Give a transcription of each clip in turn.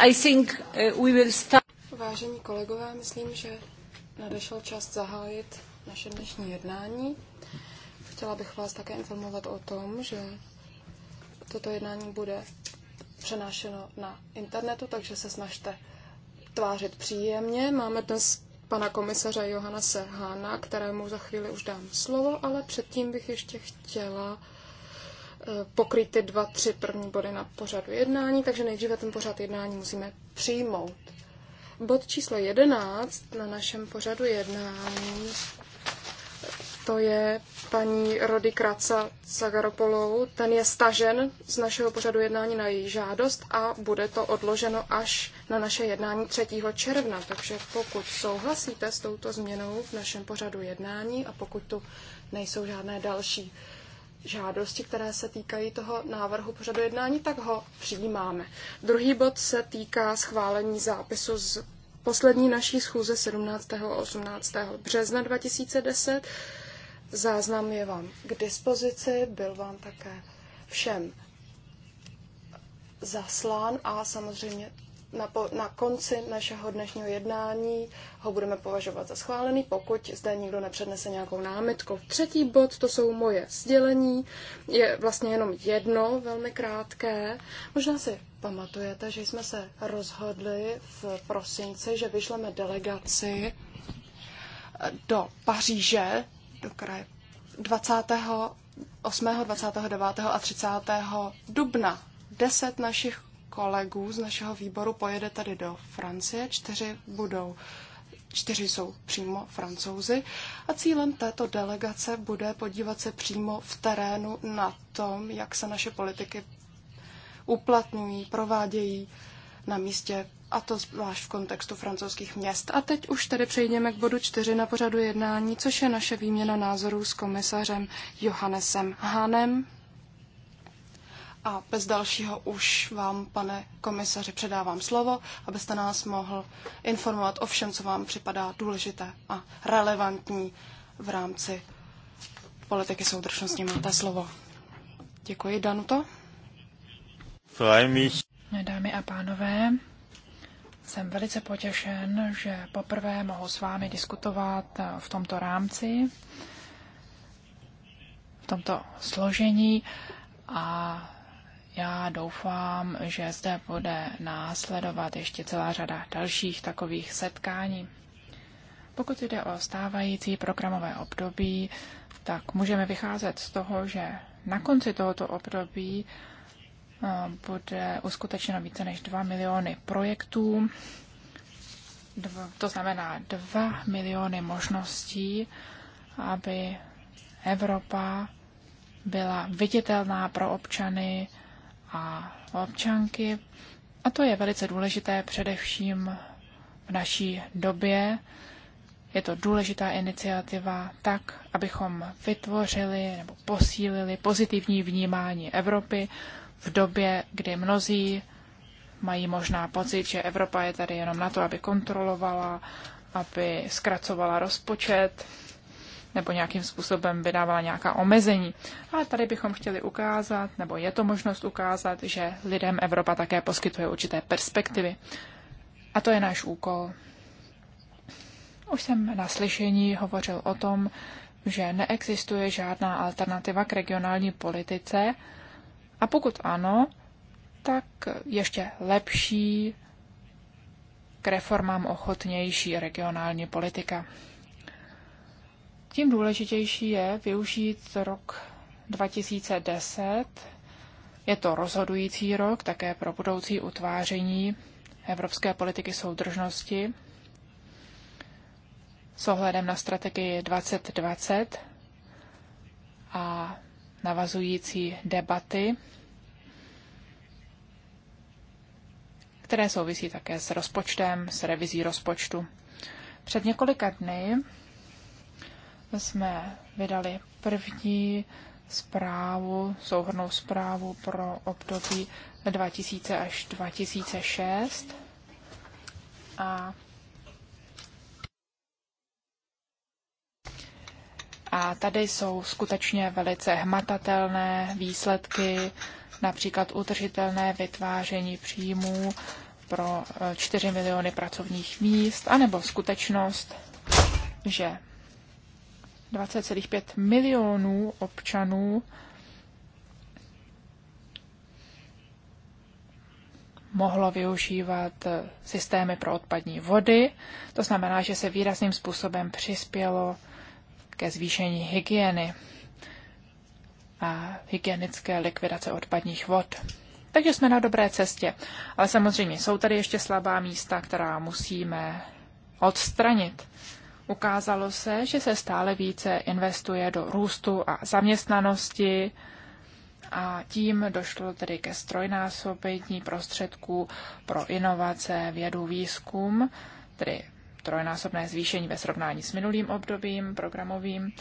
I think uh, we will start. Vážení kolegové, myslím, že nadešel čas zahájit naše dnešní jednání. Chtěla bych vás také informovat o tom, že toto jednání bude přenášeno na internetu, takže se snažte tvářit příjemně. Máme dnes pana komisaře Johana Sehána, kterému za chvíli už dám slovo, ale předtím bych ještě chtěla pokryty dva, tři první body na pořadu jednání, takže nejdříve ten pořad jednání musíme přijmout. Bod číslo 11 na našem pořadu jednání to je paní Rody Kraca Zagaropolou. Ten je stažen z našeho pořadu jednání na její žádost a bude to odloženo až na naše jednání 3. června. Takže pokud souhlasíte s touto změnou v našem pořadu jednání a pokud tu nejsou žádné další žádosti, které se týkají toho návrhu pořadu jednání, tak ho přijímáme. Druhý bod se týká schválení zápisu z poslední naší schůze 17. a 18. března 2010. Záznam je vám k dispozici, byl vám také všem zaslán a samozřejmě na, po, na konci našeho dnešního jednání ho budeme považovat za schválený, pokud zde nikdo nepřednese nějakou námitku. Třetí bod, to jsou moje sdělení, je vlastně jenom jedno, velmi krátké. Možná si pamatujete, že jsme se rozhodli v prosinci, že vyšleme delegaci eh, do Paříže, do kraje 20. 8., 29. a 30. dubna. Deset našich kolegů z našeho výboru pojede tady do Francie. Čtyři budou čtyři jsou přímo francouzi a cílem této delegace bude podívat se přímo v terénu na tom, jak se naše politiky uplatňují, provádějí na místě a to zvlášť v kontextu francouzských měst. A teď už tedy přejdeme k bodu čtyři na pořadu jednání, což je naše výměna názorů s komisařem Johannesem Hanem. A bez dalšího už vám, pane komisaři, předávám slovo, abyste nás mohl informovat o všem, co vám připadá důležité a relevantní v rámci politiky soudržnosti. Máte slovo. Děkuji, Danuto. No, dámy a pánové, jsem velice potěšen, že poprvé mohu s vámi diskutovat eh, v tomto rámci, v tomto složení a já doufám, že zde bude následovat ještě celá řada dalších takových setkání. Pokud jde o stávající programové období, tak můžeme vycházet z toho, že na konci tohoto období eh, bude uskutečeno více než 2 miliony projektů, to znamená 2 miliony možností, aby Evropa byla viditelná pro občany, a občanky. A to je velice důležité především v naší době. Je to důležitá iniciativa tak, abychom vytvořili nebo posílili pozitivní vnímání Evropy v době, kdy mnozí mají možná pocit, že Evropa je tady jenom na to, aby kontrolovala, aby zkracovala rozpočet, nebo nějakým způsobem vydávala nějaká omezení. Ale tady bychom chtěli ukázat, nebo je to možnost ukázat, že lidem Evropa také poskytuje určité perspektivy. A to je náš úkol. Už jsem na slyšení hovořil o tom, že neexistuje žádná alternativa k regionální politice a pokud ano, tak ještě lepší k reformám ochotnější regionální politika. Tím důležitější je využít rok 2010. Je to rozhodující rok také pro budoucí utváření evropské politiky soudržnosti s ohledem na strategii 2020 a navazující debaty, které souvisí také s rozpočtem, s revizí rozpočtu. Před několika dny jsme vydali první zprávu, souhrnou zprávu pro období 2000 až 2006. A A tady jsou skutečně velice hmatatelné výsledky, například utržitelné vytváření příjmů pro 4 e, miliony pracovních míst, anebo skutečnost, že 20,5 milionů občanů mohlo využívat eh, systémy pro odpadní vody. To znamená, že se výrazným způsobem přispělo ke zvýšení hygieny a hygienické likvidace odpadních vod. Takže jsme na dobré cestě. Ale samozřejmě jsou tady ještě slabá místa, která musíme odstranit. Ukázalo se, že se stále více investuje do růstu a zaměstnanosti a tím došlo tedy ke strojnásobení prostředků pro inovace, vědu, výzkum, tedy trojnásobné zvýšení ve srovnání s minulým obdobím programovým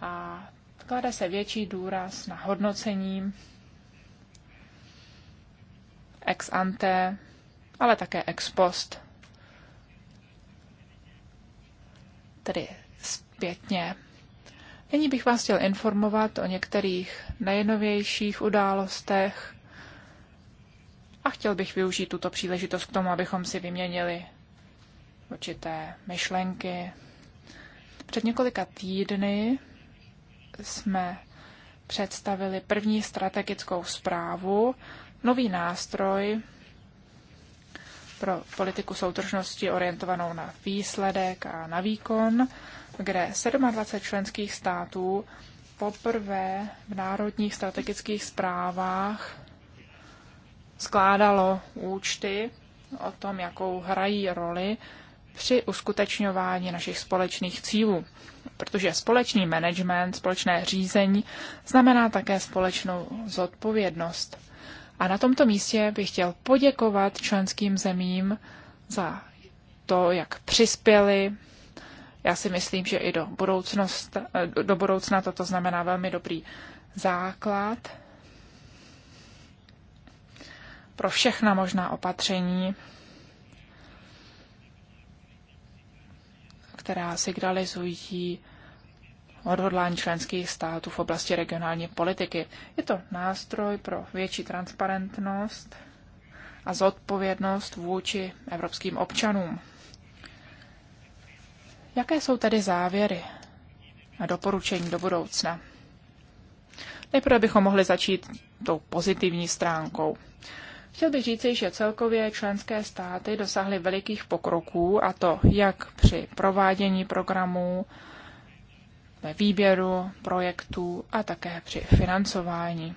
a klade se větší důraz na hodnocení ex ante, ale také ex post tedy zpětně. Nyní bych vás chtěl informovat o některých nejnovějších událostech a chtěl bych využít tuto příležitost k tomu, abychom si vyměnili určité myšlenky. Před několika týdny jsme představili první strategickou zprávu, nový nástroj pro politiku soudržnosti orientovanou na výsledek a na výkon, kde 27 členských států poprvé v národních strategických zprávách skládalo účty o tom, jakou hrají roli při uskutečňování našich společných cílů. Protože společný management, společné řízení znamená také společnou zodpovědnost. A na tomto místě bych chtěl poděkovat členským zemím za to, jak přispěli. Já si myslím, že i do, budoucnost, do budoucna toto znamená velmi dobrý základ pro všechna možná opatření, která signalizují odhodlání členských států v oblasti regionální politiky. Je to nástroj pro větší transparentnost a zodpovědnost vůči evropským občanům. Jaké jsou tedy závěry a doporučení do budoucna? Nejprve bychom mohli začít tou pozitivní stránkou. Chtěl bych říci, že celkově členské státy dosáhly velikých pokroků, a to jak při provádění programů, ve výběru projektů a také při financování.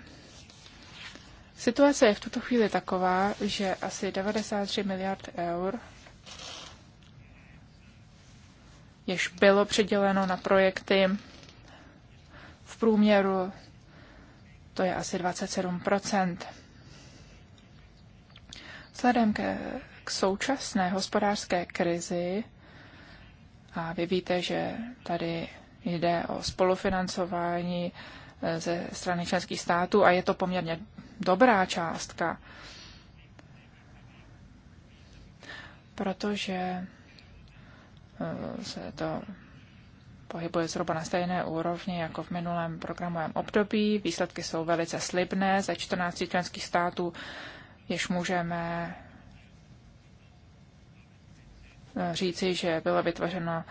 Situace je v tuto chvíli taková, že asi 93 miliard eur, jež bylo předěleno na projekty v průměru, to je asi 27 Vzhledem ke, k současné hospodářské krizi, a vy víte, že tady jde o spolufinancování eh, ze strany členských států a je to poměrně dobrá částka, protože eh, se to pohybuje zhruba na stejné úrovni jako v minulém programovém období. Výsledky jsou velice slibné ze 14 členských států, jež můžeme eh, říci, že bylo vytvořeno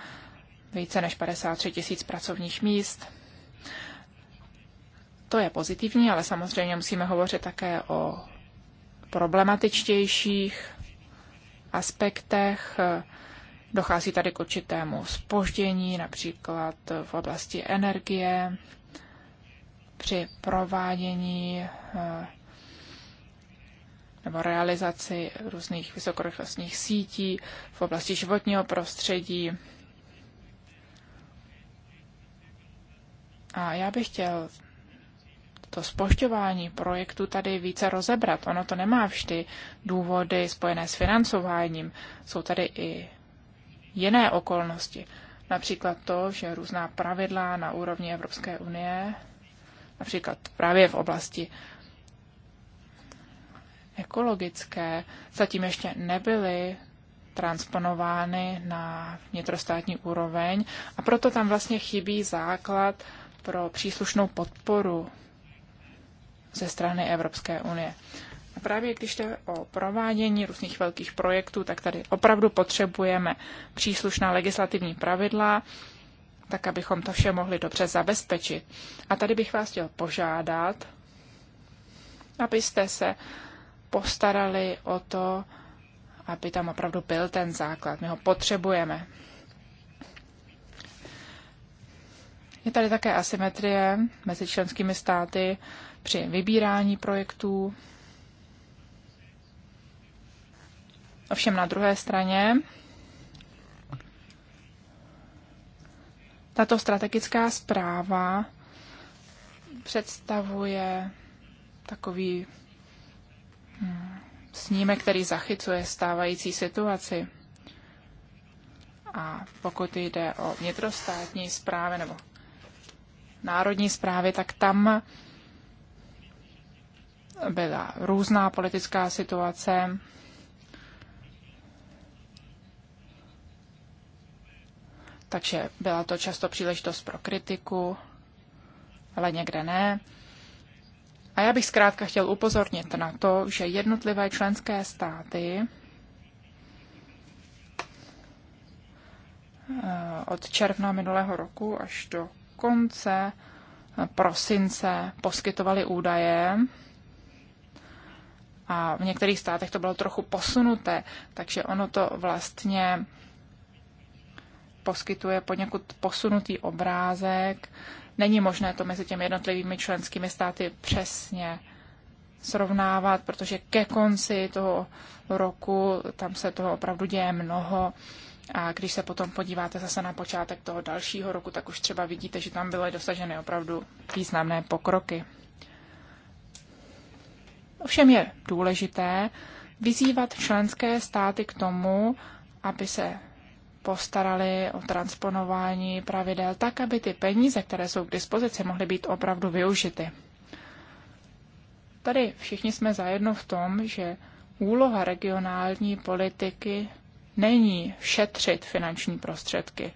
více než 53 tisíc pracovních míst. To je pozitivní, ale samozřejmě musíme hovořit také o problematičtějších aspektech. Dochází tady k určitému spoždění, například v oblasti energie, při provádění eh, nebo realizaci různých vysokorychlostních sítí v oblasti životního prostředí. A já bych chtěl to spošťování projektu tady více rozebrat. Ono to nemá vždy důvody spojené s financováním. Jsou tady i jiné okolnosti. Například to, že různá pravidla na úrovni Evropské unie, například právě v oblasti ekologické, zatím ještě nebyly transponovány na vnitrostátní úroveň a proto tam vlastně chybí základ pro příslušnou podporu ze strany Evropské unie. A právě když jde o provádění různých velkých projektů, tak tady opravdu potřebujeme příslušná legislativní pravidla, tak abychom to vše mohli dobře zabezpečit. A tady bych vás chtěl požádat, abyste se postarali o to, aby tam opravdu byl ten základ. My ho potřebujeme. Je tady také asymetrie mezi členskými státy při vybírání projektů. Ovšem na druhé straně tato strategická zpráva představuje takový hm, snímek, který zachycuje stávající situaci. A pokud jde o vnitrostátní zprávy nebo národní zprávy, tak tam byla různá politická situace. Takže byla to často příležitost pro kritiku, ale někde ne. A já bych zkrátka chtěl upozornit na to, že jednotlivé členské státy eh, od června minulého roku až do konce prosince poskytovali údaje a v některých státech to bylo trochu posunuté, takže ono to vlastně poskytuje poněkud posunutý obrázek. Není možné to mezi těmi jednotlivými členskými státy přesně srovnávat, protože ke konci toho roku tam se toho opravdu děje mnoho a když se potom podíváte zase na počátek toho dalšího roku, tak už třeba vidíte, že tam byly dosaženy opravdu významné pokroky. Ovšem je důležité vyzývat členské státy k tomu, aby se postarali o transponování pravidel tak, aby ty peníze, které jsou k dispozici, mohly být opravdu využity. Tady všichni jsme zajedno v tom, že úloha regionální politiky není šetřit finanční prostředky,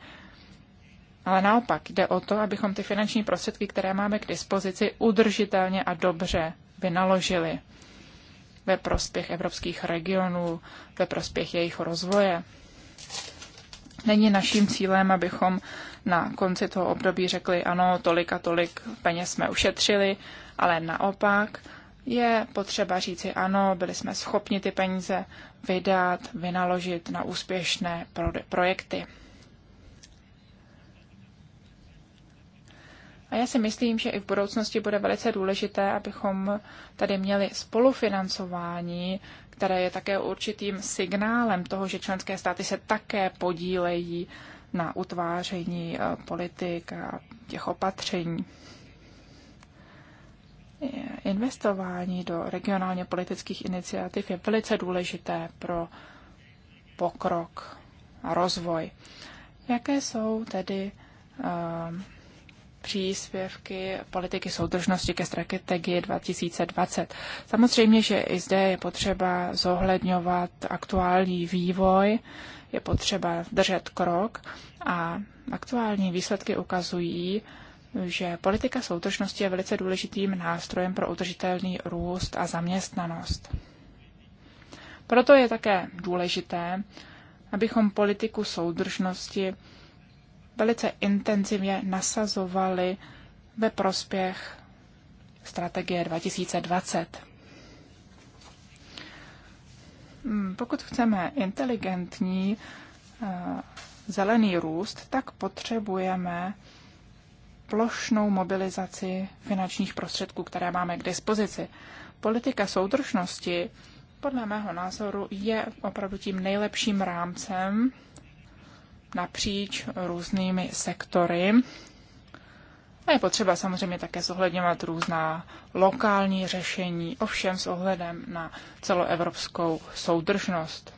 ale naopak jde o to, abychom ty finanční prostředky, které máme k dispozici, udržitelně a dobře vynaložili ve prospěch evropských regionů, ve prospěch jejich rozvoje. Není naším cílem, abychom na konci toho období řekli, ano, tolik a tolik peněz jsme ušetřili, ale naopak je potřeba říci, ano, byli jsme schopni ty peníze vydat, vynaložit na úspěšné projekty. A já si myslím, že i v budoucnosti bude velice důležité, abychom tady měli spolufinancování, které je také určitým signálem toho, že členské státy se také podílejí na utváření eh, politik a těch opatření investování do regionálně politických iniciativ je velice důležité pro pokrok a rozvoj. Jaké jsou tedy uh, příspěvky politiky soudržnosti ke strategii 2020. Samozřejmě, že i zde je potřeba zohledňovat aktuální vývoj, je potřeba držet krok a aktuální výsledky ukazují, že politika soudržnosti je velice důležitým nástrojem pro udržitelný růst a zaměstnanost. Proto je také důležité, abychom politiku soudržnosti velice intenzivně nasazovali ve prospěch strategie 2020. Hmm, pokud chceme inteligentní eh, zelený růst, tak potřebujeme plošnou mobilizaci finančních prostředků, které máme k dispozici. Politika soudržnosti podle mého názoru je opravdu tím nejlepším rámcem napříč různými sektory. A je potřeba samozřejmě také zohledňovat různá lokální řešení, ovšem s ohledem na celoevropskou soudržnost.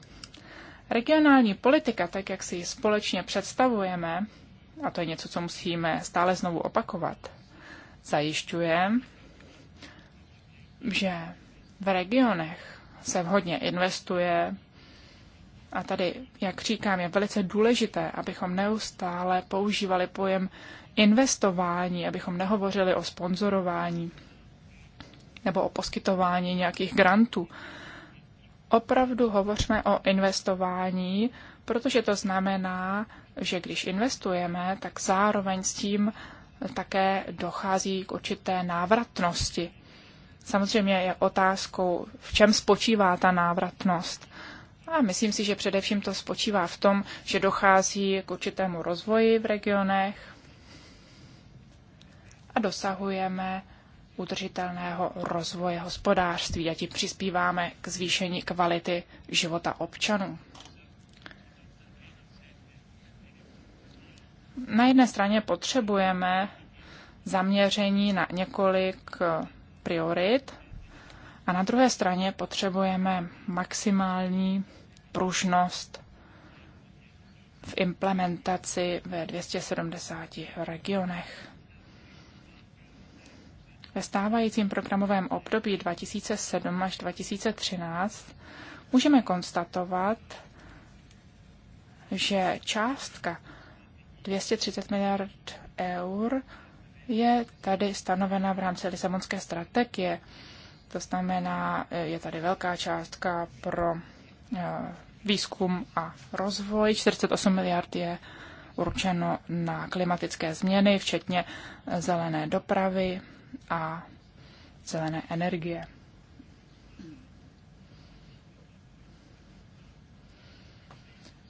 Regionální politika, tak jak si ji společně představujeme, a to je něco, co musíme stále znovu opakovat, zajišťuje, že v regionech se vhodně investuje, a tady, jak říkám, je velice důležité, abychom neustále používali pojem investování, abychom nehovořili o sponzorování nebo o poskytování nějakých grantů. Opravdu hovořme o investování protože to znamená, že když investujeme, tak zároveň s tím také dochází k určité návratnosti. Samozřejmě je otázkou, v čem spočívá ta návratnost. A myslím si, že především to spočívá v tom, že dochází k určitému rozvoji v regionech a dosahujeme udržitelného rozvoje hospodářství a tím přispíváme k zvýšení kvality života občanů. Na jedné straně potřebujeme zaměření na několik eh, priorit a na druhé straně potřebujeme maximální pružnost v implementaci ve 270 regionech. Ve stávajícím programovém období 2007 až 2013 můžeme konstatovat, že částka 230 miliard eur je tady stanovena v rámci Lisabonské strategie. To znamená, je tady velká částka pro eh, výzkum a rozvoj. 48 miliard je určeno na klimatické změny, včetně zelené dopravy a zelené energie.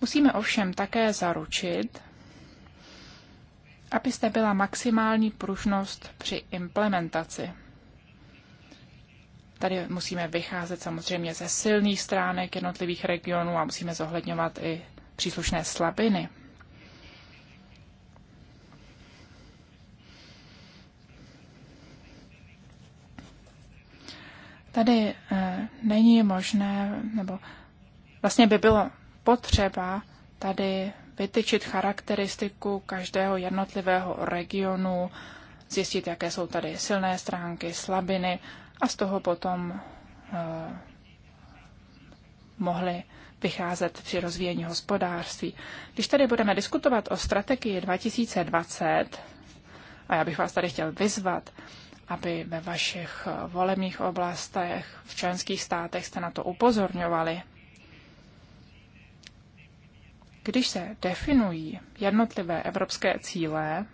Musíme ovšem také zaručit, abyste byla maximální pružnost při implementaci. Tady musíme vycházet samozřejmě ze silných stránek jednotlivých regionů a musíme zohledňovat i příslušné slabiny. Tady eh, není možné, nebo vlastně by bylo potřeba tady vytyčit charakteristiku každého jednotlivého regionu, zjistit, jaké jsou tady silné stránky, slabiny a z toho potom eh, mohli vycházet při rozvíjení hospodářství. Když tady budeme diskutovat o strategii 2020, a já bych vás tady chtěl vyzvat, aby ve vašich eh, volebních oblastech v členských státech jste na to upozorňovali, když se definují jednotlivé evropské cíle,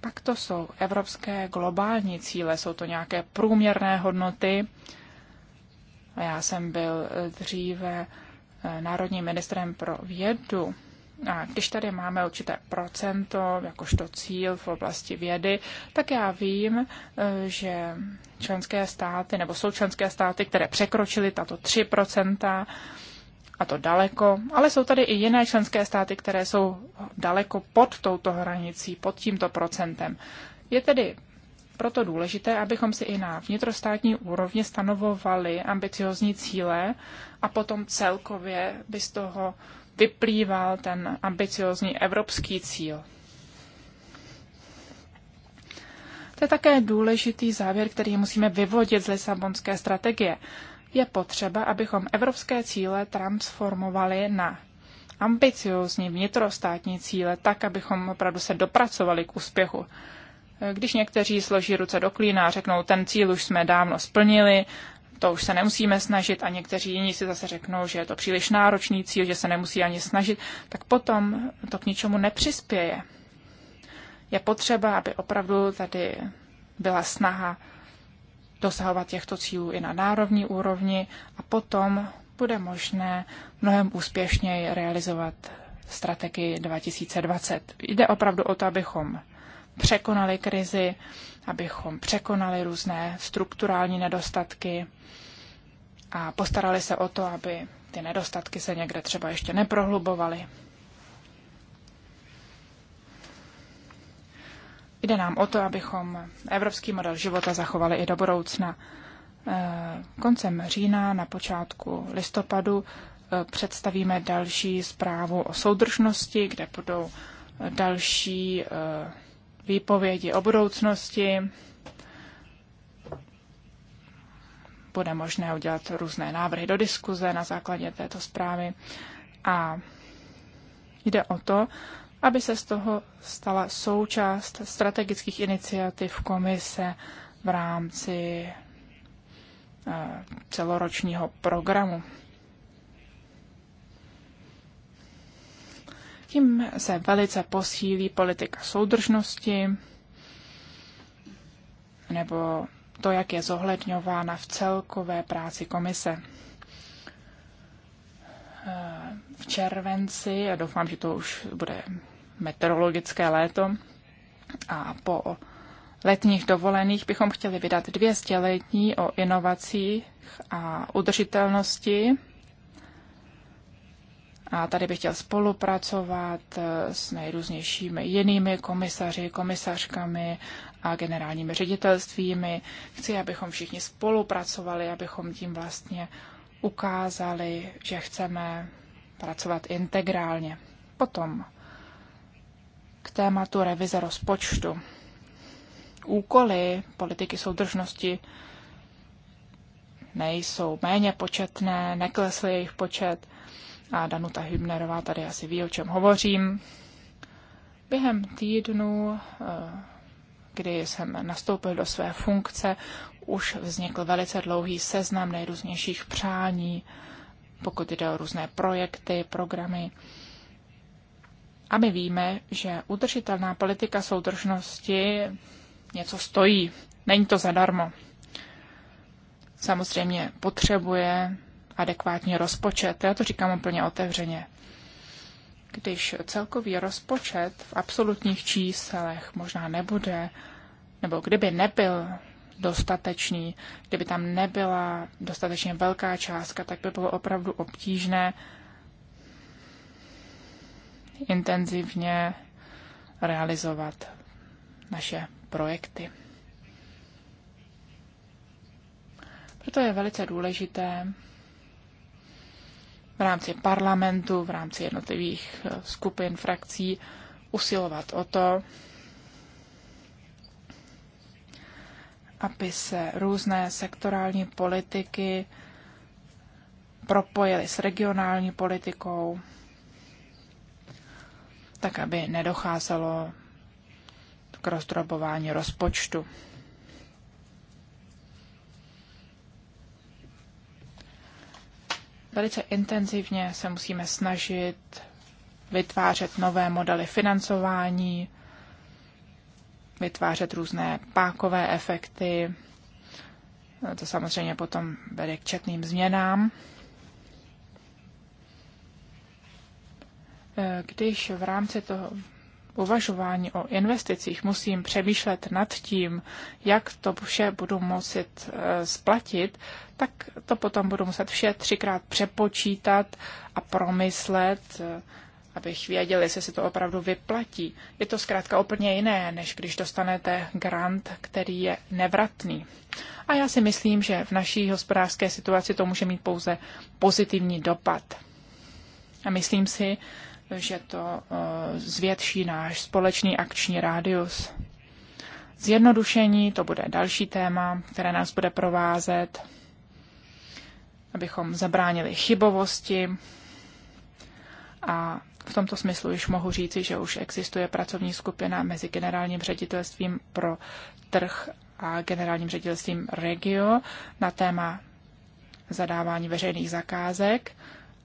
pak to jsou evropské globální cíle, jsou to nějaké průměrné hodnoty. já jsem byl eh, dříve eh, národním ministrem pro vědu. A když tady máme určité procento, jakožto cíl v oblasti vědy, tak já vím, eh, že členské státy, nebo jsou členské státy, které překročily tato 3 a to daleko, ale jsou tady i jiné členské státy, které jsou daleko pod touto hranicí, pod tímto procentem. Je tedy proto důležité, abychom si i na vnitrostátní úrovni stanovovali ambiciozní cíle a potom celkově by z toho vyplýval ten ambiciozní evropský cíl. To je také důležitý závěr, který musíme vyvodit z Lisabonské strategie je potřeba, abychom evropské cíle transformovali na ambiciozní vnitrostátní cíle, tak, abychom opravdu se dopracovali k úspěchu. Když někteří složí ruce do klína a řeknou, ten cíl už jsme dávno splnili, to už se nemusíme snažit a někteří jiní si zase řeknou, že je to příliš náročný cíl, že se nemusí ani snažit, tak potom to k ničemu nepřispěje. Je potřeba, aby opravdu tady byla snaha dosahovat těchto cílů i na národní úrovni a potom bude možné mnohem úspěšněji realizovat strategii 2020. Jde opravdu o to, abychom překonali krizi, abychom překonali různé strukturální nedostatky a postarali se o to, aby ty nedostatky se někde třeba ještě neprohlubovaly. Jde nám o to, abychom evropský model života zachovali i do budoucna. E, koncem října, na počátku listopadu e, představíme další zprávu o soudržnosti, kde budou další e, výpovědi o budoucnosti. Bude možné udělat různé návrhy do diskuze na základě této zprávy. A jde o to, aby se z toho stala součást strategických iniciativ komise v rámci eh, celoročního programu. Tím se velice posílí politika soudržnosti nebo to, jak je zohledňována v celkové práci komise. Eh, v červenci, a doufám, že to už bude meteorologické léto, a po letních dovolených bychom chtěli vydat dvě sdělení o inovacích a udržitelnosti. A tady bych chtěl spolupracovat s nejrůznějšími jinými komisaři, komisařkami a generálními ředitelstvími. Chci, abychom všichni spolupracovali, abychom tím vlastně ukázali, že chceme pracovat integrálně. Potom k tématu revize rozpočtu. Úkoly politiky soudržnosti nejsou méně početné, neklesl jejich počet a Danuta Hübnerová tady asi ví, o čem hovořím. Během týdnu, eh, kdy jsem nastoupil do své funkce, už vznikl velice dlouhý seznam nejrůznějších přání, pokud jde o různé projekty, programy. A my víme, že udržitelná politika soudržnosti něco stojí. Není to zadarmo. Samozřejmě potřebuje adekvátní rozpočet. Já to říkám úplně otevřeně. Když celkový rozpočet v absolutních číslech možná nebude, nebo kdyby nebyl dostatečný. Kdyby tam nebyla dostatečně velká částka, tak by bylo opravdu obtížné intenzivně realizovat naše projekty. Proto je velice důležité v rámci parlamentu, v rámci jednotlivých eh, skupin, frakcí usilovat o to, aby se různé sektorální politiky propojily s regionální politikou, tak aby nedocházelo k rozdrobování rozpočtu. Velice intenzivně se musíme snažit vytvářet nové modely financování, vytvářet různé pákové efekty. To samozřejmě potom vede k četným změnám. Když v rámci toho uvažování o investicích musím přemýšlet nad tím, jak to vše budu muset eh, splatit, tak to potom budu muset vše třikrát přepočítat a promyslet, eh, abych věděl, jestli se to opravdu vyplatí. Je to zkrátka úplně jiné, než když dostanete grant, který je nevratný. A já si myslím, že v naší hospodářské situaci to může mít pouze pozitivní dopad. A myslím si, že to eh, zvětší náš společný akční rádius. Zjednodušení, to bude další téma, které nás bude provázet, abychom zabránili chybovosti a v tomto smyslu již mohu říci, že už existuje pracovní skupina mezi generálním ředitelstvím pro trh a generálním ředitelstvím Regio na téma zadávání veřejných zakázek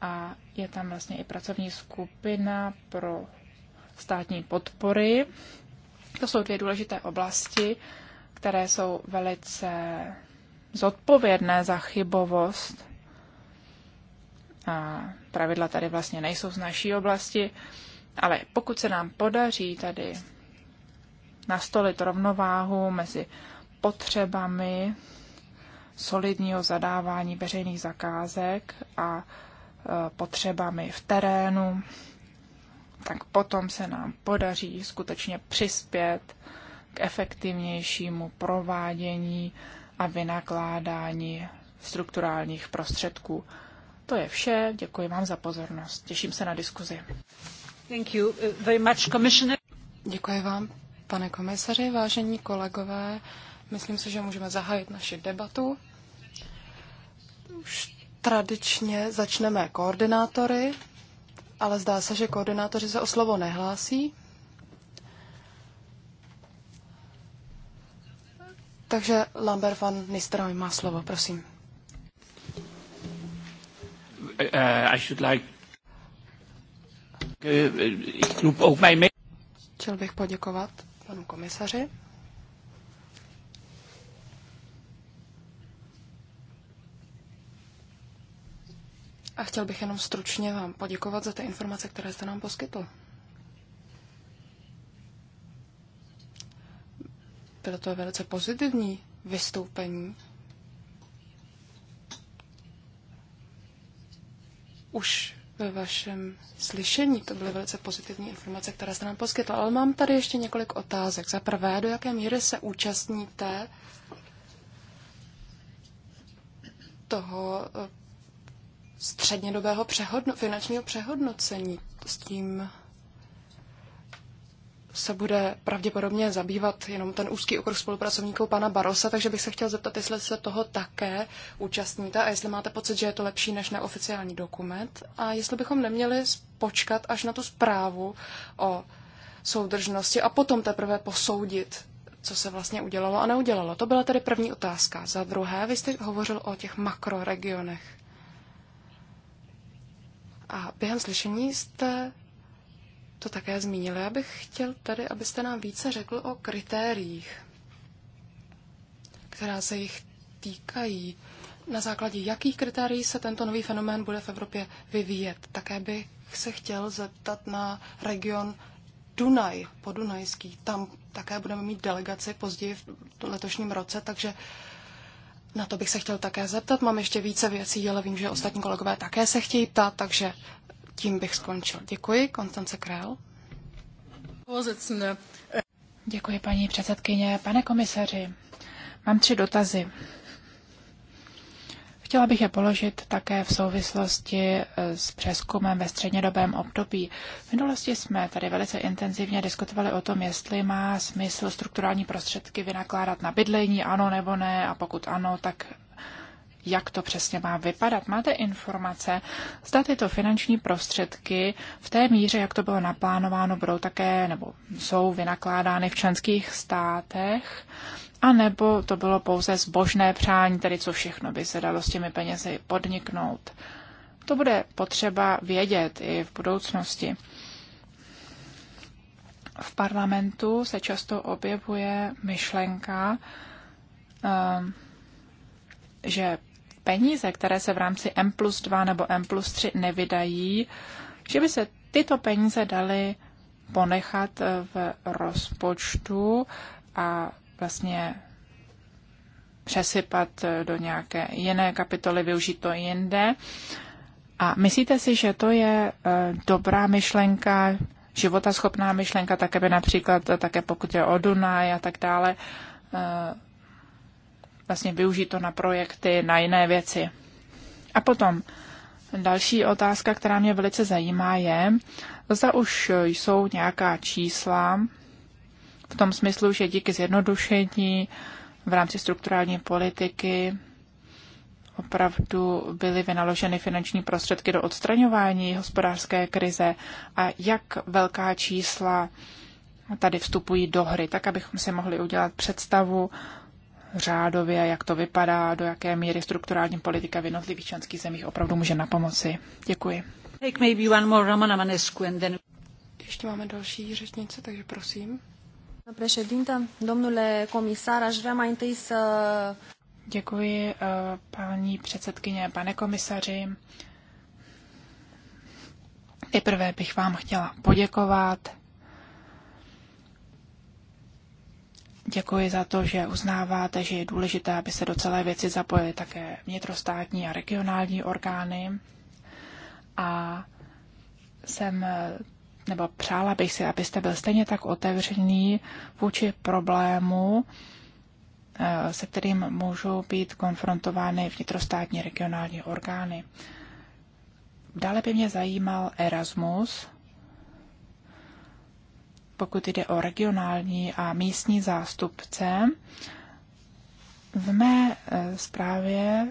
a je tam vlastně i pracovní skupina pro státní podpory. To jsou dvě důležité oblasti, které jsou velice zodpovědné za chybovost pravidla tady vlastně nejsou z naší oblasti, ale pokud se nám podaří tady nastolit rovnováhu mezi potřebami solidního zadávání veřejných zakázek a e, potřebami v terénu, tak potom se nám podaří skutečně přispět k efektivnějšímu provádění a vynakládání strukturálních prostředků. To je vše, děkuji vám za pozornost. Těším se na diskuzi. Thank you very much, commissioner. Děkuji vám, pane komisaři, vážení kolegové. Myslím si, že můžeme zahájit naši debatu. Už tradičně začneme koordinátory, ale zdá se, že koordinátoři se o slovo nehlásí. Takže Lambert van Nistelrooy má slovo, prosím uh, I should like... Eh, eh, chtěl bych poděkovat panu komisaři. A chtěl bych jenom stručně vám poděkovat za ty informace, které jste nám poskytl. Bylo to velice pozitivní vystoupení už ve vašem slyšení. To byly velice pozitivní informace, které jste nám poskytla. Ale mám tady ještě několik otázek. Za prvé, do jaké míry se účastníte toho eh, střednědobého přehodno- finančního přehodnocení s tím se bude pravděpodobně zabývat jenom ten úzký okruh spolupracovníků pana Barosa, takže bych se chtěl zeptat, jestli se toho také účastníte a jestli máte pocit, že je to lepší než neoficiální dokument a jestli bychom neměli počkat až na tu zprávu o soudržnosti a potom teprve posoudit, co se vlastně udělalo a neudělalo. To byla tedy první otázka. Za druhé, vy jste hovořil o těch makroregionech. A během slyšení jste to také zmínili. Já bych chtěl tady, abyste nám více řekl o kritériích, která se jich týkají. Na základě jakých kritérií se tento nový fenomén bude v Evropě vyvíjet? Také bych se chtěl zeptat na region Dunaj, podunajský. Tam také budeme mít delegaci později v letošním roce, takže na to bych se chtěl také zeptat. Mám ještě více věcí, ale vím, že ostatní kolegové také se chtějí ptát, takže tím bych skončil. Děkuji, Konstance Král. Děkuji, paní předsedkyně. Pane komisaři, mám tři dotazy. Chtěla bych je položit také v souvislosti eh, s přeskumem ve střednědobém období. V minulosti jsme tady velice intenzivně diskutovali o tom, jestli má smysl strukturální prostředky vynakládat na bydlení, ano nebo ne, a pokud ano, tak jak to přesně má vypadat. Máte informace, zda tyto finanční prostředky v té míře, jak to bylo naplánováno, budou také nebo jsou vynakládány v členských státech, a nebo to bylo pouze zbožné přání, tedy co všechno by se dalo s těmi penězi podniknout. To bude potřeba vědět i v budoucnosti. V parlamentu se často objevuje myšlenka, ehm, že peníze, které se v rámci M plus 2 nebo M plus 3 nevydají, že by se tyto peníze daly ponechat eh, v rozpočtu a vlastně přesypat eh, do nějaké jiné kapitoly, využít to jinde. A myslíte si, že to je eh, dobrá myšlenka, životaschopná myšlenka, také by například, také pokud je o Dunaj a tak dále, vlastně využít to na projekty, na jiné věci. A potom další otázka, která mě velice zajímá, je, zda už jsou nějaká čísla v tom smyslu, že díky zjednodušení v rámci strukturální politiky opravdu byly vynaloženy finanční prostředky do odstraňování hospodářské krize a jak velká čísla tady vstupují do hry, tak abychom si mohli udělat představu řádově, jak to vypadá, do jaké míry strukturální politika v jednotlivých členských zemích opravdu může na pomoci. Děkuji. Take maybe one more Romana Manescu and then... Ještě máme další řečnice, takže prosím. Președintă, domnule comisar, aș vrea mai întâi să... Děkuji, eh, paní předsedkyně, pane komisaři. Nejprve bych vám chtěla poděkovat Děkuji za to, že uznáváte, že je důležité, aby se do celé věci zapojily také vnitrostátní a regionální orgány. A jsem, nebo přála bych si, abyste byl stejně tak otevřený vůči problému, se kterým můžou být konfrontovány vnitrostátní regionální orgány. Dále by mě zajímal Erasmus pokud jde o regionální a místní zástupce. V mé e, zprávě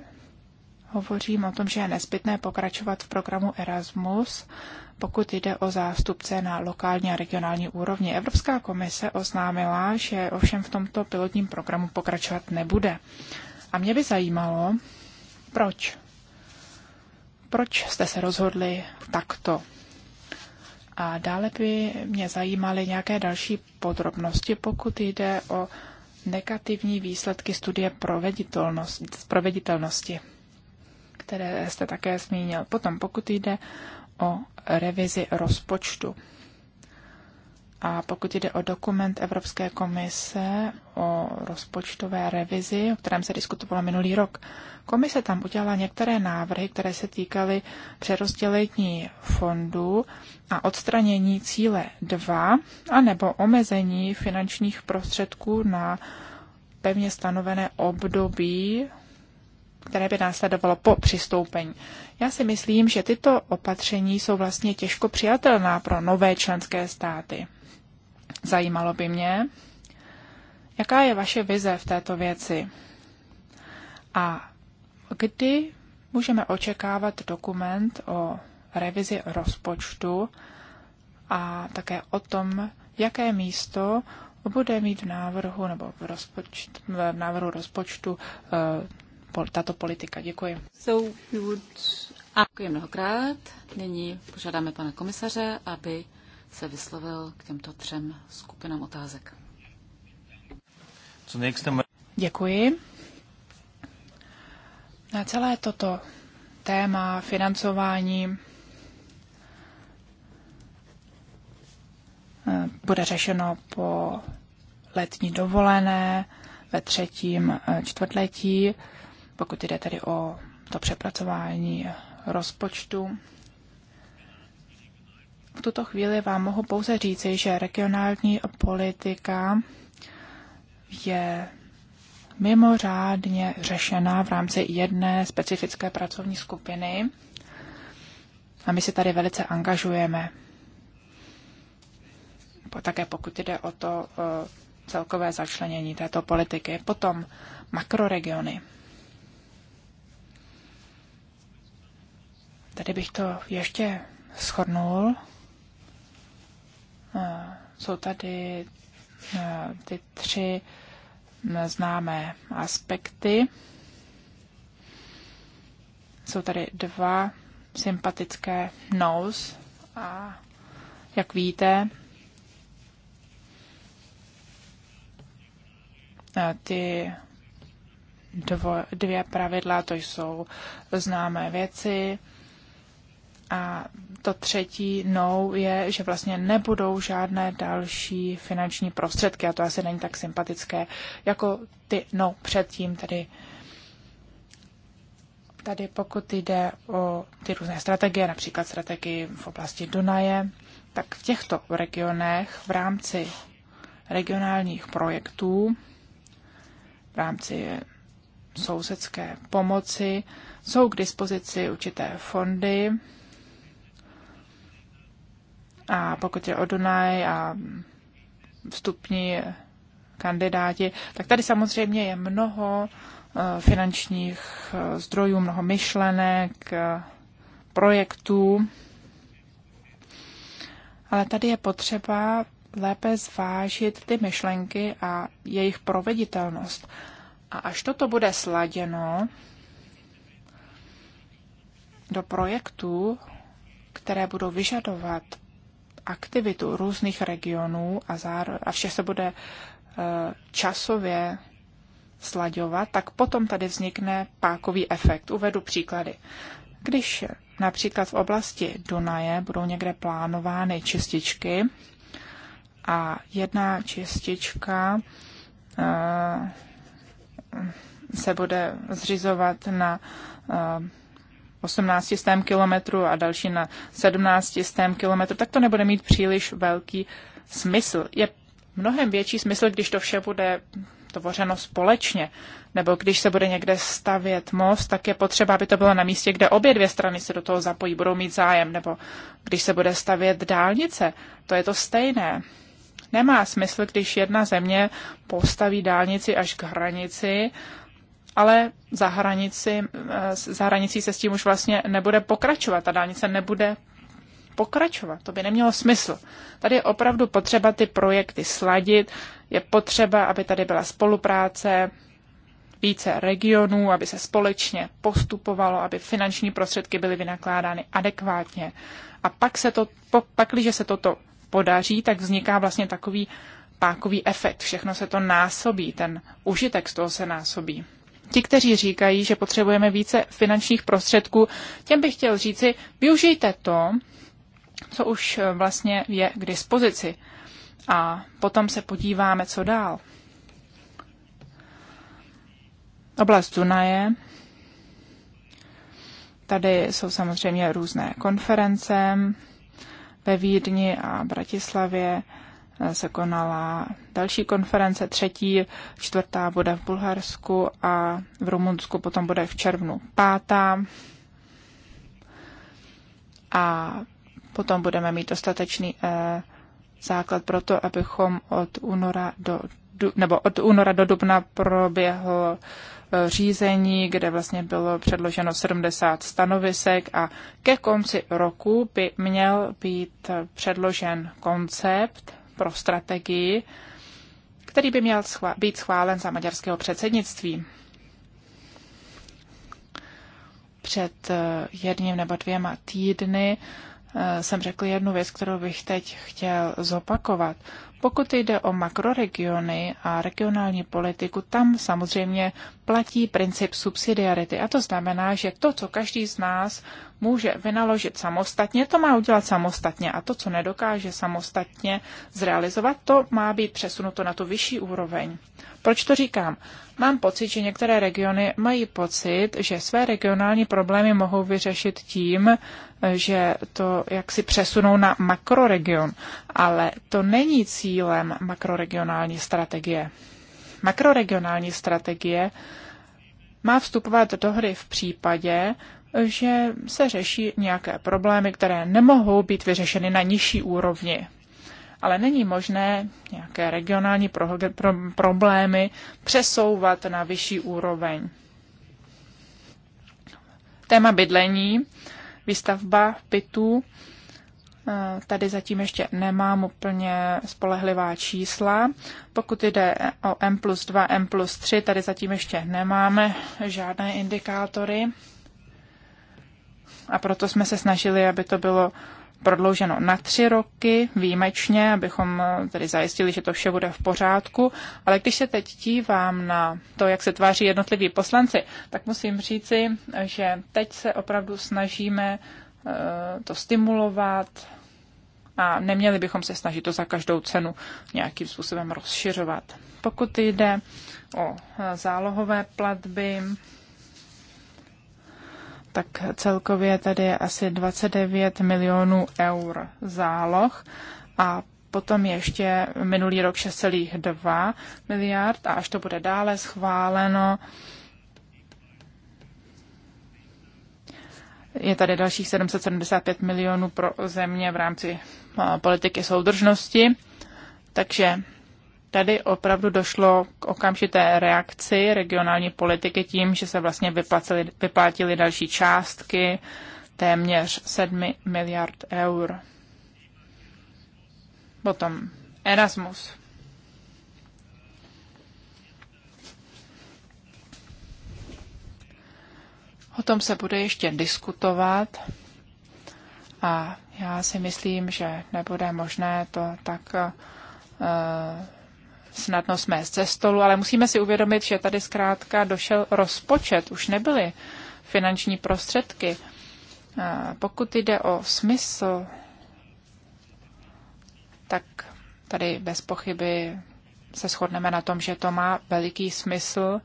hovořím o tom, že je nezbytné pokračovat v programu Erasmus, pokud jde o zástupce na lokální a regionální úrovni. Evropská komise oznámila, že ovšem v tomto pilotním programu pokračovat nebude. A mě by zajímalo, proč. Proč jste se rozhodli takto? A dále by mě zajímaly nějaké další podrobnosti, pokud jde o negativní výsledky studie proveditelnosti, které jste také zmínil. Potom, pokud jde o revizi rozpočtu. A pokud jde o dokument Evropské komise o rozpočtové revizi, o kterém se diskutovalo minulý rok, komise tam udělala některé návrhy, které se týkaly přerozdělení fondů a odstranění cíle 2 a nebo omezení finančních prostředků na pevně stanovené období, které by následovalo po přistoupení. Já si myslím, že tyto opatření jsou vlastně těžko přijatelná pro nové členské státy. Zajímalo by mě, jaká je vaše vize v této věci a kdy můžeme očekávat dokument o revizi rozpočtu a také o tom, jaké místo bude mít v návrhu nebo v, rozpočt, v návrhu rozpočtu eh, tato politika. Děkuji. So you would... Děkuji mnohokrát. Nyní požádáme pana komisaře, aby se vyslovil k těmto třem skupinám otázek. Děkuji. Na celé toto téma financování eh, bude řešeno po letní dovolené ve třetím eh, čtvrtletí, pokud jde tedy o to přepracování rozpočtu. V tuto chvíli vám mohu pouze říci, že regionální politika je mimořádně řešená v rámci jedné specifické pracovní skupiny a my se tady velice angažujeme. Také pokud jde o to e, celkové začlenění této politiky. Potom makroregiony. Tady bych to ještě shodnul. Eh, jsou tady eh, ty tři hm, známé aspekty. Jsou tady dva sympatické nose a jak víte, eh, ty dvo, dvě pravidla, to jsou známé věci, a to třetí no je, že vlastně nebudou žádné další finanční prostředky a to asi není tak sympatické jako ty no předtím, tedy tady pokud jde o ty různé strategie, například strategii v oblasti Dunaje, tak v těchto regionech v rámci regionálních projektů, v rámci sousedské pomoci, jsou k dispozici určité fondy, a pokud je o Dunaj a vstupní kandidáti, tak tady samozřejmě je mnoho eh, finančních eh, zdrojů, mnoho myšlenek, eh, projektů, ale tady je potřeba lépe zvážit ty myšlenky a jejich proveditelnost. A až toto bude sladěno do projektů, které budou vyžadovat aktivitu různých regionů a, záro... a vše se bude eh, časově slaďovat, tak potom tady vznikne pákový efekt. Uvedu příklady. Když například v oblasti Dunaje budou někde plánovány čističky a jedna čistička eh, se bude zřizovat na eh, 18 kilometru a další na 17 kilometru, tak to nebude mít příliš velký smysl. Je mnohem větší smysl, když to vše bude tvořeno společně. Nebo když se bude někde stavět most, tak je potřeba, aby to bylo na místě, kde obě dvě strany se do toho zapojí, budou mít zájem. Nebo když se bude stavět dálnice, to je to stejné. Nemá smysl, když jedna země postaví dálnici až k hranici ale za, hranici, eh, za hranicí se s tím už vlastně nebude pokračovat. Ta dálnice nebude pokračovat. To by nemělo smysl. Tady je opravdu potřeba ty projekty sladit, je potřeba, aby tady byla spolupráce více regionů, aby se společně postupovalo, aby finanční prostředky byly vynakládány adekvátně. A pak, se to, pak když se toto podaří, tak vzniká vlastně takový pákový efekt. Všechno se to násobí, ten užitek z toho se násobí. Ti, kteří říkají, že potřebujeme více finančních prostředků, těm bych chtěl říci, využijte to, co už eh, vlastně je k dispozici. A potom se podíváme, co dál. Oblast Dunaje. Tady jsou samozřejmě různé konference ve Vídni a Bratislavě. Eh, se konala další konference, třetí, čtvrtá bude v Bulharsku a v Rumunsku potom bude v červnu pátá. A potom budeme mít dostatečný eh, základ pro to, abychom od února do nebo od února do dubna proběhlo eh, řízení, kde vlastně bylo předloženo 70 stanovisek a ke konci roku by měl být eh, předložen koncept pro strategii, který by měl schvál, být schválen za maďarského předsednictví. Před eh, jedním nebo dvěma týdny eh, jsem řekl jednu věc, kterou bych teď chtěl zopakovat. Pokud jde o makroregiony a regionální politiku, tam samozřejmě platí princip subsidiarity. A to znamená, že to, co každý z nás může vynaložit samostatně, to má udělat samostatně. A to, co nedokáže samostatně zrealizovat, to má být přesunuto na tu vyšší úroveň. Proč to říkám? Mám pocit, že některé regiony mají pocit, že své regionální problémy mohou vyřešit tím, že to jak si přesunou na makroregion, ale to není cílem makroregionální strategie. Makroregionální strategie má vstupovat do hry v případě, že se řeší nějaké problémy, které nemohou být vyřešeny na nižší úrovni. Ale není možné nějaké regionální pro, pro, problémy přesouvat na vyšší úroveň. Téma bydlení Výstavba bytů, eh, tady zatím ještě nemám úplně spolehlivá čísla. Pokud jde o M plus 2, M plus 3, tady zatím ještě nemáme žádné indikátory. A proto jsme se snažili, aby to bylo prodlouženo na tři roky výjimečně, abychom eh, tedy zajistili, že to vše bude v pořádku. Ale když se teď dívám na to, jak se tváří jednotliví poslanci, tak musím říci, že teď se opravdu snažíme eh, to stimulovat a neměli bychom se snažit to za každou cenu nějakým způsobem rozšiřovat. Pokud jde o eh, zálohové platby, tak celkově tady je asi 29 milionů eur záloh a potom ještě minulý rok 6,2 miliard a až to bude dále schváleno, je tady dalších 775 milionů pro země v rámci politiky soudržnosti. Takže tady opravdu došlo k okamžité reakci regionální politiky tím, že se vlastně vyplatili, vyplatili další částky, téměř 7 miliard eur. Potom Erasmus. O tom se bude ještě diskutovat a já si myslím, že nebude možné to tak eh, snadno smést ze stolu, ale musíme si uvědomit, že tady zkrátka došel rozpočet, už nebyly finanční prostředky. Pokud jde o smysl, tak tady bez pochyby se shodneme na tom, že to má veliký smysl,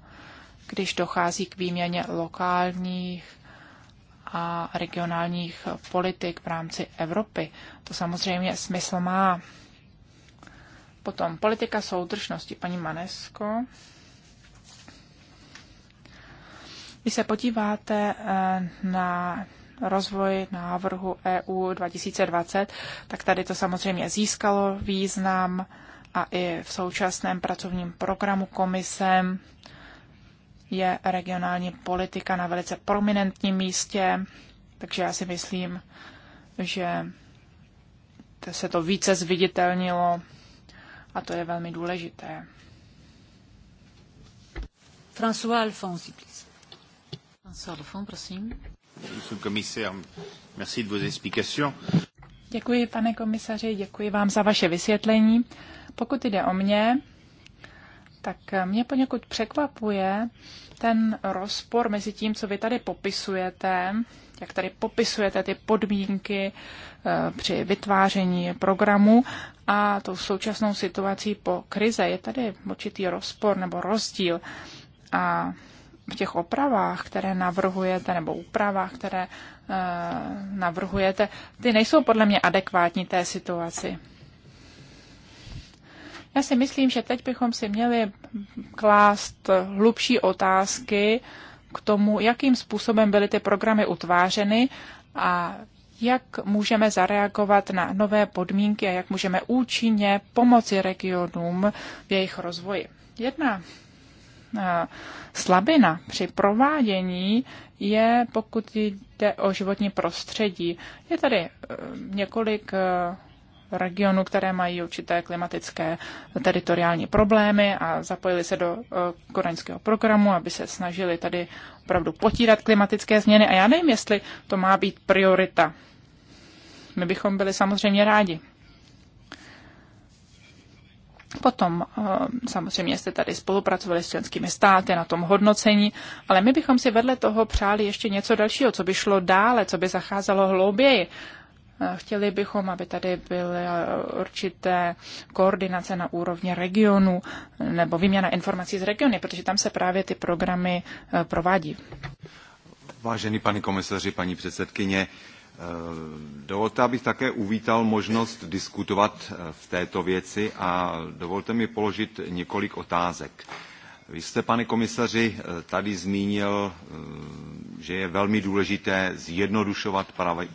když dochází k výměně lokálních a regionálních politik v rámci Evropy. To samozřejmě smysl má. Potom politika soudržnosti, paní Manesko. Když se podíváte eh, na rozvoj návrhu EU 2020, tak tady to samozřejmě získalo význam a i v současném pracovním programu komise je regionální politika na velice prominentním místě, takže já si myslím, že se to více zviditelnilo a to je velmi důležité. François Alphonse, please. François Alphonse, prosím. Děkuji, pane komisaři, děkuji vám za vaše vysvětlení. Pokud jde o mě, tak mě poněkud překvapuje ten rozpor mezi tím, co vy tady popisujete, jak tady popisujete ty podmínky eh, při vytváření programu a tou současnou situací po krize. Je tady určitý rozpor nebo rozdíl a v těch opravách, které navrhujete, nebo úpravách, které eh, navrhujete, ty nejsou podle mě adekvátní té situaci. Já si myslím, že teď bychom si měli klást hlubší otázky, k tomu, jakým způsobem byly ty programy utvářeny a jak můžeme zareagovat na nové podmínky a jak můžeme účinně pomoci regionům v jejich rozvoji. Jedna eh, slabina při provádění je, pokud jde o životní prostředí. Je tady eh, několik eh, regionu, které mají určité klimatické teritoriální problémy a zapojili se do eh, koreňského programu, aby se snažili tady opravdu potírat klimatické změny. A já nevím, jestli to má být priorita. My bychom byli samozřejmě rádi. Potom eh, samozřejmě jste tady spolupracovali s členskými státy na tom hodnocení, ale my bychom si vedle toho přáli ještě něco dalšího, co by šlo dále, co by zacházelo hlouběji. Chtěli bychom, aby tady byly eh, určité koordinace na úrovni regionu nebo výměna informací z regiony, protože tam se právě ty programy eh, provádí. Vážený pane komisaři, paní předsedkyně, eh, Dovolte, abych také uvítal možnost diskutovat v této věci a dovolte mi položit několik otázek. Vy jste, pane komisaři, tady zmínil, že je velmi důležité zjednodušovat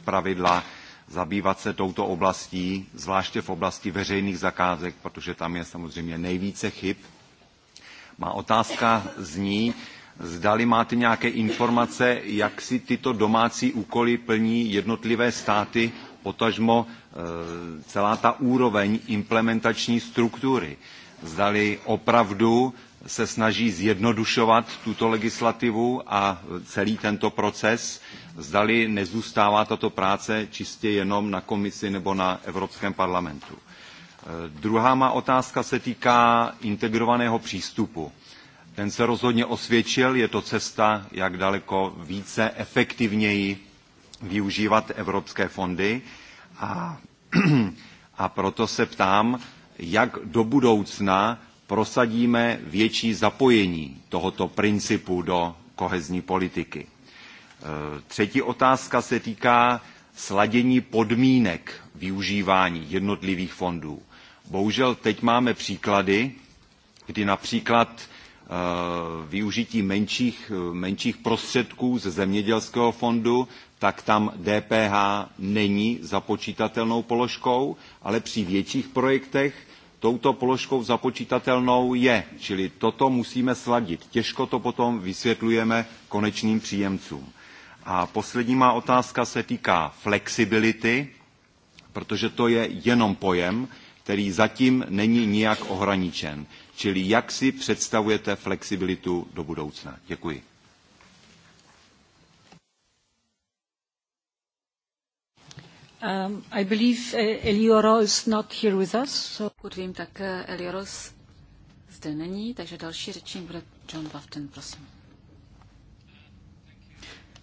pravidla, zabývat se touto oblastí, zvláště v oblasti veřejných zakázek, protože tam je samozřejmě nejvíce chyb. Má otázka zní, zdali máte nějaké informace, jak si tyto domácí úkoly plní jednotlivé státy, potažmo e, celá ta úroveň implementační struktury. Zdali opravdu se snaží zjednodušovat tuto legislativu a celý tento proces, zdali nezůstává tato práce čistě jenom na komisi nebo na Evropském parlamentu. E, druhá má otázka se týká integrovaného přístupu. Ten se rozhodně osvědčil, je to cesta, jak daleko více efektivněji využívat evropské fondy a, a proto se ptám, jak do budoucna prosadíme větší zapojení tohoto principu do kohezní politiky. Eh, třetí otázka se týká sladění podmínek využívání jednotlivých fondů. Bohužel teď máme příklady, kdy například eh, využití menších, menších prostředků ze zemědělského fondu, tak tam DPH není započítatelnou položkou, ale při větších projektech touto položkou započítatelnou je. Čili toto musíme sladit. Těžko to potom vysvětlujeme konečným příjemcům. A poslední má otázka se týká flexibility, protože to je jenom pojem, který zatím není nijak ohraničen. Čili jak si představujete flexibilitu do budoucna? Děkuji. Um, I believe uh, Elioro is not here with us. So... Pokud vím, tak uh, Elioros zde není, takže další řečník bude John Bafton, prosím.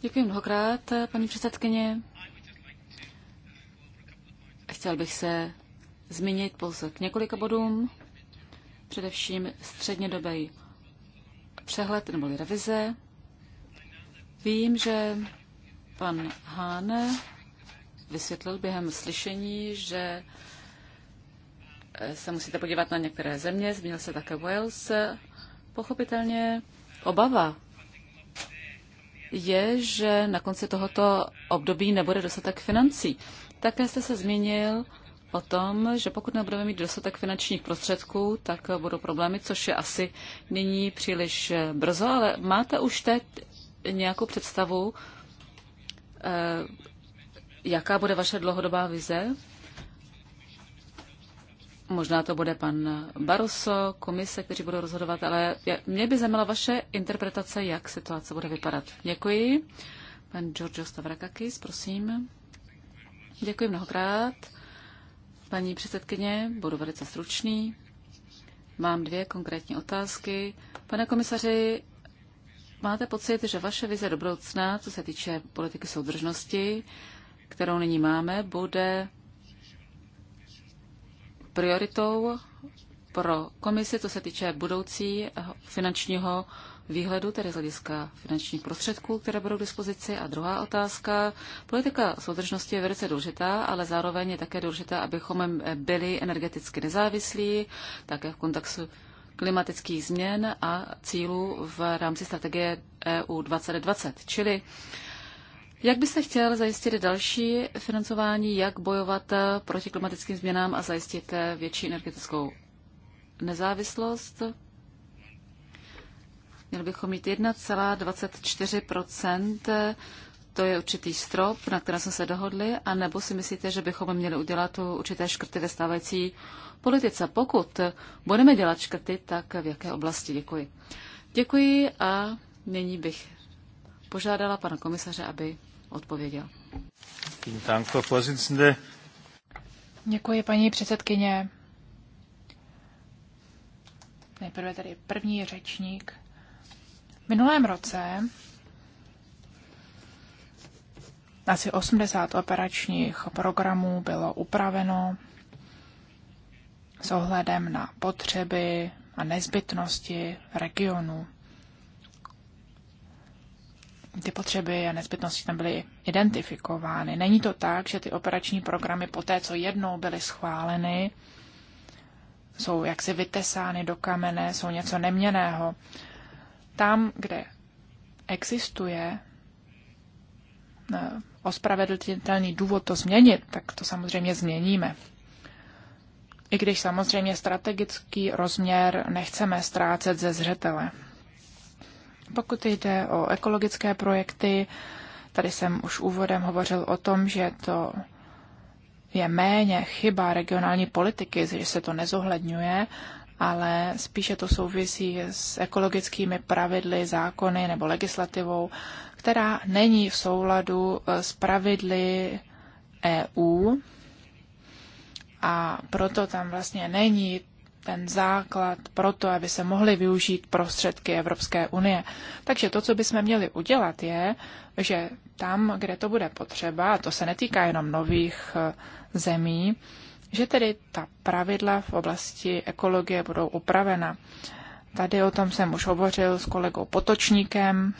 Děkuji mnohokrát, paní předsedkyně. Chtěl bych se zmínit pouze k několika bodům, především střednědobý přehled nebo revize. Vím, že pan Hán vysvětlil během slyšení, že eh, se musíte podívat na některé země, zmínil se také Wales. Pochopitelně obava je, že na konci tohoto období nebude dostatek financí. Také jste se zmínil o tom, že pokud nebudeme mít dostatek finančních prostředků, tak budou problémy, což je asi nyní příliš brzo, ale máte už teď nějakou představu, eh, jaká bude vaše dlouhodobá vize Možná to bude pan Barroso, komise, kteří budou rozhodovat, ale mě by zajímala vaše interpretace, jak situace bude vypadat. Děkuji. Pan Giorgio Stavrakakis, prosím. Děkuji mnohokrát. Paní předsedkyně, budu velice stručný. Mám dvě konkrétní otázky. Pane komisaři, máte pocit, že vaše vize do budoucna, co se týče politiky soudržnosti, kterou nyní máme, bude prioritou pro komisi, co se týče budoucí finančního výhledu, tedy z hlediska finančních prostředků, které budou k dispozici. A druhá otázka. Politika soudržnosti je velice důležitá, ale zároveň je také důležitá, abychom byli energeticky nezávislí, také v kontextu klimatických změn a cílů v rámci strategie EU 2020. Čili jak byste chtěl zajistit další financování, jak bojovat eh, proti klimatickým změnám a zajistit eh, větší energetickou nezávislost? Měli bychom mít 1,24 eh, to je určitý strop, na kterém jsme se dohodli, a nebo si myslíte, že bychom měli udělat určité škrty ve stávající politice? Pokud budeme dělat škrty, tak v jaké oblasti? Děkuji. Děkuji a nyní bych požádala pana komisaře, aby odpověděl. Děkuji, paní předsedkyně. Nejprve tady první řečník. V minulém roce asi 80 operačních programů bylo upraveno s ohledem na potřeby a nezbytnosti regionu ty potřeby a nezbytnosti tam byly identifikovány. Není to tak, že ty operační programy po té, co jednou byly schváleny, jsou jaksi vytesány do kamene, jsou něco neměného. Tam, kde existuje eh, ospravedlnitelný důvod to změnit, tak to samozřejmě změníme. I když samozřejmě strategický rozměr nechceme ztrácet ze zřetele. Pokud jde o ekologické projekty, tady jsem už úvodem hovořil o tom, že to je méně chyba regionální politiky, že se to nezohledňuje, ale spíše to souvisí s ekologickými pravidly, zákony nebo legislativou, která není v souladu eh, s pravidly EU a proto tam vlastně není ten základ pro to, aby se mohly využít prostředky Evropské unie. Takže to, co bychom měli udělat, je, že tam, kde to bude potřeba, a to se netýká jenom nových eh, zemí, že tedy ta pravidla v oblasti ekologie budou upravena. Tady o tom jsem už hovořil s kolegou Potočníkem,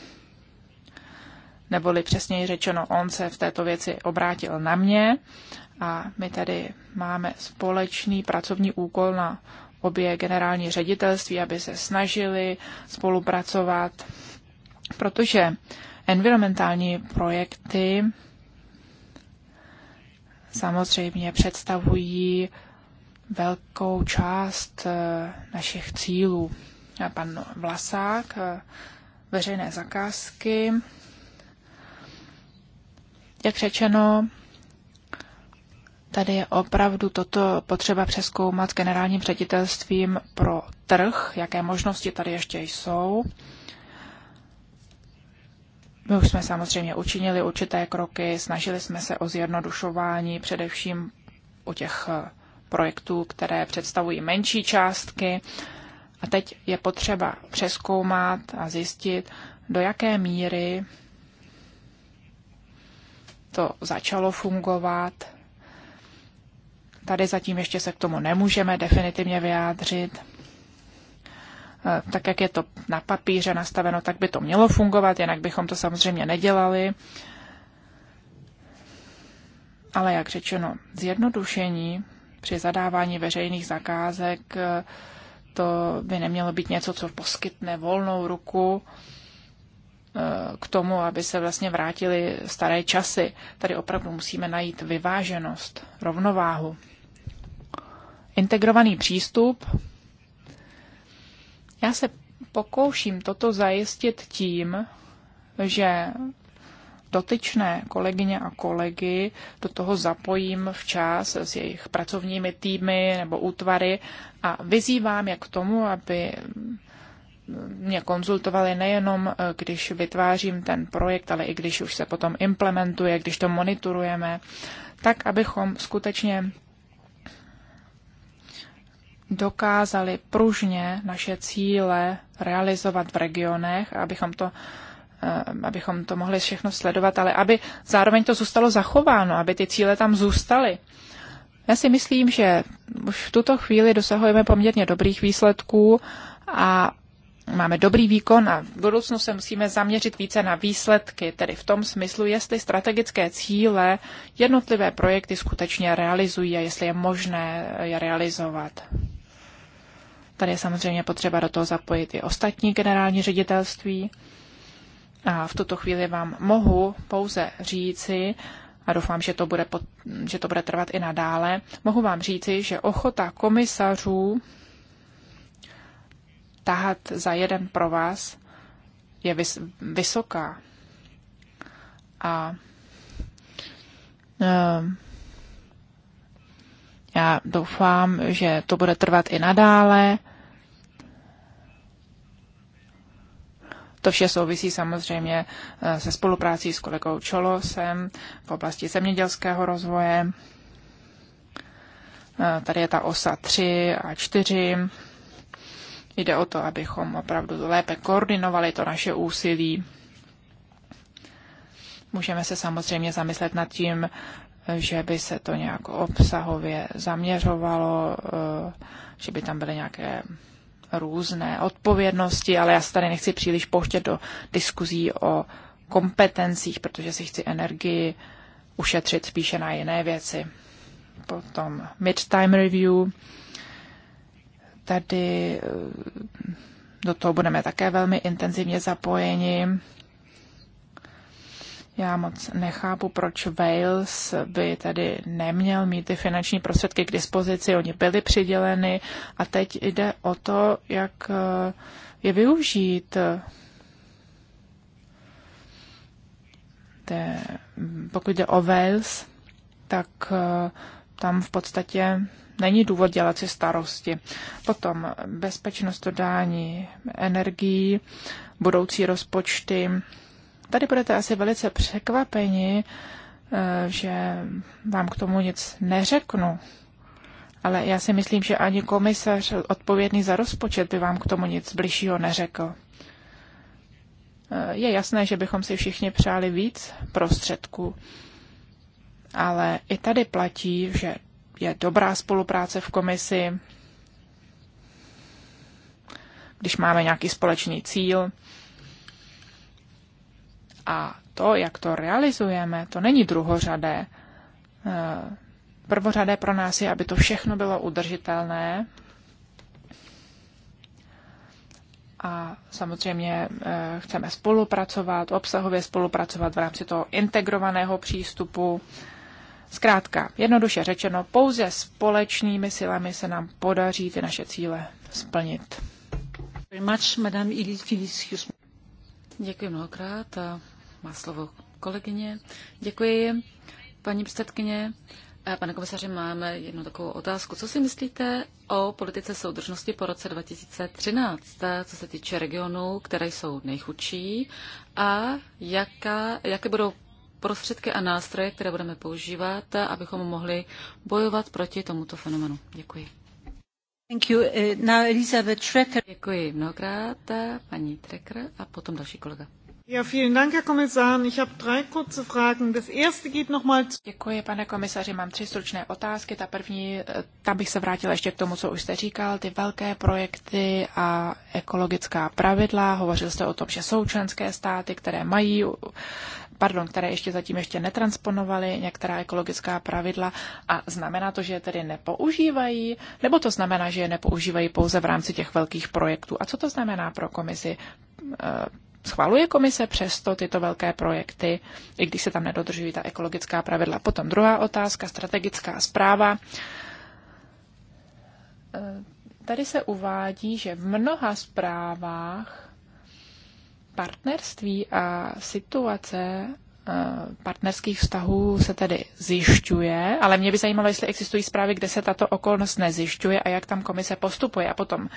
neboli přesněji řečeno, on se v této věci obrátil na mě a my tady máme společný pracovní úkol na obě generální ředitelství, aby se snažili spolupracovat, protože environmentální projekty samozřejmě představují velkou část eh, našich cílů. Pan Vlasák, eh, veřejné zakázky. Jak řečeno, Tady je opravdu toto potřeba přeskoumat generálním ředitelstvím pro trh, jaké možnosti tady ještě jsou. My už jsme samozřejmě učinili určité kroky, snažili jsme se o zjednodušování především u těch eh, projektů, které představují menší částky. A teď je potřeba přeskoumat a zjistit, do jaké míry to začalo fungovat Tady zatím ještě se k tomu nemůžeme definitivně vyjádřit. E, tak, jak je to na papíře nastaveno, tak by to mělo fungovat, jinak bychom to samozřejmě nedělali. Ale jak řečeno, zjednodušení při zadávání veřejných zakázek e, to by nemělo být něco, co poskytne volnou ruku e, k tomu, aby se vlastně vrátili staré časy. Tady opravdu musíme najít vyváženost, rovnováhu integrovaný přístup. Já se pokouším toto zajistit tím, že dotyčné kolegyně a kolegy do toho zapojím včas s jejich pracovními týmy nebo útvary a vyzývám je k tomu, aby mě konzultovali nejenom, když vytvářím ten projekt, ale i když už se potom implementuje, když to monitorujeme, tak abychom skutečně dokázali pružně naše cíle realizovat v regionech, abychom to eh, abychom to mohli všechno sledovat, ale aby zároveň to zůstalo zachováno, aby ty cíle tam zůstaly. Já si myslím, že už v tuto chvíli dosahujeme poměrně dobrých výsledků a máme dobrý výkon a v budoucnu se musíme zaměřit více na výsledky, tedy v tom smyslu, jestli strategické cíle jednotlivé projekty skutečně realizují a jestli je možné je realizovat. Tady je samozřejmě potřeba do toho zapojit i ostatní generální ředitelství. A v tuto chvíli vám mohu pouze říci, a doufám, že to bude, pot, že to bude trvat i nadále, mohu vám říci, že ochota komisařů tahat za jeden pro vás je vys- vysoká. A uh, já doufám, že to bude trvat i nadále. To vše souvisí samozřejmě e, se spoluprácí s kolegou Čolosem v oblasti zemědělského rozvoje. E, tady je ta osa 3 a 4 Jde o to, abychom opravdu lépe koordinovali to naše úsilí. Můžeme se samozřejmě zamyslet nad tím, že by se to nějak obsahově zaměřovalo, eh, že by tam byly nějaké různé odpovědnosti, ale já se tady nechci příliš pouštět do diskuzí o kompetencích, protože si chci energii ušetřit spíše na jiné věci. Potom mid-time review tady eh, do toho budeme také velmi intenzivně zapojeni. Já moc nechápu, proč Wales by tady neměl mít ty finanční prostředky k dispozici. Oni byly přiděleny a teď jde o to, jak eh, je využít. Eh, pokud jde o Wales, tak tam v podstatě není důvod dělat si starosti. Potom bezpečnost dodání energií, budoucí rozpočty. Tady budete asi velice překvapeni, eh, že vám k tomu nic neřeknu. Ale já si myslím, že ani komisař odpovědný za rozpočet by vám k tomu nic bližšího neřekl. Eh, je jasné, že bychom si všichni přáli víc prostředků ale i tady platí, že je dobrá spolupráce v komisi, když máme nějaký společný cíl. A to, jak to realizujeme, to není druhořadé. Eh, prvořadé pro nás je, aby to všechno bylo udržitelné. A samozřejmě eh, chceme spolupracovat, obsahově spolupracovat v rámci toho integrovaného přístupu Zkrátka, jednoduše řečeno, pouze společnými silami se nám podaří ty naše cíle splnit. Děkuji mnohokrát a má slovo kolegyně. Děkuji, paní předsedkyně. Pane komisaři, máme jednu takovou otázku. Co si myslíte o politice soudržnosti po roce 2013, co se týče regionů, které jsou nejchudší a jaká, jaké budou prostředky a nástroje, které budeme používat, abychom mohli bojovat proti tomuto fenomenu. Děkuji. Thank you. Eh, now Elizabeth Trecker. Děkuji mnohokrát, eh, paní Trecker a potom další kolega. Ja, vielen Dank, Herr Kommissar. Ich habe drei kurze Fragen. Das erste geht noch mal Děkuji, pane komisaři. Mám tři stručné otázky. Ta první, eh, tam bych se vrátila ještě k tomu, co už jste říkal, ty velké projekty a ekologická pravidla. Hovořil jste o tom, že jsou členské státy, které mají pardon, které ještě zatím ještě netransponovaly některá ekologická pravidla a znamená to, že je tedy nepoužívají, nebo to znamená, že je nepoužívají pouze v rámci těch velkých projektů. A co to znamená pro komisi? Eh, schvaluje komise přesto tyto velké projekty, i když se tam nedodržují ta ekologická pravidla. Potom druhá otázka, strategická zpráva. Eh, tady se uvádí, že v mnoha zprávách partnerství a situace eh, partnerských vztahů se tedy zjišťuje, ale mě by zajímalo, jestli existují zprávy, kde se tato okolnost nezjišťuje a jak tam komise postupuje. A potom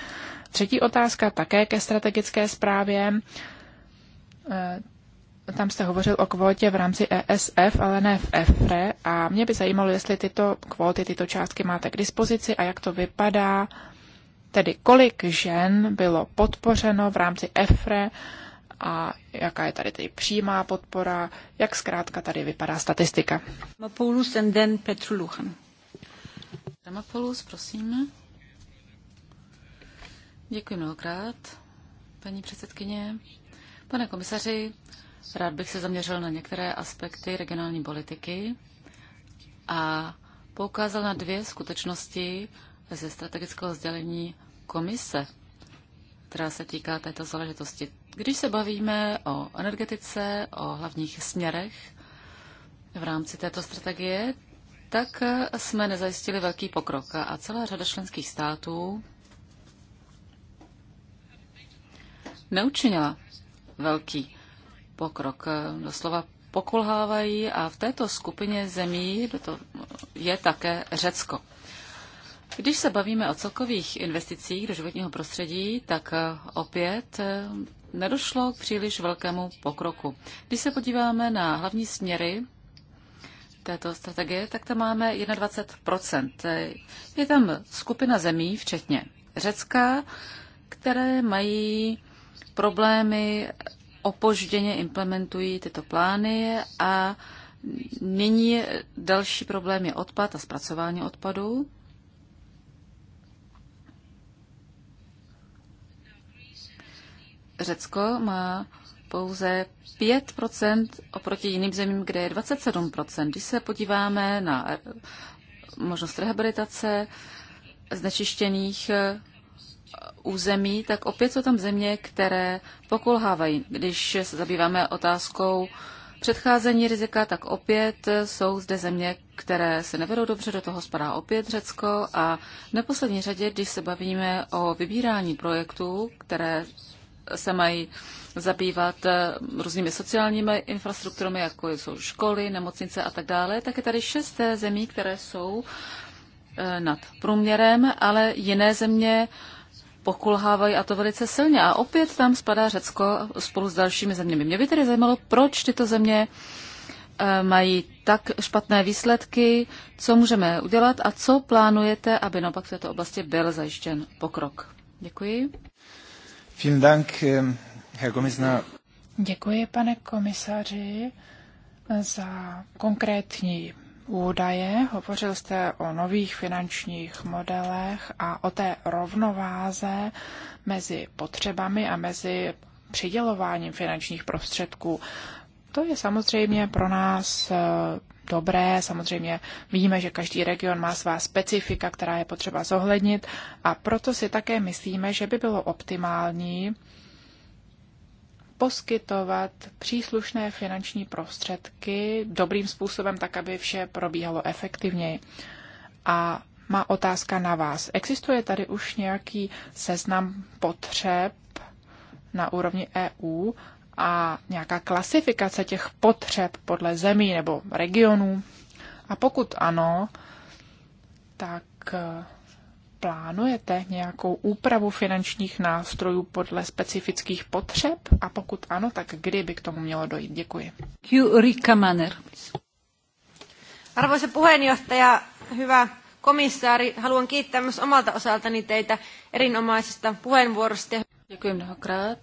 třetí otázka také ke strategické zprávě. Eh, tam jste hovořil o kvótě v rámci ESF, ale ne v EFRE. A mě by zajímalo, jestli tyto kvóty, tyto částky máte k dispozici a jak to vypadá. Tedy kolik žen bylo podpořeno v rámci EFRE a jaká je tady tedy přímá podpora, jak zkrátka tady vypadá statistika. Mapoulus and then Petru Luchan. Mapoulus, prosím. Děkuji mnohokrát, paní předsedkyně. Pane komisaři, rád bych se zaměřil na některé aspekty regionální politiky a poukázal na dvě skutečnosti ze strategického sdělení komise, která se týká této záležitosti. Když se bavíme o energetice, o hlavních směrech v rámci této strategie, tak jsme nezajistili velký pokrok a celá řada členských států neučinila velký pokrok. Doslova pokulhávají a v této skupině zemí to je také Řecko. Když se bavíme o celkových investicích do životního prostředí, tak opět nedošlo k příliš velkému pokroku. Když se podíváme na hlavní směry této strategie, tak tam máme 21%. Je tam skupina zemí, včetně Řecka, které mají problémy, opožděně implementují tyto plány a nyní další problém je odpad a zpracování odpadu. Řecko má pouze 5 oproti jiným zemím, kde je 27 Když se podíváme na eh, možnost rehabilitace znečištěných eh, území, tak opět jsou tam země, které pokulhávají. Když se zabýváme otázkou předcházení rizika, tak opět jsou zde země, které se nevedou dobře, do toho spadá opět Řecko a v neposlední řadě, když se bavíme o vybírání projektů, které se mají zabývat eh, různými sociálními infrastrukturami, jako jsou školy, nemocnice a tak dále, tak je tady šest zemí, které jsou eh, nad průměrem, ale jiné země pokulhávají a to velice silně. A opět tam spadá Řecko spolu s dalšími zeměmi. Mě by tedy zajímalo, proč tyto země eh, mají tak špatné výsledky, co můžeme udělat a co plánujete, aby naopak v této oblasti byl zajištěn pokrok. Děkuji. Vielen Dank, ähm, Herr Kommissar. Děkuji, pane komisaři, za konkrétní údaje. Hovořil jste o nových finančních modelech a o té rovnováze mezi potřebami a mezi přidělováním finančních prostředků. To je samozřejmě pro nás dobré. Samozřejmě víme, že každý region má svá specifika, která je potřeba zohlednit a proto si také myslíme, že by bylo optimální poskytovat příslušné finanční prostředky dobrým způsobem, tak aby vše probíhalo efektivněji. A má otázka na vás. Existuje tady už nějaký seznam potřeb na úrovni EU a nějaká klasifikace těch potřeb podle zemí nebo regionů? A pokud ano, tak eh, plánujete nějakou úpravu finančních nástrojů podle specifických potřeb? A pokud ano, tak kdy by k tomu mělo dojít? Děkuji. Ulrika Manner. Arvoisa puheenjohtaja, hyvä komissaari, haluan kiittää myös omalta osaltani teitä erinomaisesta puheenvuorosta. Děkuji mnohokrát,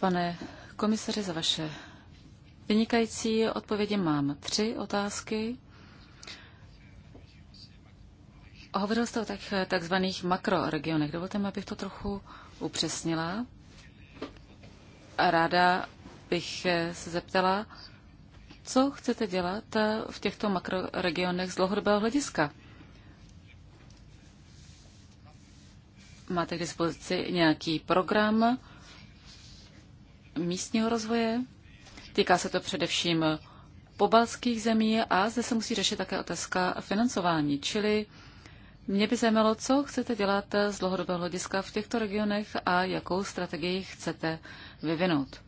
Pane komisaři, za vaše vynikající odpovědi mám tři otázky. Hovořil jste o tak, takzvaných makroregionech. Dovolte mi, abych to trochu upřesnila. A Ráda bych se zeptala, co chcete dělat v těchto makroregionech z dlouhodobého hlediska? Máte k dispozici nějaký program, místního rozvoje. Týká se to především pobalských zemí a zde se musí řešit také otázka financování. Čili mě by zajímalo, co chcete dělat z dlouhodobého hlediska v těchto regionech a jakou strategii chcete vyvinout.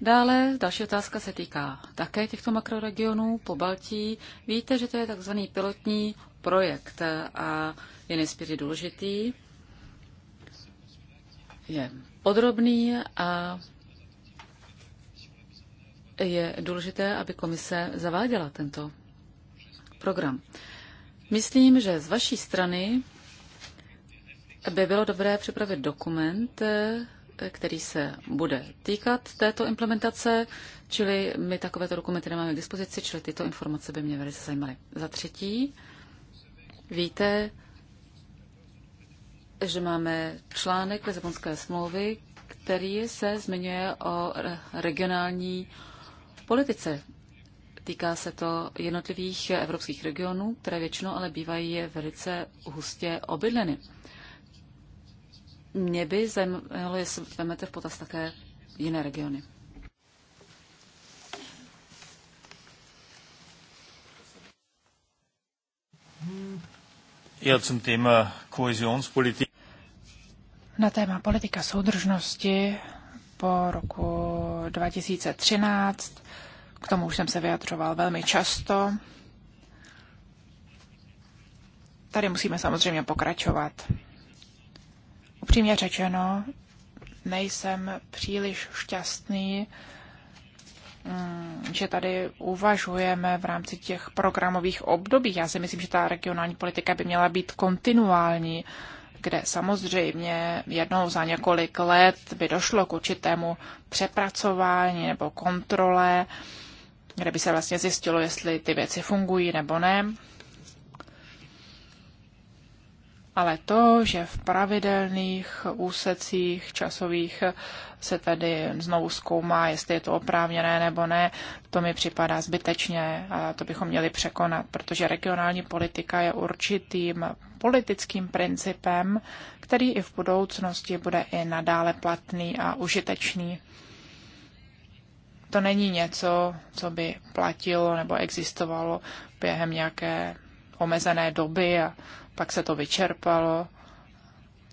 Dále další otázka se týká také těchto makroregionů po Baltí. Víte, že to je takzvaný pilotní projekt a je nesmírně důležitý. Je podrobný a je důležité, aby komise zaváděla tento program. Myslím, že z vaší strany by bylo dobré připravit dokument, který se bude týkat této implementace, čili my takovéto dokumenty nemáme k dispozici, čili tyto informace by mě velice zajímaly. Za třetí, víte, že máme článek Lisabonské smlouvy, který se zmiňuje o regionální politice. Týká se to jednotlivých evropských regionů, které většinou ale bývají velice hustě obydleny. Mě by zajímalo, jestli vezmete v potaz také jiné regiony. Já jsem téma Kohäsionspolitik. Na téma politika soudržnosti po roku 2013. K tomu už jsem se vyjadřoval velmi často. Tady musíme samozřejmě pokračovat. Upřímně řečeno, nejsem příliš šťastný, mm, že tady uvažujeme v rámci těch programových období. Já si myslím, že ta regionální politika by měla být kontinuální kde samozřejmě jednou za několik let by došlo k určitému přepracování nebo kontrole, kde by se vlastně zjistilo, jestli ty věci fungují nebo ne ale to, že v pravidelných úsecích časových se tady znovu zkoumá, jestli je to oprávněné nebo ne, to mi připadá zbytečně a to bychom měli překonat, protože regionální politika je určitým politickým principem, který i v budoucnosti bude i nadále platný a užitečný. To není něco, co by platilo nebo existovalo během nějaké omezené doby a pak se to vyčerpalo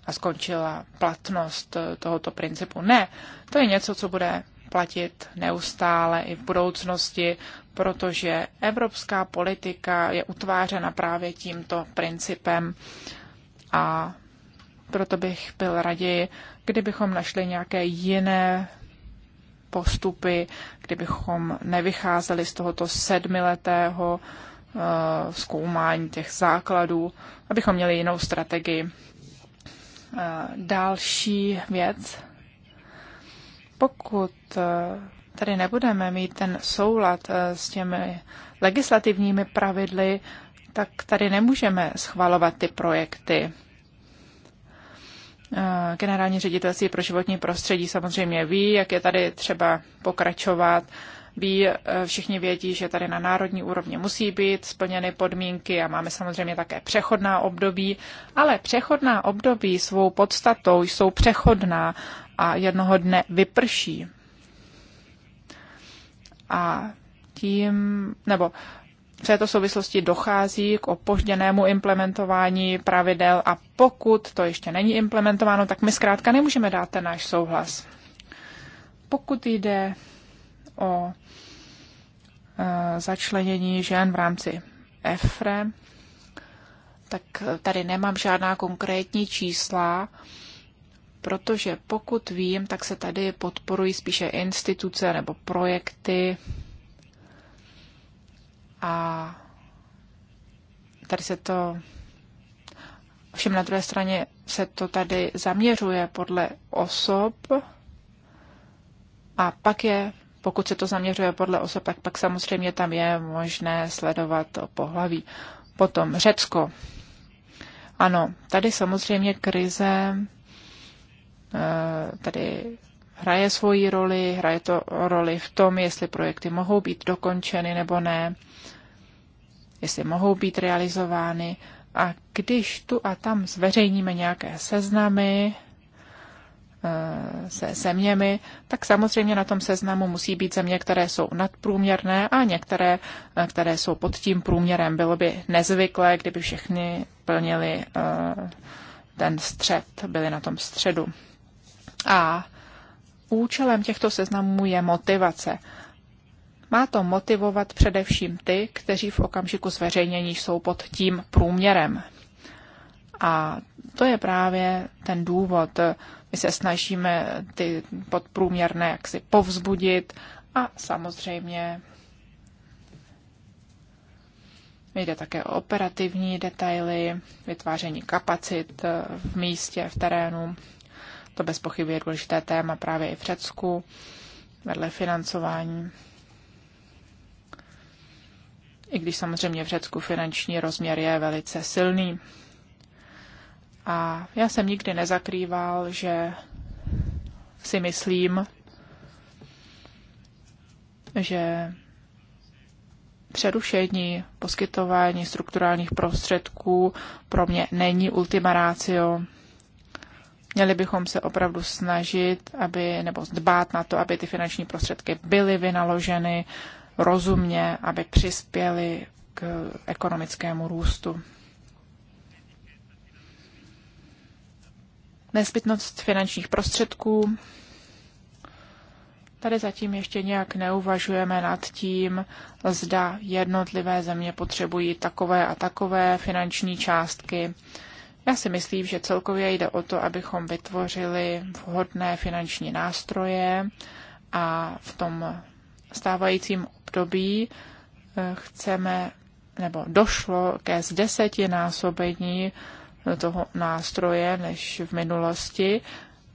a skončila platnost eh, tohoto principu. Ne, to je něco, co bude platit neustále i v budoucnosti, protože evropská politika je utvářena právě tímto principem a proto bych byl raději, kdybychom našli nějaké jiné postupy, kdybychom nevycházeli z tohoto sedmiletého Eh, zkoumání těch základů, abychom měli jinou strategii. Eh, další věc. Pokud eh, tady nebudeme mít ten soulad s těmi legislativními pravidly, tak tady nemůžeme schvalovat ty projekty. Generální ředitelství pro životní prostředí samozřejmě ví, jak je tady třeba pokračovat ví, eh, všichni vědí, že tady na národní úrovni musí být splněny podmínky a máme samozřejmě také přechodná období, ale přechodná období svou podstatou jsou přechodná a jednoho dne vyprší. A tím, nebo v této souvislosti dochází k opožděnému implementování pravidel a pokud to ještě není implementováno, tak my zkrátka nemůžeme dát ten náš souhlas. Pokud jde o e, začlenění žen v rámci EFRE, tak tady nemám žádná konkrétní čísla, protože pokud vím, tak se tady podporují spíše instituce nebo projekty a tady se to Všem na druhé straně se to tady zaměřuje podle osob a pak je pokud se to zaměřuje podle osob, tak pak samozřejmě tam je možné sledovat pohlaví. Potom Řecko. Ano, tady samozřejmě krize eh, tady hraje svoji roli, hraje to roli v tom, jestli projekty mohou být dokončeny nebo ne, jestli mohou být realizovány. A když tu a tam zveřejníme nějaké seznamy, Eh, se zeměmi, tak samozřejmě na tom seznamu musí být země, které jsou nadprůměrné a některé, eh, které jsou pod tím průměrem. Bylo by nezvyklé, kdyby všechny plnili eh, ten střed, byli na tom středu. A účelem těchto seznamů je motivace. Má to motivovat především ty, kteří v okamžiku zveřejnění jsou pod tím průměrem. A to je právě ten důvod. My se snažíme ty podprůměrné jaksi povzbudit a samozřejmě Jde také o operativní detaily, vytváření kapacit v místě, v terénu. To bez pochyby je důležité téma právě i v Řecku, vedle financování. I když samozřejmě v Řecku finanční rozměr je velice silný. A já jsem nikdy nezakrýval, že si myslím, že přerušení poskytování strukturálních prostředků pro mě není ultima ratio. Měli bychom se opravdu snažit, aby, nebo dbát na to, aby ty finanční prostředky byly vynaloženy rozumně, aby přispěly k ekonomickému růstu. nezbytnost finančních prostředků. Tady zatím ještě nějak neuvažujeme nad tím, zda jednotlivé země potřebují takové a takové finanční částky. Já si myslím, že celkově jde o to, abychom vytvořili vhodné finanční nástroje a v tom stávajícím období eh, chceme, nebo došlo ke zdesetinásobení toho nástroje než v minulosti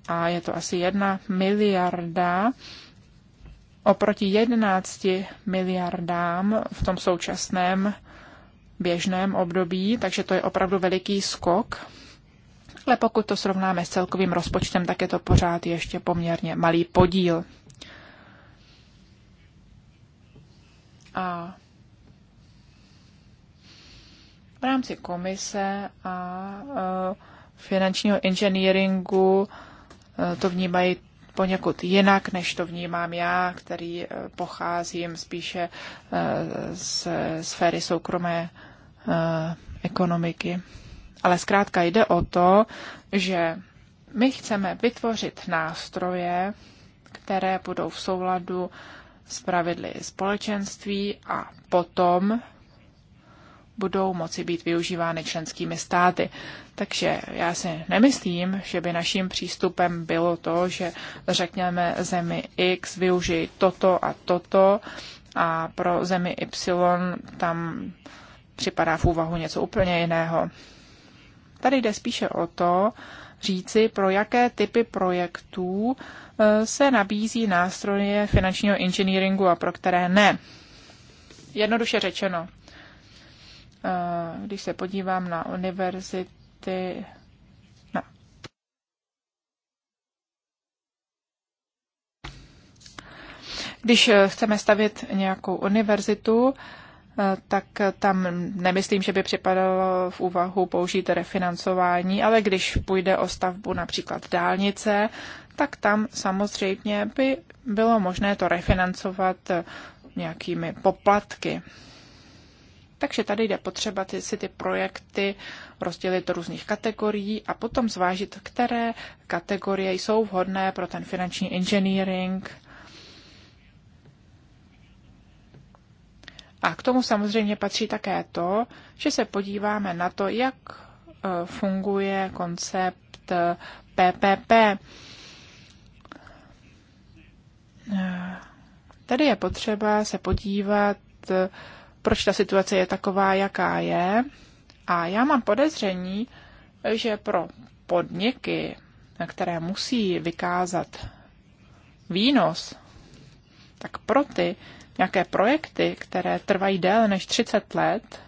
a je to asi jedna miliarda oproti 11 miliardám v tom současném běžném období, takže to je opravdu veliký skok. Ale pokud to srovnáme s celkovým rozpočtem, tak je to pořád ještě poměrně malý podíl. A v rámci komise a eh, finančního inženýringu eh, to vnímají poněkud jinak, než to vnímám já, který eh, pocházím spíše z sféry soukromé ekonomiky. Ale zkrátka jde o to, že my chceme vytvořit nástroje, které budou v souladu s pravidly společenství a potom budou moci být využívány členskými státy. Takže já si nemyslím, že by naším přístupem bylo to, že řekněme zemi X využij toto a toto a pro zemi Y tam připadá v úvahu něco úplně jiného. Tady jde spíše o to, říci, pro jaké typy projektů eh, se nabízí nástroje finančního inženýringu a pro které ne. Jednoduše řečeno, Eh, když se podívám na univerzity, na Když eh, chceme stavět nějakou univerzitu, eh, tak tam nemyslím, že by připadalo v úvahu použít refinancování, ale když půjde o stavbu například dálnice, tak tam samozřejmě by bylo možné to refinancovat nějakými poplatky. Takže tady jde potřeba ty, si ty projekty rozdělit do různých kategorií a potom zvážit, které kategorie jsou vhodné pro ten finanční engineering. A k tomu samozřejmě patří také to, že se podíváme na to, jak e, funguje koncept PPP. E, e, tady je potřeba se podívat, proč ta situace je taková, jaká je. A já mám podezření, že pro podniky, které musí vykázat výnos, tak pro ty nějaké projekty, které trvají déle než 30 let,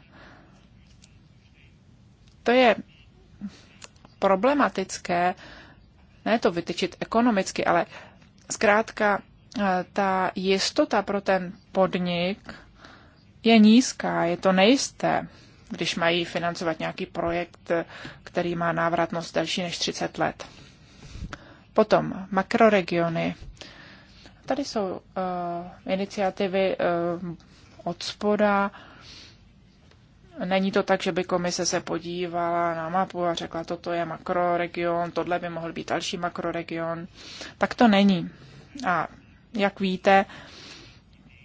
to je problematické, ne to vytyčit ekonomicky, ale zkrátka eh, ta jistota pro ten podnik je nízká, je to nejisté, když mají financovat nějaký projekt, který má návratnost delší než 30 let. Potom makroregiony. Tady jsou uh, iniciativy uh, od spoda. Není to tak, že by komise se podívala na mapu a řekla, toto je makroregion, tohle by mohl být další makroregion. Tak to není. A jak víte, uh,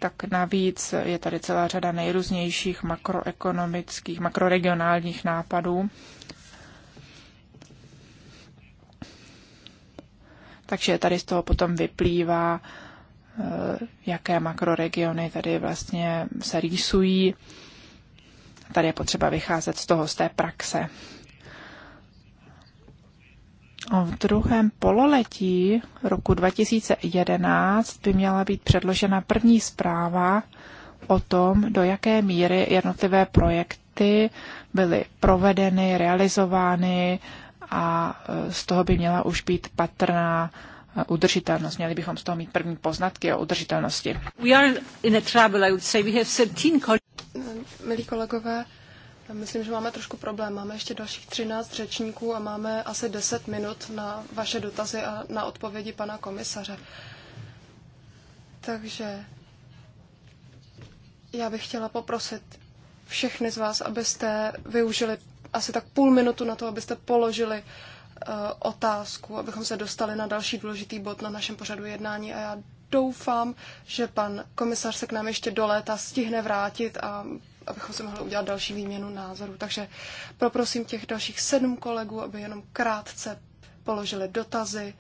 tak navíc je tady celá řada nejrůznějších makroekonomických, makroregionálních nápadů. Takže tady z toho potom vyplývá, eh, jaké makroregiony tady vlastně se rýsují. Tady je potřeba vycházet z toho, z té praxe v druhém pololetí roku 2011 by měla být předložena první zpráva o tom, do jaké míry jednotlivé projekty byly provedeny, realizovány a e, z toho by měla už být patrná e, udržitelnost. Měli bychom z toho mít první poznatky o udržitelnosti. Milí kolegové, Myslím, že máme trošku problém. Máme ještě dalších 13 řečníků a máme asi 10 minut na vaše dotazy a na odpovědi pana komisaře. Takže já bych chtěla poprosit všechny z vás, abyste využili asi tak půl minutu na to, abyste položili eh, otázku, abychom se dostali na další důležitý bod na našem pořadu jednání a já doufám, že pan komisař se k nám ještě do léta stihne vrátit a abychom si mohli udělat další výměnu názorů. Takže poprosím těch dalších sedm kolegů, aby jenom krátce položili dotazy.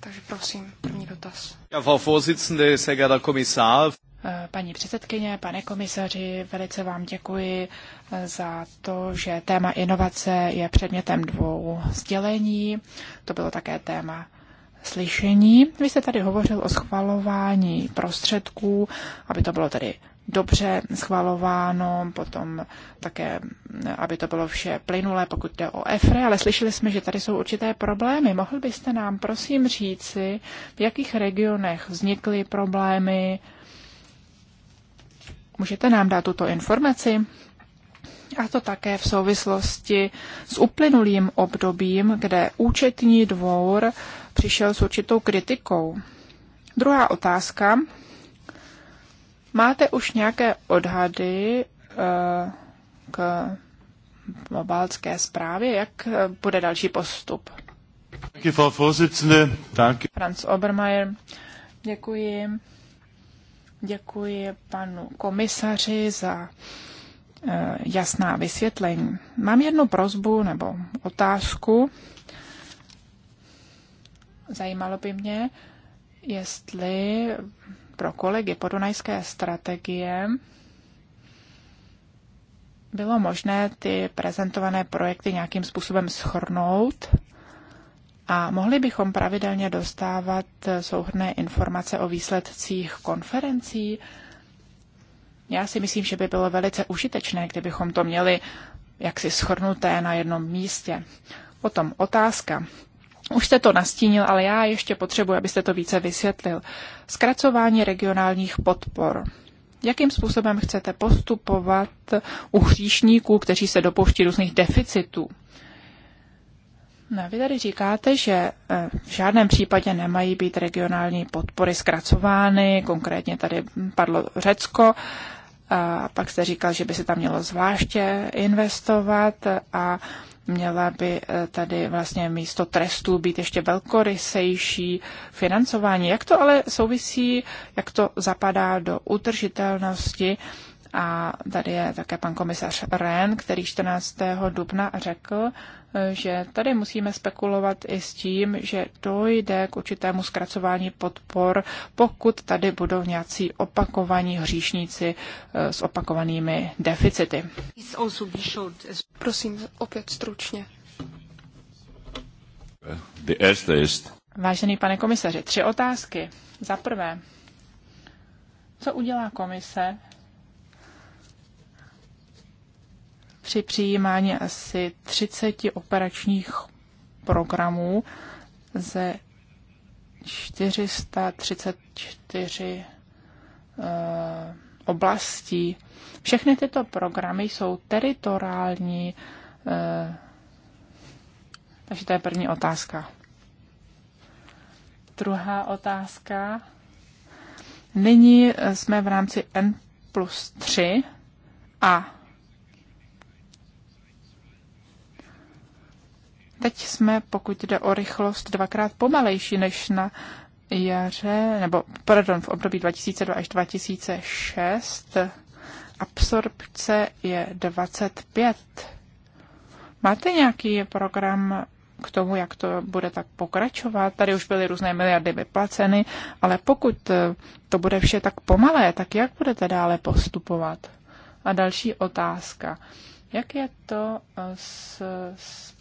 Takže prosím, první dotaz. Ja, Frau Vorsitzende, sehr geehrter Kommissar. Eh, paní předsedkyně, pane komisaři, velice vám děkuji eh, za to, že téma inovace je předmětem dvou sdělení. To bylo také téma slyšení. Vy jste tady hovořil o schvalování prostředků, aby to bylo tedy dobře schvalováno, potom také, aby to bylo vše plynulé, pokud jde o EFRE, ale slyšeli jsme, že tady jsou určité problémy. Mohl byste nám prosím říci, v jakých regionech vznikly problémy? Můžete nám dát tuto informaci? A to také v souvislosti s uplynulým obdobím, kde účetní dvor přišel s určitou kritikou. Druhá otázka Máte už nějaké odhady eh, k globálské zprávě? Jak eh, bude další postup? Děkuji, Frau Vorsitzende. Danke. Franz Obermeier, děkuji. Děkuji panu komisaři za eh, jasná vysvětlení. Mám jednu prozbu nebo otázku. Zajímalo by mě, jestli pro kolegy podunajské strategie bylo možné ty prezentované projekty nějakým způsobem schrnout a mohli bychom pravidelně dostávat souhrné informace o výsledcích konferencí. Já si myslím, že by bylo velice užitečné, kdybychom to měli jaksi schrnuté na jednom místě. Potom otázka. Už jste to nastínil, ale já ještě potřebuji, abyste to více vysvětlil. Zkracování regionálních podpor. Jakým způsobem chcete postupovat u hříšníků, kteří se dopouští různých deficitů? No, vy tady říkáte, že eh, v žádném případě nemají být regionální podpory zkracovány, konkrétně tady padlo Řecko, a pak jste říkal, že by se tam mělo zvláště investovat a Měla by eh, tady vlastně místo trestů být ještě velkorysejší financování. Jak to ale souvisí, jak to zapadá do utržitelnosti? A tady je také pan komisař Ren, který 14. dubna řekl, že tady musíme spekulovat i s tím, že dojde k určitému zkracování podpor, pokud tady budou nějací opakovaní hříšníci eh, s opakovanými deficity. Prosím, opět stručně. Vážený pane komisaři, tři otázky. Za prvé, co udělá komise při přijímání asi 30 operačních programů ze 434 uh, eh, oblastí. Všechny tyto programy jsou teritoriální, uh, takže to je první otázka. Druhá otázka. Nyní eh, jsme v rámci N plus 3 a Teď jsme, pokud jde o rychlost, dvakrát pomalejší než na jaře, nebo pardon, v období 2002 až 2006. Absorpce je 25. Máte nějaký program k tomu, jak to bude tak pokračovat. Tady už byly různé miliardy vyplaceny, ale pokud to bude vše tak pomalé, tak jak budete dále postupovat? A další otázka. Jak je to s, s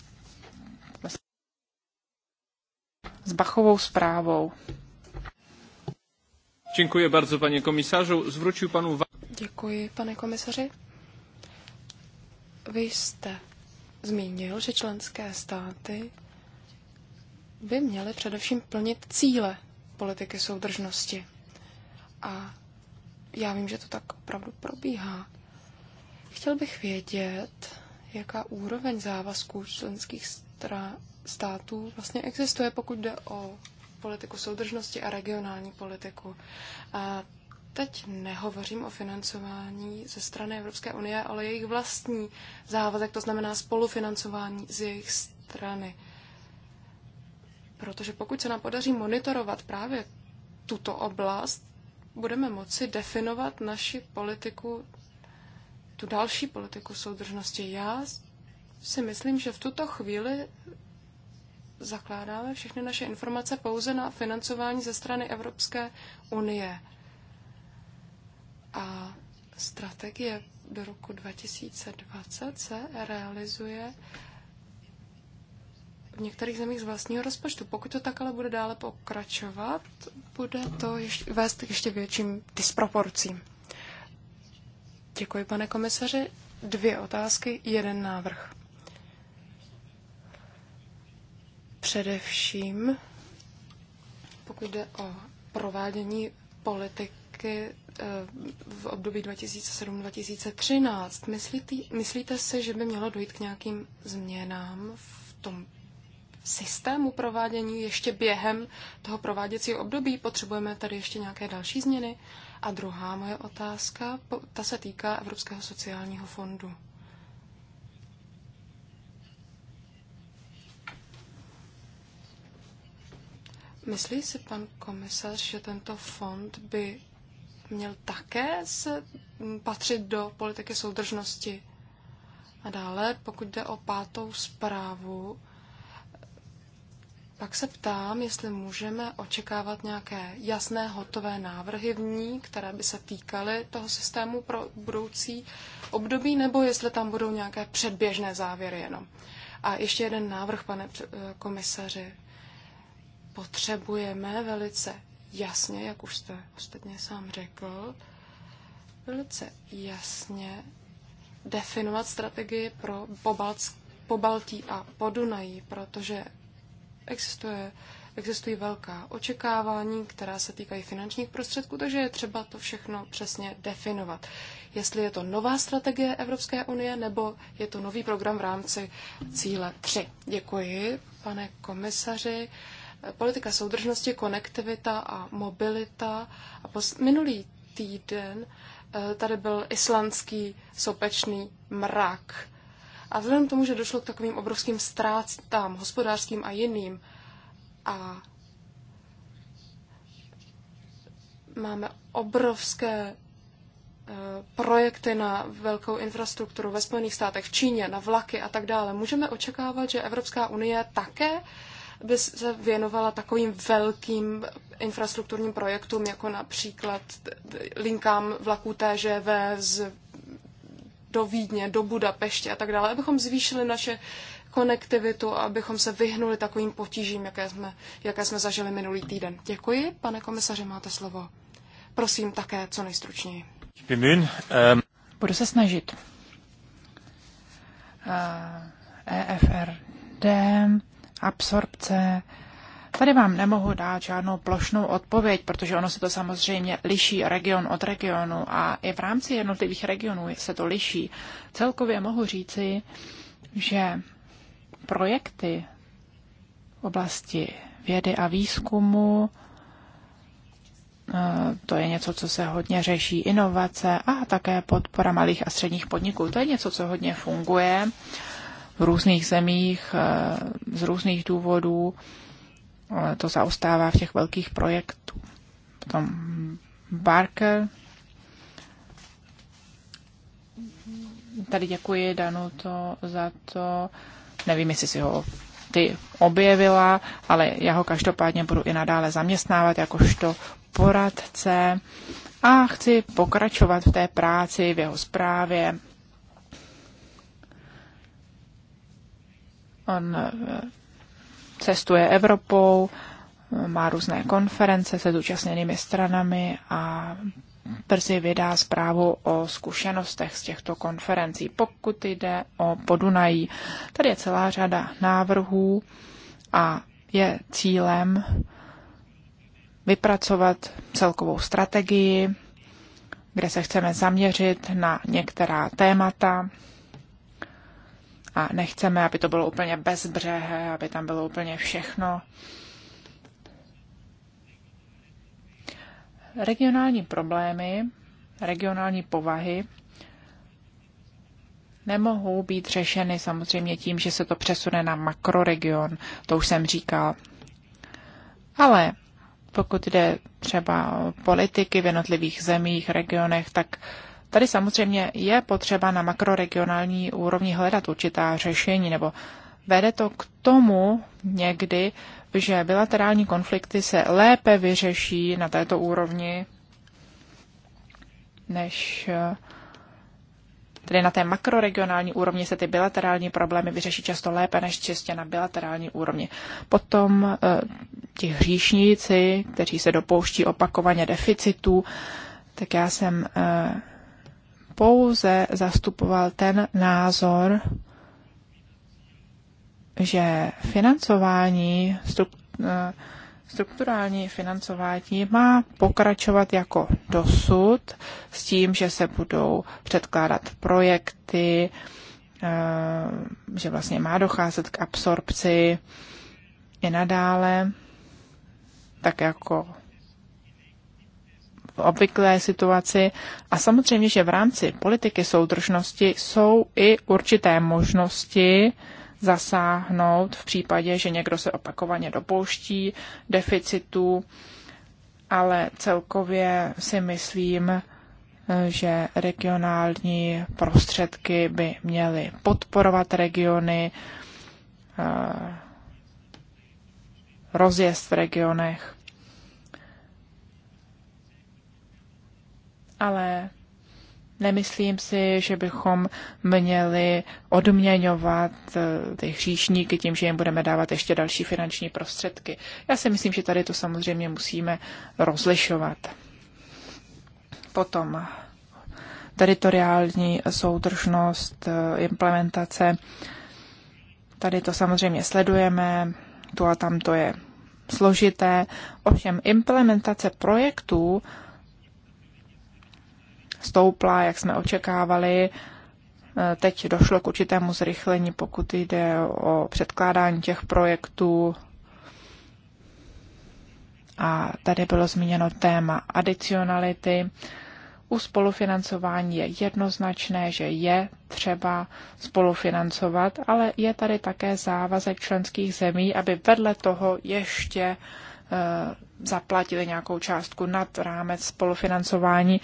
s Bachovou zprávou. Děkuji bardzo, pane komisařu. Zvručil panu... Děkuji, pane komisaři. Vy jste zmínil, že členské státy by měly především plnit cíle politiky soudržnosti. A já vím, že to tak opravdu probíhá. Chtěl bych vědět, jaká úroveň závazků členských států vlastně existuje, pokud jde o politiku soudržnosti a regionální politiku. A teď nehovořím o financování ze strany Evropské unie, ale jejich vlastní závazek, to znamená spolufinancování z jejich strany. Protože pokud se nám podaří monitorovat právě tuto oblast, budeme moci definovat naši politiku, tu další politiku soudržnosti. Já si myslím, že v tuto chvíli zakládáme všechny naše informace pouze na financování ze strany Evropské unie. A strategie do roku 2020 se realizuje v některých zemích z vlastního rozpočtu. Pokud to tak ale bude dále pokračovat, bude to ještě, vést k ještě větším disproporcím. Děkuji, pane komisaři. Dvě otázky, jeden návrh. Především, pokud jde o provádění politiky eh, v období 2007-2013, myslíte, myslíte si, že by mělo dojít k nějakým změnám v tom systému provádění ještě během toho prováděcího období? Potřebujeme tady ještě nějaké další změny? A druhá moje otázka, ta se týká Evropského sociálního fondu. Myslí si pan komisař, že tento fond by měl také se patřit do politiky soudržnosti? A dále, pokud jde o pátou zprávu, pak se ptám, jestli můžeme očekávat nějaké jasné, hotové návrhy v ní, které by se týkaly toho systému pro budoucí období, nebo jestli tam budou nějaké předběžné závěry jenom. A ještě jeden návrh, pane eh, komisaři potřebujeme velice jasně, jak už jste ostatně sám řekl, velice jasně definovat strategii pro Pobalc, Pobaltí a Podunají, protože existuje, existují velká očekávání, která se týkají finančních prostředků, takže je třeba to všechno přesně definovat. Jestli je to nová strategie Evropské unie, nebo je to nový program v rámci cíle 3. Děkuji, pane komisaři politika soudržnosti, konektivita a mobilita. A minulý týden eh, tady byl islandský sopečný mrak. A vzhledem k tomu, že došlo k takovým obrovským ztrátám, hospodářským a jiným, a máme obrovské eh, projekty na velkou infrastrukturu ve Spojených státech, v Číně, na vlaky a tak dále. Můžeme očekávat, že Evropská unie také bys se věnovala takovým velkým infrastrukturním projektům, jako například linkám vlaků TŽV z, do Vídně, do Budapešti a tak dále, abychom zvýšili naše konektivitu a abychom se vyhnuli takovým potížím, jaké jsme, jaké jsme zažili minulý týden. Děkuji, pane komisaři, máte slovo. Prosím také co nejstručněji. Ähm, Budu se snažit. Äh, EFRD absorpce. Tady vám nemohu dát žádnou plošnou odpověď, protože ono se to samozřejmě liší region od regionu a i v rámci jednotlivých regionů se to liší. Celkově mohu říci, že projekty v oblasti vědy a výzkumu, eh, to je něco, co se hodně řeší, inovace a také podpora malých a středních podniků. To je něco, co hodně funguje v různých zemích eh, z různých důvodů eh, to zaostává v těch velkých projektů. Potom Barker. Tady děkuji to za to. Nevím, jestli si ho ty objevila, ale já ho každopádně budu i nadále zaměstnávat jakožto poradce a chci pokračovat v té práci, v jeho zprávě On eh, cestuje Evropou, eh, má různé konference se zúčastněnými stranami a brzy vydá zprávu o zkušenostech z těchto konferencí. Pokud jde o Podunají, tady je celá řada návrhů a je cílem vypracovat celkovou strategii, kde se chceme zaměřit na některá témata, a nechceme, aby to bylo úplně bezbřehé, aby tam bylo úplně všechno. Regionální problémy, regionální povahy nemohou být řešeny samozřejmě tím, že se to přesune na makroregion, to už jsem říkal. Ale pokud jde třeba o politiky v jednotlivých zemích, regionech, tak uh, Tady samozřejmě je potřeba na makroregionální úrovni hledat určitá řešení, nebo vede to k tomu někdy, že bilaterální konflikty se lépe vyřeší na této úrovni než eh, tedy na té makroregionální úrovni se ty bilaterální problémy vyřeší často lépe než čistě na bilaterální úrovni. Potom eh, ti hříšníci, kteří se dopouští opakovaně deficitů, tak já jsem eh, pouze zastupoval ten názor, že financování, eh, strukturální financování má pokračovat jako dosud s tím, že se budou předkládat projekty, eh, že vlastně má docházet k absorpci i nadále, tak jako obvyklé situaci. A samozřejmě, že v rámci politiky soudržnosti jsou i určité možnosti zasáhnout v případě, že někdo se opakovaně dopouští deficitu, ale celkově si myslím, že regionální prostředky by měly podporovat regiony, eh, rozjezd v regionech. ale nemyslím si, že bychom měli odměňovat eh, ty hříšníky tím, že jim budeme dávat ještě další finanční prostředky. Já si myslím, že tady to samozřejmě musíme rozlišovat. Potom teritoriální soudržnost, eh, implementace. Tady to samozřejmě sledujeme, tu a tam to je složité. Ovšem implementace projektů stoupla, jak jsme očekávali. E, teď došlo k určitému zrychlení, pokud jde o předkládání těch projektů. A tady bylo zmíněno téma adicionality. U spolufinancování je jednoznačné, že je třeba spolufinancovat, ale je tady také závazek členských zemí, aby vedle toho ještě e, zaplatili nějakou částku nad rámec spolufinancování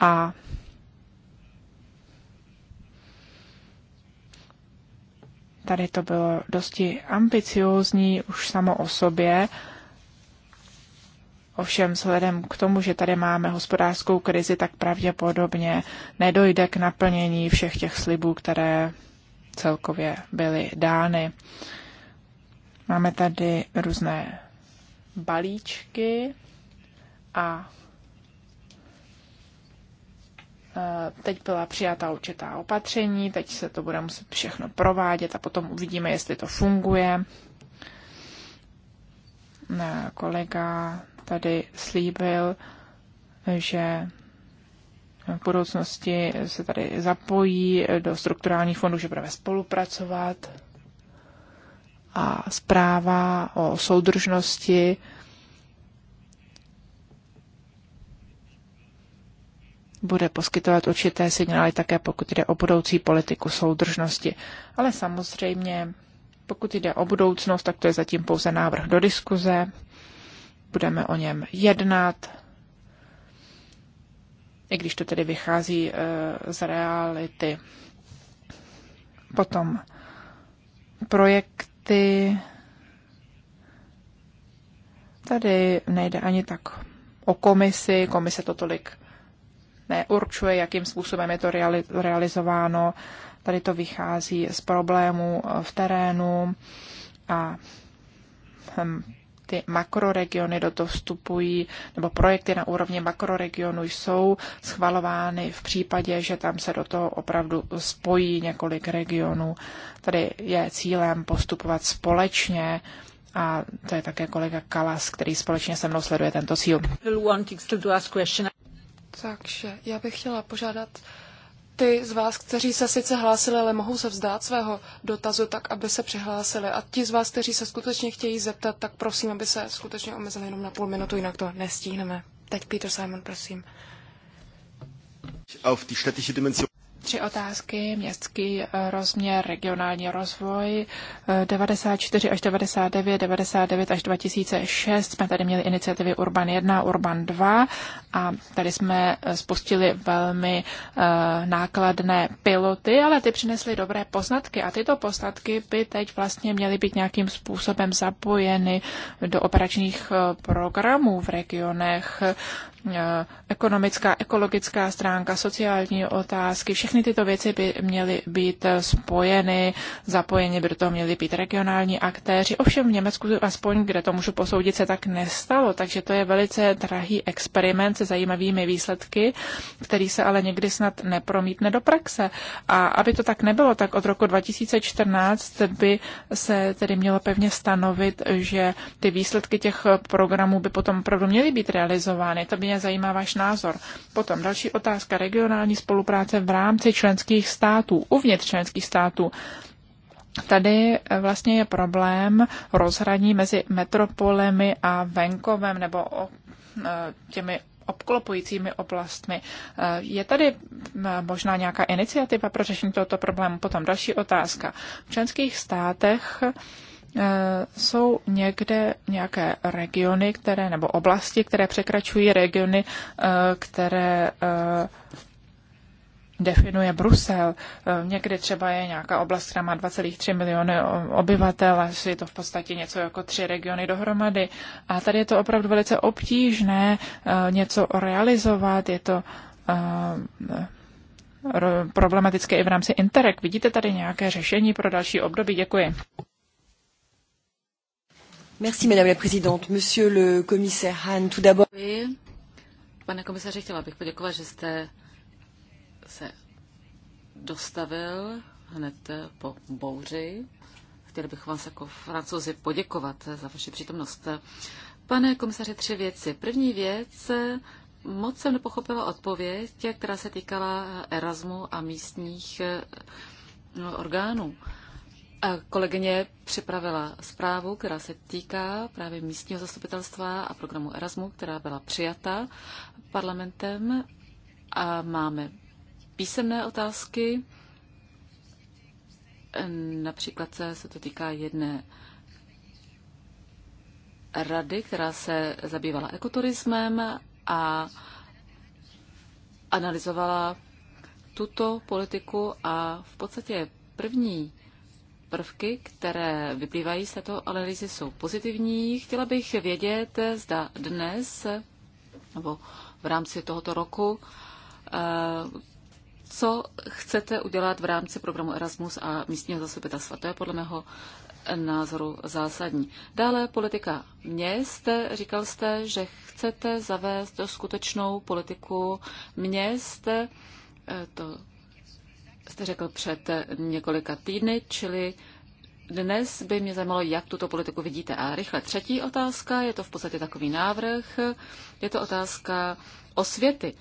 a tady to bylo dosti ambiciózní už samo o sobě. Ovšem vzhledem k tomu, že tady máme hospodářskou krizi, tak pravděpodobně nedojde k naplnění všech těch slibů, které celkově byly dány. Máme tady různé balíčky a Eh, teď byla přijata určitá opatření, teď se to bude muset všechno provádět a potom uvidíme, jestli to funguje. Kolega tady slíbil, že v budoucnosti se tady zapojí do strukturálních fondů, že budeme spolupracovat. A zpráva o soudržnosti bude poskytovat určité signály také, pokud jde o budoucí politiku soudržnosti. Ale samozřejmě, pokud jde o budoucnost, tak to je zatím pouze návrh do diskuze. Budeme o něm jednat, i když to tedy vychází e, z reality. Potom projekty. Tady nejde ani tak o komisi, komise to tolik neurčuje, jakým způsobem je to realizováno. Tady to vychází z problémů eh, v terénu a hm, ty makroregiony do toho vstupují, nebo projekty na úrovni makroregionu jsou schvalovány v případě, že tam se do toho opravdu spojí několik regionů. Tady je cílem postupovat společně a to je také kolega Kalas, který společně se mnou sleduje tento cíl. Takže já bych chtěla požádat ty z vás, kteří se sice hlásili, ale mohou se vzdát svého dotazu, tak aby se přihlásili. A ti z vás, kteří se skutečně chtějí zeptat, tak prosím, aby se skutečně omezili jenom na půl minutu, jinak to nestihneme. Teď Peter Simon, prosím. Auf die Tři otázky, městský eh, rozměr, regionální rozvoj, 94 eh, až 99, 99 až 2006 jsme tady měli iniciativy Urban 1, Urban 2 a tady jsme eh, spustili velmi nákladné piloty, ale ty přinesly dobré poznatky a tyto poznatky by teď vlastně měly být nějakým způsobem zapojeny do operačních programů v regionech. Eh, ekonomická, ekologická stránka, sociální otázky, všechny tyto věci by měly být eh, spojeny, zapojeny, by do toho měly být regionální aktéři. Ovšem v Německu, aspoň kde to můžu posoudit, se tak nestalo, takže to je velice drahý experiment se zajímavými výsledky, který se ale někdy snad nepromítne do praxe. A aby to tak nebylo, tak od roku 2014 by se tedy mělo pevně stanovit, že ty výsledky těch programů by potom opravdu měly být realizovány. To by mě zajímá váš názor. Potom další otázka. Regionální spolupráce v rámci členských států, uvnitř členských států. Tady vlastně je problém rozhraní mezi metropolemi a venkovem nebo o, e, těmi obklopujícími oblastmi. E, je tady možná nějaká iniciativa pro řešení tohoto problému? Potom další otázka. V členských státech Eh, jsou někde nějaké regiony, které, nebo oblasti, které překračují regiony, eh, které eh, definuje Brusel. Někde třeba je nějaká oblast, která má 2,3 miliony obyvatel, a je to v podstatě něco jako tři regiony dohromady. A tady je to opravdu velice obtížné něco realizovat, je to problematické i v rámci Interreg. Vidíte tady nějaké řešení pro další období? Děkuji. Merci, Madame la Présidente. Monsieur le Commissaire Hahn, tout d'abord. Pane komisaři, chtěla bych poděkovat, že jste se dostavil hned po bouři. Chtěl bych vám jako francouzi poděkovat za vaši přítomnost. Pane komisaři, tři věci. První věc, moc jsem nepochopila odpověď, která se týkala Erasmu a místních eh, orgánů. Kolegyně připravila zprávu, která se týká právě místního zastupitelstva a programu Erasmu, která byla přijata parlamentem. A máme písemné otázky. Například se, se to týká jedné rady, která se zabývala ekoturismem a analyzovala tuto politiku a v podstatě první prvky, které vyplývají z této analýzy, jsou pozitivní. Chtěla bych vědět, zda dnes nebo v rámci tohoto roku, eh, co chcete udělat v rámci programu Erasmus a místního zastupitelstva. To je podle mého názoru zásadní. Dále politika měst. Říkal jste, že chcete zavést skutečnou politiku měst. Eh, to jste řekl před několika týdny, čili dnes by mě zajímalo, jak tuto politiku vidíte. A rychle třetí otázka, je to v podstatě takový návrh, je to otázka osvěty.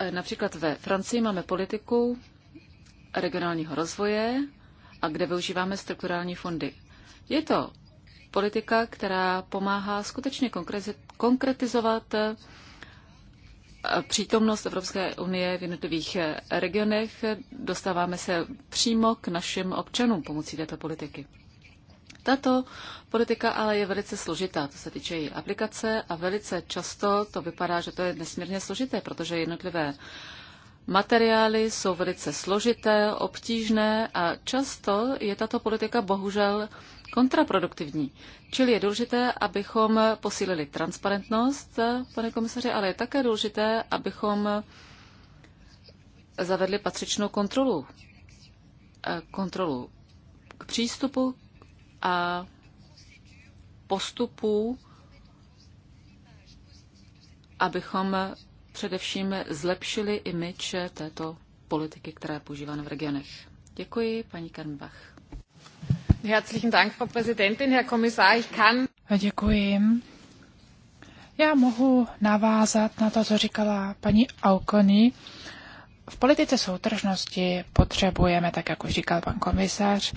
E, například ve Francii máme politiku regionálního rozvoje a kde využíváme strukturální fondy. Je to politika, která pomáhá skutečně konkretizovat přítomnost Evropské unie v jednotlivých regionech. Dostáváme se přímo k našim občanům pomocí této politiky. Tato politika ale je velice složitá, to se týče její aplikace a velice často to vypadá, že to je nesmírně složité, protože jednotlivé materiály jsou velice složité, obtížné a často je tato politika bohužel kontraproduktivní. Čili je důležité, abychom posílili transparentnost, pane komisaři, ale je také důležité, abychom zavedli patřičnou kontrolu. Kontrolu k přístupu a postupů, abychom především zlepšili imič této politiky, která je používána v regionech. Děkuji, paní Kernbach. Herzlichen Dank, Frau Präsidentin, Herr Kommissar. Ich kann... Děkuji. Já mohu navázat na to, co říkala paní Aukony. V politice soutržnosti potřebujeme, tak jak už říkal pan komisař,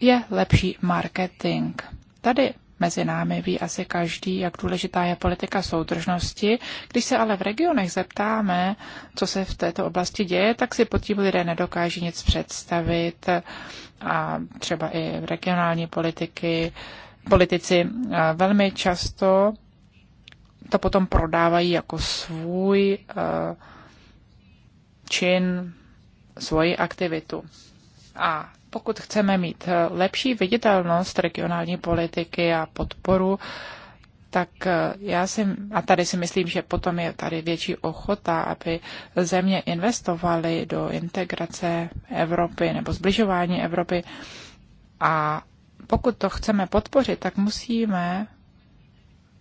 je lepší marketing. Tady mezi námi ví asi každý, jak důležitá je politika soudržnosti. Když se ale v regionech zeptáme, co se v této oblasti děje, tak si pod tím lidé nedokáží nic představit a třeba i regionální politiky, politici velmi často to potom prodávají jako svůj čin, svoji aktivitu. A pokud chceme mít eh, lepší viditelnost regionální politiky a podporu, tak eh, já si, a tady si myslím, že potom je tady větší ochota, aby země investovaly do integrace Evropy nebo zbližování Evropy. A pokud to chceme podpořit, tak musíme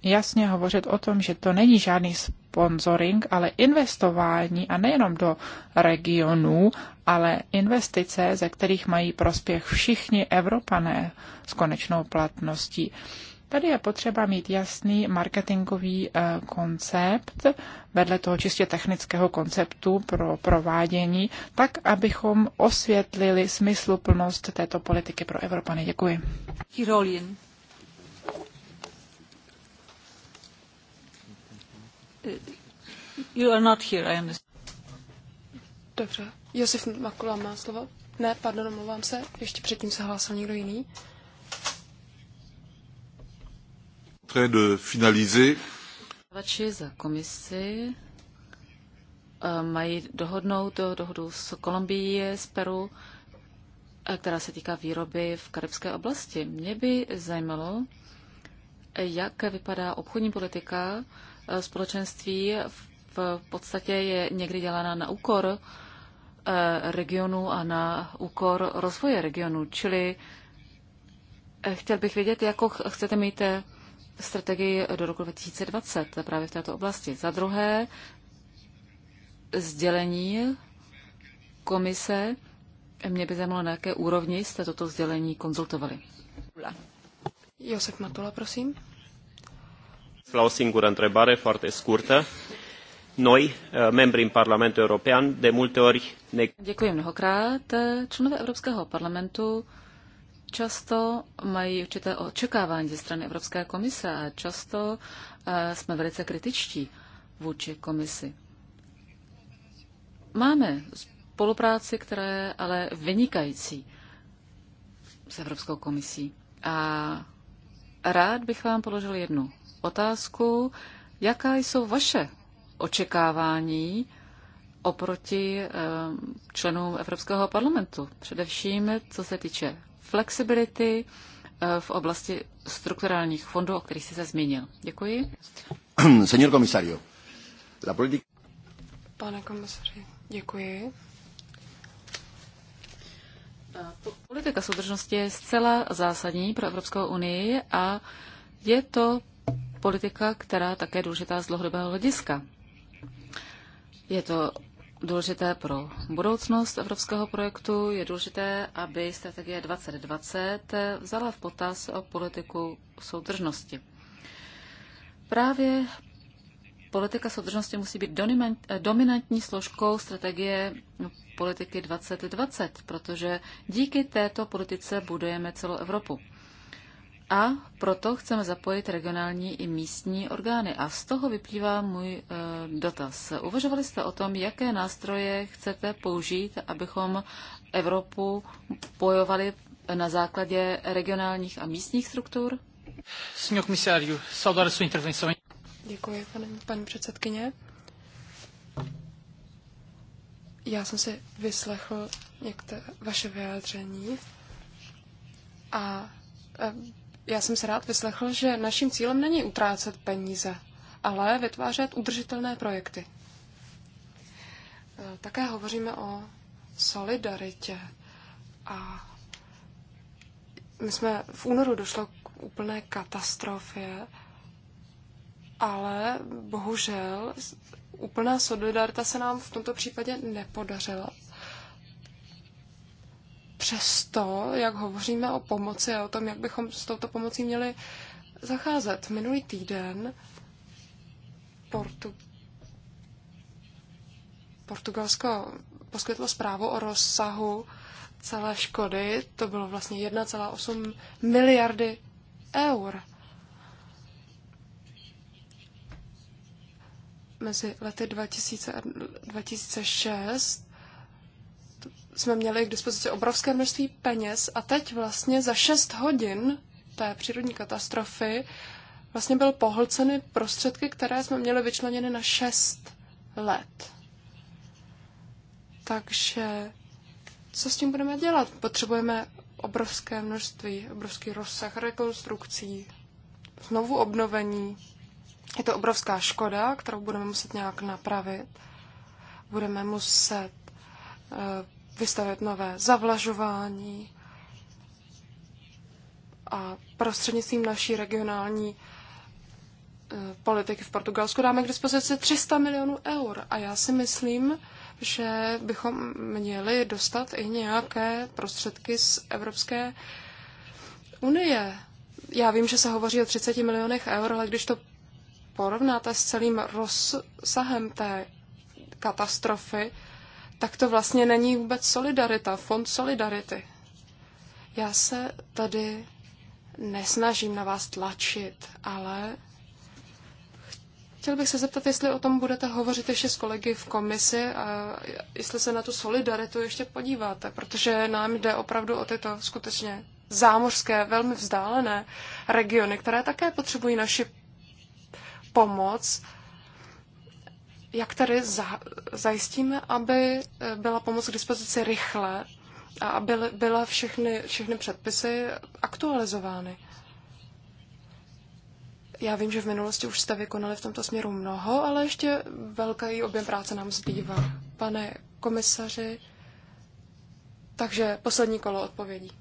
jasně hovořit o tom, že to není žádný sponsoring, ale investování a nejenom do regionů, ale investice, ze kterých mají prospěch všichni Evropané s konečnou platností. Tady je potřeba mít jasný marketingový eh, koncept vedle toho čistě technického konceptu pro provádění, tak abychom osvětlili smysluplnost této politiky pro Evropany. Děkuji. You are not here, I understand. Dobře. Josef Makula má slovo. Ne, pardon, omlouvám se. Ještě předtím se hlásil někdo jiný. train de finaliser. Za komisi eh, mají dohodnout do eh, dohodu s Kolumbií, s Peru, eh, která se týká výroby v karibské oblasti. Mě by zajímalo, jak vypadá obchodní politika Eh, společenství v podstatě je někdy dělána na úkor eh, regionu a na úkor rozvoje regionu. Čili eh, chtěl bych vědět, jakou chcete mít strategii do roku 2020 právě v této oblasti. Za druhé, sdělení komise. Mě by zajímalo, na jaké úrovni jste toto sdělení konzultovali. Josef Matula, prosím la o singură întrebare foarte scurtă. Noi, eh, membrii în Parlamentul European, de multe ori ne... Děkuji mnohokrát. Eh, členové Evropského parlamentu často mají určité očekávání ze strany Evropské komise a často eh, jsme velice kritičtí vůči komisi. Máme spolupráci, která je ale vynikající s Evropskou komisí. A rád bych vám položil jednu otázku. Jaká jsou vaše očekávání oproti eh, členům Evropského parlamentu? Především, co se týče flexibility eh, v oblasti strukturálních fondů, o kterých jste se zmínil. Děkuji. Senor komisario, la politika... Pane komisaři, děkuji. Politika soudržnosti je zcela zásadní pro Evropskou unii a je to politika, která také je důležitá z dlouhodobého hlediska. Je to důležité pro budoucnost evropského projektu, je důležité, aby strategie 2020 vzala v potaz o politiku soudržnosti. Právě politika soudržnosti musí být eh, dominantní složkou strategie politiky 2020, protože díky této politice budujeme celou Evropu. A proto chceme zapojit regionální i místní orgány. A z toho vyplývá můj e, dotaz. Uvažovali jste o tom, jaké nástroje chcete použít, abychom Evropu bojovali na základě regionálních a místních struktur? Senhor Comissário, saudar a sua Děkuji, pane, paní předsedkyně. Já jsem si vyslechl některé vaše vyjádření a já jsem se rád vyslechl, že naším cílem není utrácet peníze, ale vytvářet udržitelné projekty. E, také hovoříme o solidaritě a my jsme v únoru došlo k úplné katastrofě ale bohužel úplná solidarita se nám v tomto případě nepodařila. Přesto, jak hovoříme o pomoci a o tom, jak bychom s touto pomocí měli zacházet. Minulý týden Portu... Portugalsko poskytlo zprávu o rozsahu celé škody. To bylo vlastně 1,8 miliardy eur. mezi lety 2000 a 2006 jsme měli k dispozici obrovské množství peněz a teď vlastně za 6 hodin té přírodní katastrofy vlastně byl pohlceny prostředky, které jsme měli vyčleněny na 6 let. Takže co s tím budeme dělat? Potřebujeme obrovské množství, obrovský rozsah rekonstrukcí, znovu obnovení je to obrovská škoda, kterou budeme muset nějak napravit. Budeme muset eh, vystavit nové zavlažování a prostřednictvím naší regionální eh, politiky v Portugalsku dáme k dispozici 300 milionů eur. A já si myslím, že bychom měli dostat i nějaké prostředky z Evropské unie. Já vím, že se hovoří o 30 milionech eur, ale když to porovnáte s celým rozsahem té katastrofy, tak to vlastně není vůbec solidarita, fond solidarity. Já se tady nesnažím na vás tlačit, ale chtěl bych se zeptat, jestli o tom budete hovořit ještě s kolegy v komisi a jestli se na tu solidaritu ještě podíváte, protože nám jde opravdu o tyto skutečně zámořské, velmi vzdálené regiony, které také potřebují naši pomoc, jak tedy za, zajistíme, aby eh, byla pomoc k dispozici rychle a aby byla všechny, všechny předpisy aktualizovány. Já vím, že v minulosti už jste vykonali v tomto směru mnoho, ale ještě velký objem práce nám zbývá. Pane komisaři, takže poslední kolo odpovědí.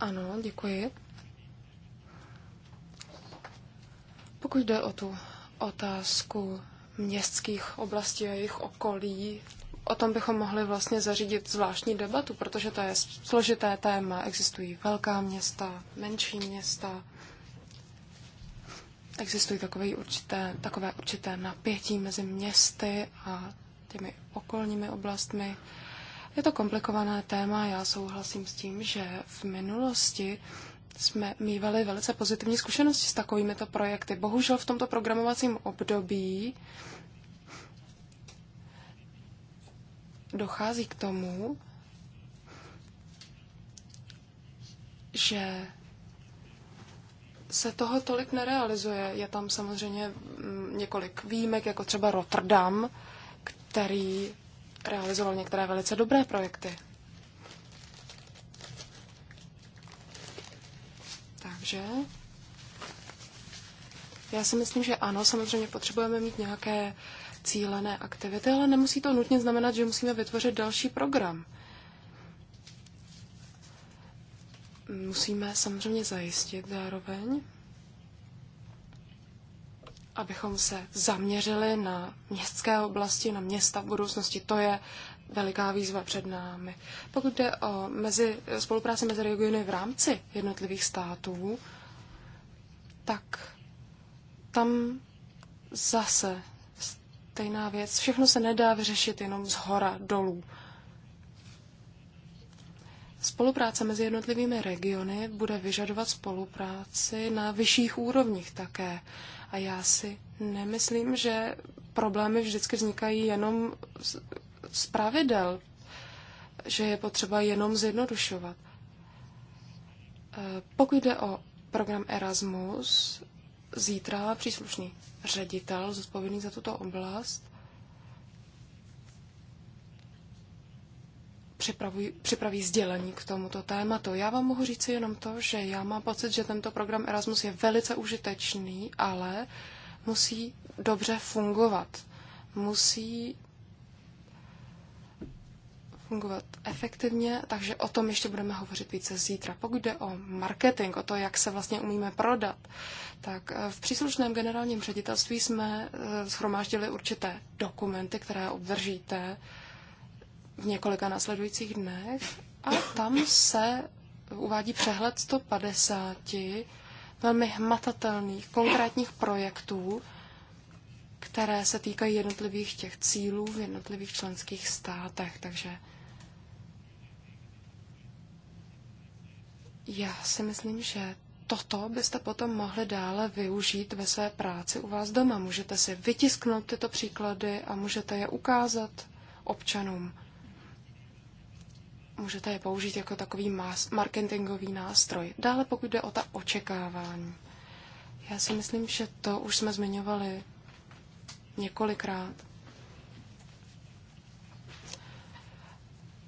Ano, děkuji. Pokud jde o tu otázku městských oblastí a jejich okolí, o tom bychom mohli vlastně zařídit zvláštní debatu, protože to je složité téma. Existují velká města, menší města, existují takové určité, takové určité napětí mezi městy a těmi okolními oblastmi. Je to komplikované téma, já souhlasím s tím, že v minulosti jsme mývali velice pozitivní zkušenosti s takovýmito projekty. Bohužel v tomto programovacím období dochází k tomu, že se toho tolik nerealizuje. Je tam samozřejmě mm, několik výjimek, jako třeba Rotterdam, který realizoval některé velice dobré projekty. že? Já si myslím, že ano, samozřejmě potřebujeme mít nějaké cílené aktivity, ale nemusí to nutně znamenat, že musíme vytvořit další program. Musíme samozřejmě zajistit zároveň, abychom se zaměřili na městské oblasti, na města v budoucnosti. To je veliká výzva před námi. Pokud jde o mezi, spolupráci mezi regiony v rámci jednotlivých států, tak tam zase stejná věc. Všechno se nedá vyřešit jenom z hora dolů. Spolupráce mezi jednotlivými regiony bude vyžadovat spolupráci na vyšších úrovních také. A já si nemyslím, že problémy vždycky vznikají jenom z pravidel, že je potřeba jenom zjednodušovat. Eh, pokud jde o program Erasmus, zítra příslušný ředitel zodpovědný za tuto oblast připravují, připraví sdělení k tomuto tématu. Já vám mohu říct jenom to, že já mám pocit, že tento program Erasmus je velice užitečný, ale musí dobře fungovat. Musí fungovat efektivně, takže o tom ještě budeme hovořit více zítra. Pokud jde o marketing, o to, jak se vlastně umíme prodat, tak eh, v příslušném generálním ředitelství jsme eh, schromáždili určité dokumenty, které obdržíte v několika následujících dnech a tam se uvádí přehled 150 velmi hmatatelných, konkrétních projektů, které se týkají jednotlivých těch cílů v jednotlivých členských státech. Takže Já si myslím, že toto byste potom mohli dále využít ve své práci u vás doma. Můžete si vytisknout tyto příklady a můžete je ukázat občanům. Můžete je použít jako takový marketingový nástroj. Dále pokud jde o ta očekávání. Já si myslím, že to už jsme zmiňovali několikrát.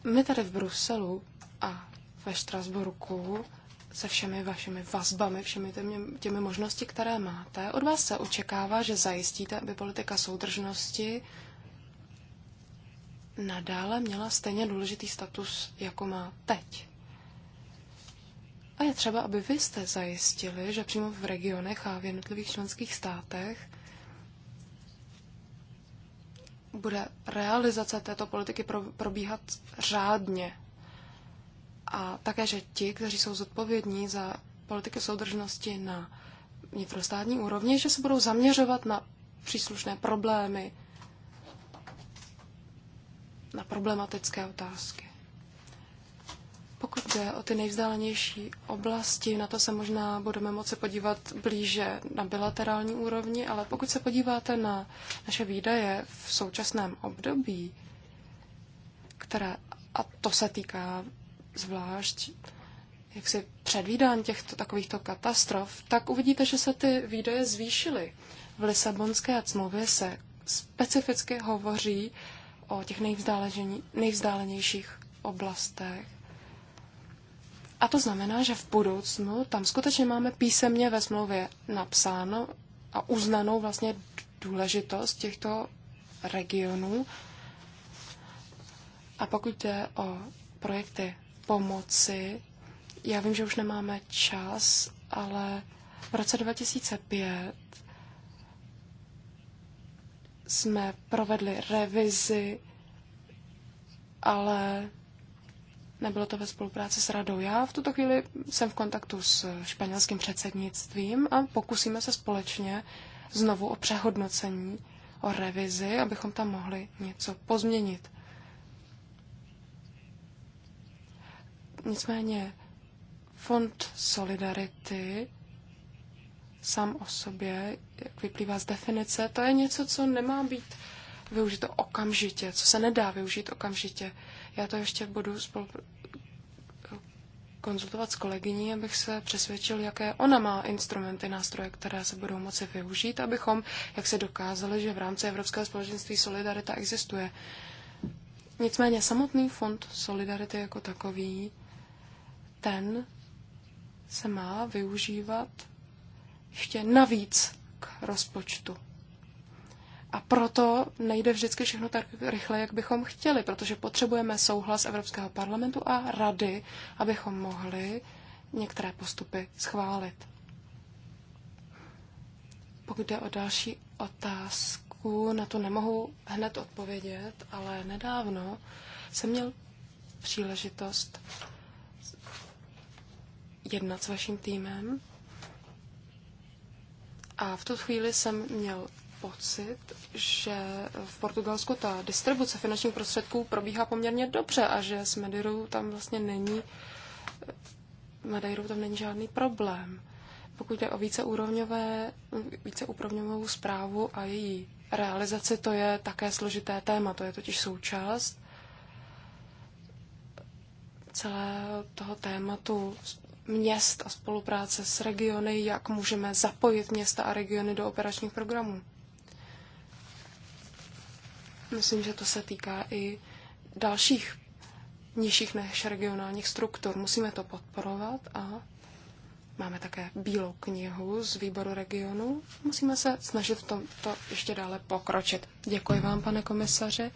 My tady v Bruselu a ve Štrasburku se všemi vašimi vazbami, všemi těmi, těmi možnosti, které máte. Od vás se očekává, že zajistíte, aby politika soudržnosti nadále měla stejně důležitý status, jako má teď. A je třeba, aby vy jste zajistili, že přímo v regionech a v jednotlivých členských státech bude realizace této politiky probíhat řádně, a také, že ti, kteří jsou zodpovědní za politiky soudržnosti na vnitrostátní úrovni, že se budou zaměřovat na příslušné problémy, na problematické otázky. Pokud jde o ty nejvzdálenější oblasti, na to se možná budeme moci podívat blíže na bilaterální úrovni, ale pokud se podíváte na naše výdaje v současném období, které, a to se týká zvlášť jak si předvídání těchto takovýchto katastrof, tak uvidíte, že se ty výdaje zvýšily. V Lisabonské smlouvě se specificky hovoří o těch nejvzdálenějších oblastech. A to znamená, že v budoucnu tam skutečně máme písemně ve smlouvě napsáno a uznanou vlastně důležitost těchto regionů. A pokud jde o projekty pomoci. Já vím, že už nemáme čas, ale v roce 2005 jsme provedli revizi, ale nebylo to ve spolupráci s radou. Já v tuto chvíli jsem v kontaktu s španělským předsednictvím a pokusíme se společně znovu o přehodnocení, o revizi, abychom tam mohli něco pozměnit. Nicméně fond Solidarity sám o sobě, jak vyplývá z definice, to je něco, co nemá být využito okamžitě, co se nedá využít okamžitě. Já to ještě budu spolu konzultovat s kolegyní, abych se přesvědčil, jaké ona má instrumenty, nástroje, které se budou moci využít, abychom, jak se dokázali, že v rámci Evropského společenství Solidarita existuje. Nicméně samotný fond Solidarity jako takový ten se má využívat ještě navíc k rozpočtu. A proto nejde vždycky všechno tak rychle, jak bychom chtěli, protože potřebujeme souhlas Evropského parlamentu a rady, abychom mohli některé postupy schválit. Pokud jde o další otázku, na to nemohu hned odpovědět, ale nedávno jsem měl příležitost jednat s vaším týmem. A v tu chvíli jsem měl pocit, že v Portugalsku ta distribuce finančních prostředků probíhá poměrně dobře a že s Medirou tam vlastně není Madeirou tam není žádný problém. Pokud jde o víceúrovňové, víceúrovňovou zprávu a její realizaci, to je také složité téma, to je totiž součást celého toho tématu měst a spolupráce s regiony, jak můžeme zapojit města a regiony do operačních programů. Myslím, že to se týká i dalších nižších než regionálních struktur. Musíme to podporovat a máme také bílou knihu z výboru regionu. Musíme se snažit v tomto ještě dále pokročit. Děkuji vám, pane komisaři.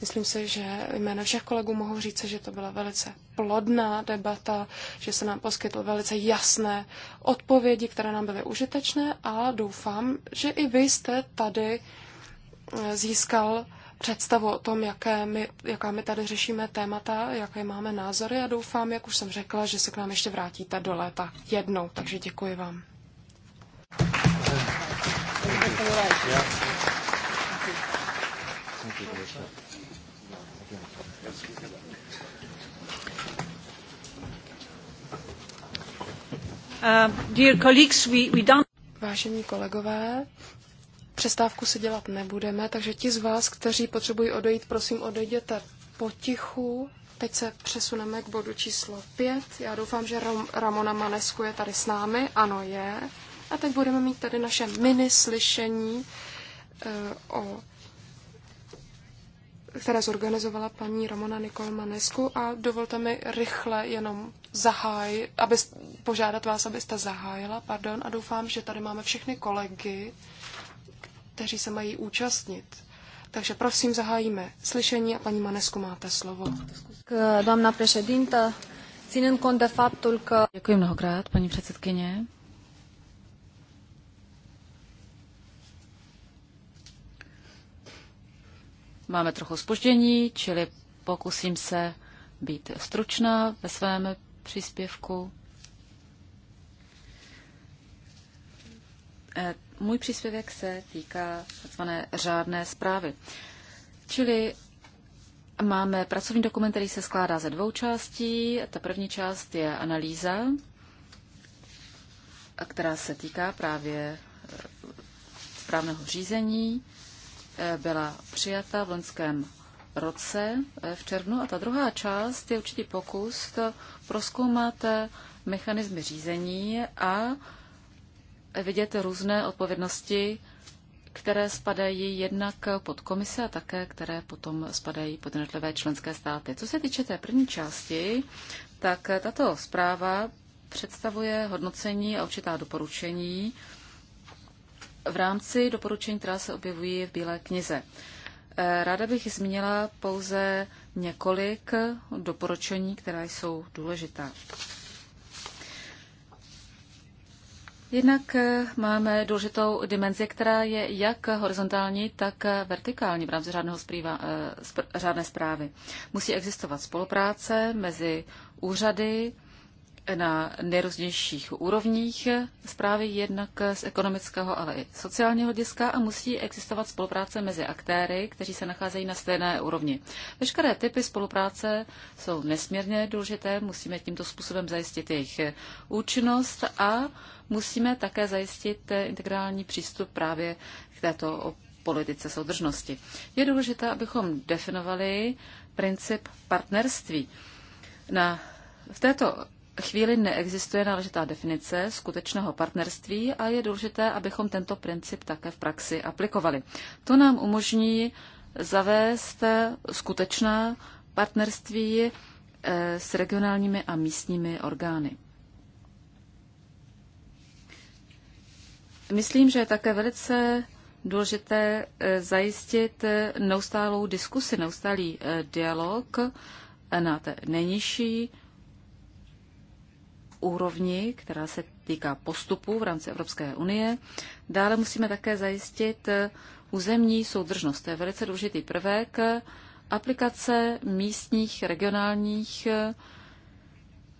Myslím si, že jméno všech kolegů mohu říct, že to byla velice plodná debata, že se nám poskytl velice jasné odpovědi, které nám byly užitečné a doufám, že i vy jste tady eh, získal představu o tom, jaké my, jaká my tady řešíme témata, jaké máme názory a doufám, jak už jsem řekla, že se k nám ještě vrátíte do léta jednou, takže děkuji vám. Thank you. Thank you. Uh, Vážení kolegové, přestávku si dělat nebudeme, takže ti z vás, kteří potřebují odejít, prosím odejděte potichu. Teď se přesuneme k bodu číslo 5. Já doufám, že Ramona Manesku je tady s námi. Ano, je. A teď budeme mít tady naše mini slyšení eh, o které zorganizovala paní Ramona Nikol Manesku a dovolte mi rychle jenom zaháj, aby, požádat vás, abyste zahájila, pardon, a doufám, že tady máme všechny kolegy, kteří se mají účastnit. Takže prosím, zahájíme slyšení a paní Manesku máte slovo. Dámna președintă, ținând de faptul că... Děkuji mnohokrát, paní předsedkyně. Máme trochu spoždění, čili pokusím se být stručná ve svém příspěvku. E, můj příspěvek se týká tzv. řádné zprávy. Čili máme pracovní dokument, který se skládá ze dvou částí. Ta první část je analýza, která se týká právě e, správného řízení. E, byla přijata v loňském roce eh, v červnu. A ta druhá část je určitý pokus proskoumat eh, mechanizmy řízení a vidět různé odpovědnosti, které spadají jednak pod komise a také, které potom spadají pod jednotlivé členské státy. Co se týče té první části, tak eh, tato zpráva představuje hodnocení a určitá doporučení v rámci doporučení, která se objevují v Bílé knize. Ráda bych zmínila pouze několik doporučení, která jsou důležitá. Jednak máme důležitou dimenzi, která je jak horizontální, tak vertikální v rámci řádného zprýva, eh, řádné zprávy. Musí existovat spolupráce mezi úřady, na nejrůznějších úrovních zprávy, jednak z ekonomického, ale i sociálního hlediska a musí existovat spolupráce mezi aktéry, kteří se nacházejí na stejné úrovni. Veškeré typy spolupráce jsou nesmírně důležité, musíme tímto způsobem zajistit jejich účinnost a musíme také zajistit integrální přístup právě k této politice soudržnosti. Je důležité, abychom definovali princip partnerství. Na v této chvíli neexistuje náležitá definice skutečného partnerství a je důležité, abychom tento princip také v praxi aplikovali. To nám umožní zavést skutečná partnerství eh, s regionálními a místními orgány. Myslím, že je také velice důležité eh, zajistit eh, neustálou diskusi, neustálý dialog na té nejnižší úrovni, která se týká postupu v rámci Evropské unie. Dále musíme také zajistit územní soudržnost. To je velice důležitý prvek aplikace místních, regionálních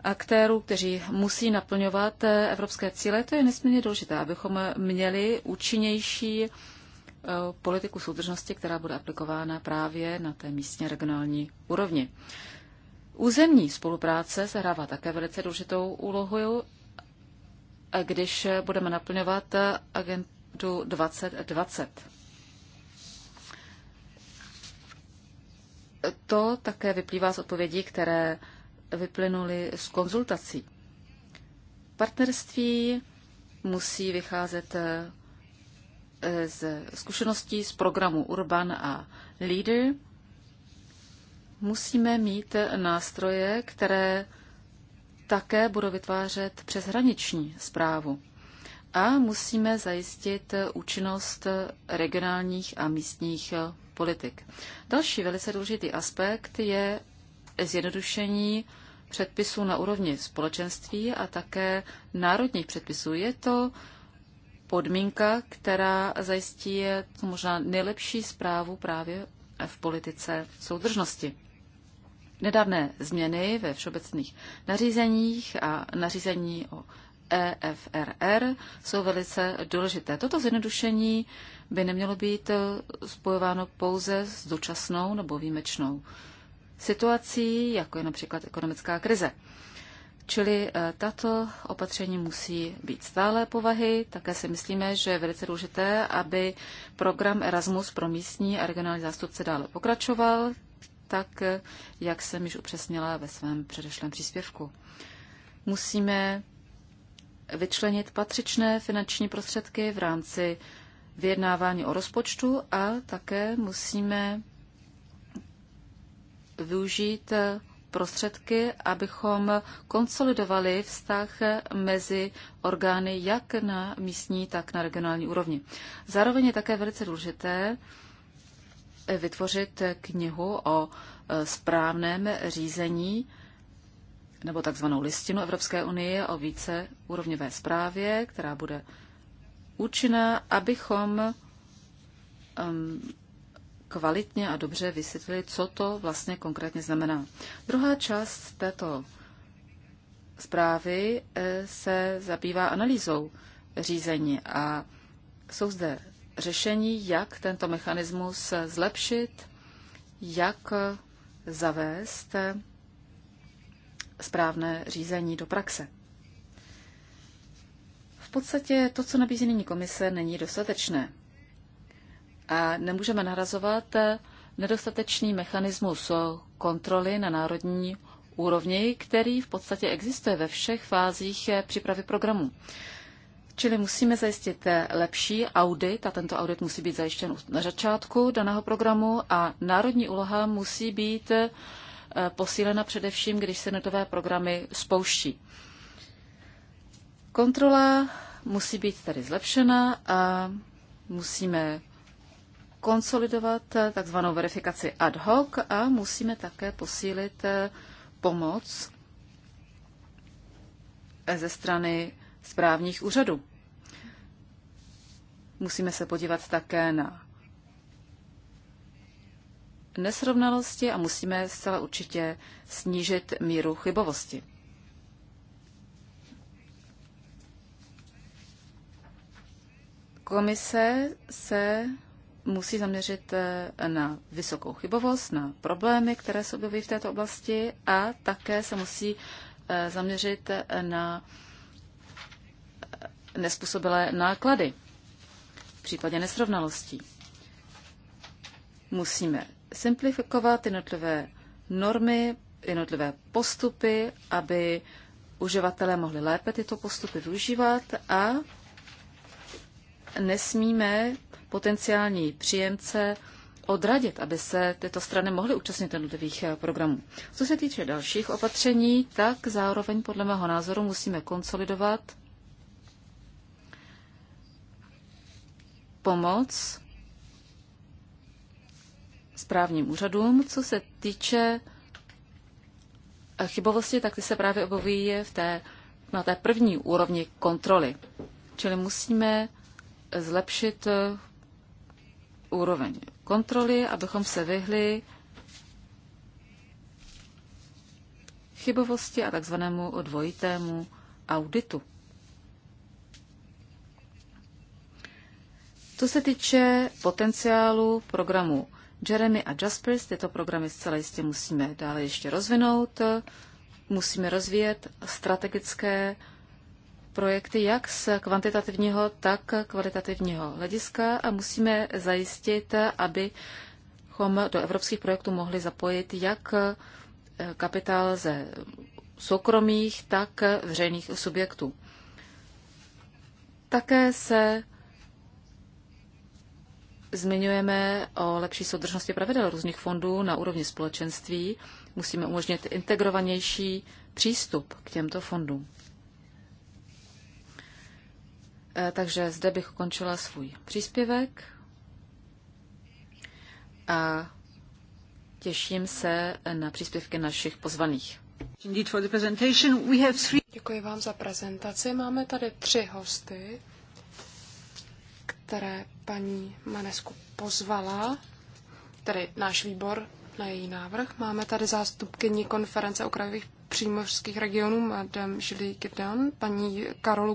aktérů, kteří musí naplňovat evropské cíle. To je nesmírně důležité, abychom měli účinnější eh, politiku soudržnosti, která bude aplikována právě na té místně regionální úrovni. Územní spolupráce sehrává také velice důležitou úlohu, eh, když budeme naplňovat eh, agendu 2020. To také vyplývá z odpovědí, které vyplynuly z konzultací. Partnerství musí vycházet eh, z zkušeností z programu Urban a Leader, musíme mít nástroje, které také budou vytvářet přeshraniční zprávu. A musíme zajistit účinnost regionálních a místních politik. Další velice důležitý aspekt je zjednodušení předpisů na úrovni společenství a také národních předpisů. Je to podmínka, která zajistí možná nejlepší zprávu právě v politice soudržnosti nedávné změny ve všeobecných nařízeních a nařízení o EFRR jsou velice důležité. Toto zjednodušení by nemělo být spojováno pouze s dočasnou nebo výjimečnou situací, jako je například ekonomická krize. Čili eh, tato opatření musí být stále povahy. Také si myslíme, že je velice důležité, aby program Erasmus pro místní a regionální zástupce dále pokračoval tak jak jsem již upřesnila ve svém předešlém příspěvku. Musíme vyčlenit patřičné finanční prostředky v rámci vyjednávání o rozpočtu a také musíme využít prostředky, abychom konsolidovali vztah mezi orgány jak na místní, tak na regionální úrovni. Zároveň je také velice důležité vytvořit knihu o e, správném řízení nebo takzvanou listinu Evropské unie o více úrovňové správě, která bude účinná, abychom kvalitně a dobře vysvětlili, co to vlastně konkrétně znamená. Druhá část této zprávy e, se zabývá analýzou řízení a jsou zde řešení, jak tento mechanismus zlepšit, jak zavést správné řízení do praxe. V podstatě to, co nabízí nyní komise, není dostatečné. A nemůžeme nahrazovat nedostatečný mechanismus kontroly na národní úrovni, který v podstatě existuje ve všech fázích přípravy programu. Čili musíme zajistit eh, lepší audit a tento audit musí být zajištěn na začátku daného programu a národní úloha musí být eh, posílena především, když se netové programy spouští. Kontrola musí být tedy zlepšena a musíme konsolidovat eh, takzvanou verifikaci ad hoc a musíme také posílit pomoc ze strany správních úřadů. Musíme se podívat také na nesrovnalosti a musíme zcela určitě snížit míru chybovosti. Komise se musí zaměřit eh, na vysokou chybovost, na problémy, které se objevují v této oblasti a také se musí eh, zaměřit eh, na nespůsobilé náklady v případě nesrovnalostí. Musíme simplifikovat jednotlivé normy, jednotlivé postupy, aby uživatelé mohli lépe tyto postupy využívat a nesmíme potenciální příjemce odradit, aby se tyto strany mohly účastnit jednotlivých eh, programů. Co se týče dalších opatření, tak zároveň podle mého názoru musíme konsolidovat pomoc správním úřadům. Co se týče eh, chybovosti, tak ty se právě objevují v té, na té první úrovni kontroly. Čili musíme zlepšit eh, úroveň kontroly, abychom se vyhli chybovosti a takzvanému dvojitému auditu. Co se týče potenciálu programu Jeremy a Jaspers, tyto programy zcela jistě musíme dále ještě rozvinout. Musíme rozvíjet strategické projekty jak z kvantitativního, tak kvalitativního hlediska a musíme zajistit, abychom do evropských projektů mohli zapojit jak eh, kapitál ze soukromých, tak veřejných subjektů. Také se zmiňujeme o lepší soudržnosti pravidel různých fondů na úrovni společenství. Musíme umožnit integrovanější přístup k těmto fondům. E, takže zde bych ukončila svůj příspěvek a těším se na příspěvky našich pozvaných. Děkuji vám za prezentaci. Máme tady tři hosty které paní Manesku pozvala, tedy náš výbor na její návrh. Máme tady zástupkyni konference okrajových přímořských regionů, Madame Julie Gideon, paní Karolu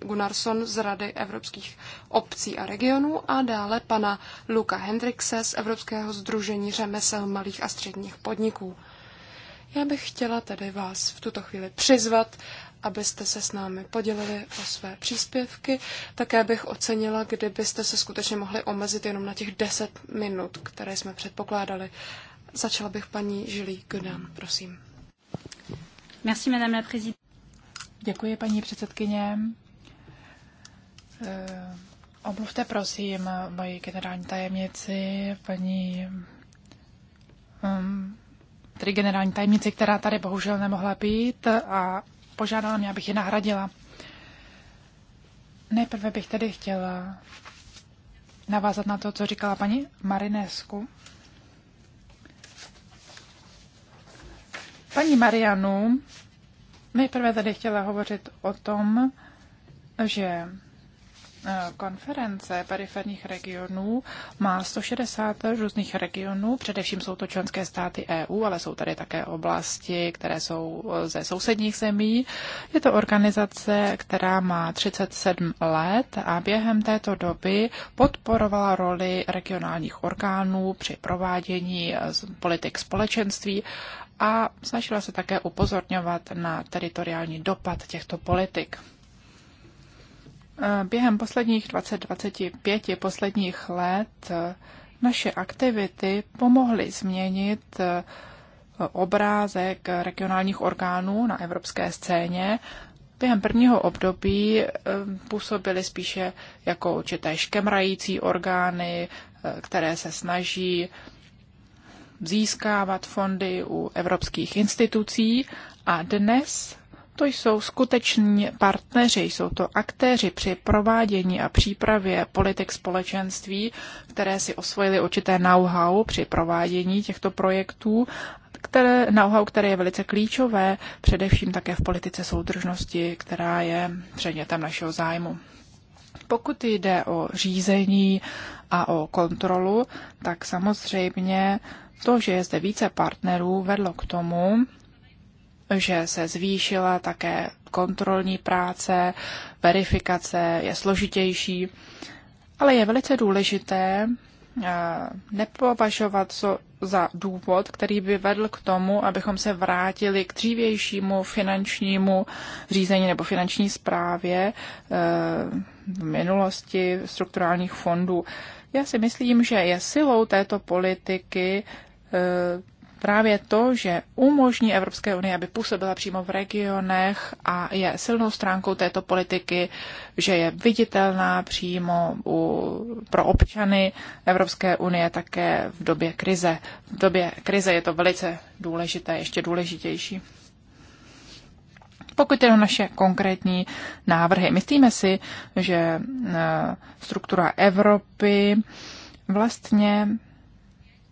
Gunnarsson z Rady evropských obcí a regionů a dále pana Luka Hendrikse z Evropského združení řemesel malých a středních podniků. Já bych chtěla tedy vás v tuto chvíli přizvat, abyste se s námi podělili o své příspěvky. Také bych ocenila, kdybyste se skutečně mohli omezit jenom na těch 10 minut, které jsme předpokládali. Začala bych paní Žilí Godam, prosím. Merci, madame la Děkuji, paní předsedkyně. Eh, omluvte prosím moji generální tajemnici, paní um, tedy generální tajemnici, která tady bohužel nemohla být a požádala mě, abych je nahradila. Nejprve bych tedy chtěla navázat na to, co říkala paní Marinesku. Paní Marianu nejprve tady chtěla hovořit o tom, že Eh, konference periferních regionů má 160 různých regionů, především jsou to členské státy EU, ale jsou tady také oblasti, které jsou eh, ze sousedních zemí. Je to organizace, která má 37 let a během této doby podporovala roli regionálních orgánů při provádění eh, politik společenství a snažila se také upozorňovat na teritoriální dopad těchto politik. Eh, během posledních 20-25 posledních let eh, naše aktivity pomohly změnit eh, obrázek regionálních orgánů na evropské scéně. Během prvního období působily spíše jako určité škemrající orgány, které se snaží získávat fondy u evropských institucí a dnes to jsou skuteční partneři, jsou to aktéři při provádění a přípravě politik společenství, které si osvojili určité know-how při provádění těchto projektů, které, know-how, které je velice klíčové, především také v politice soudržnosti, která je předmětem našeho zájmu. Pokud jde o řízení a o kontrolu, tak samozřejmě to, že je zde více partnerů, vedlo k tomu, že se zvýšila také kontrolní práce, verifikace je složitější, ale je velice důležité eh, nepovažovat za důvod, který by vedl k tomu, abychom se vrátili k dřívějšímu finančnímu řízení nebo finanční správě eh, v minulosti strukturálních fondů. Já si myslím, že je silou této politiky eh, právě to, že umožní Evropské unii, aby působila přímo v regionech a je silnou stránkou této politiky, že je viditelná přímo u, pro občany Evropské unie také v době krize. V době krize je to velice důležité, ještě důležitější. Pokud jde o naše konkrétní návrhy, myslíme si, že eh, struktura Evropy vlastně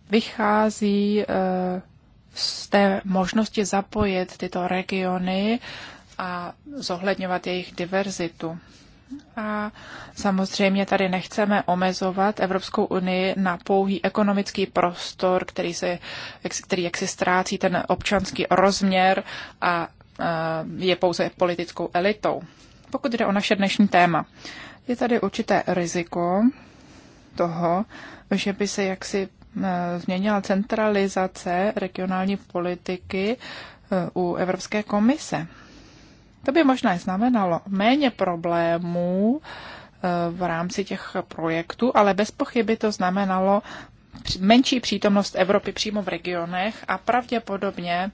vychází eh, z té možnosti zapojit tyto regiony a zohledňovat jejich diverzitu. A samozřejmě tady nechceme omezovat Evropskou unii na pouhý ekonomický prostor, který, se, který jaksi ztrácí ten občanský rozměr a eh, je pouze politickou elitou. Pokud jde o naše dnešní téma, je tady určité riziko toho, že by se jaksi Eh, změnila centralizace regionální politiky eh, u Evropské komise. To by možná znamenalo méně problémů eh, v rámci těch projektů, ale bez pochyby to znamenalo menší přítomnost Evropy přímo v regionech a pravděpodobně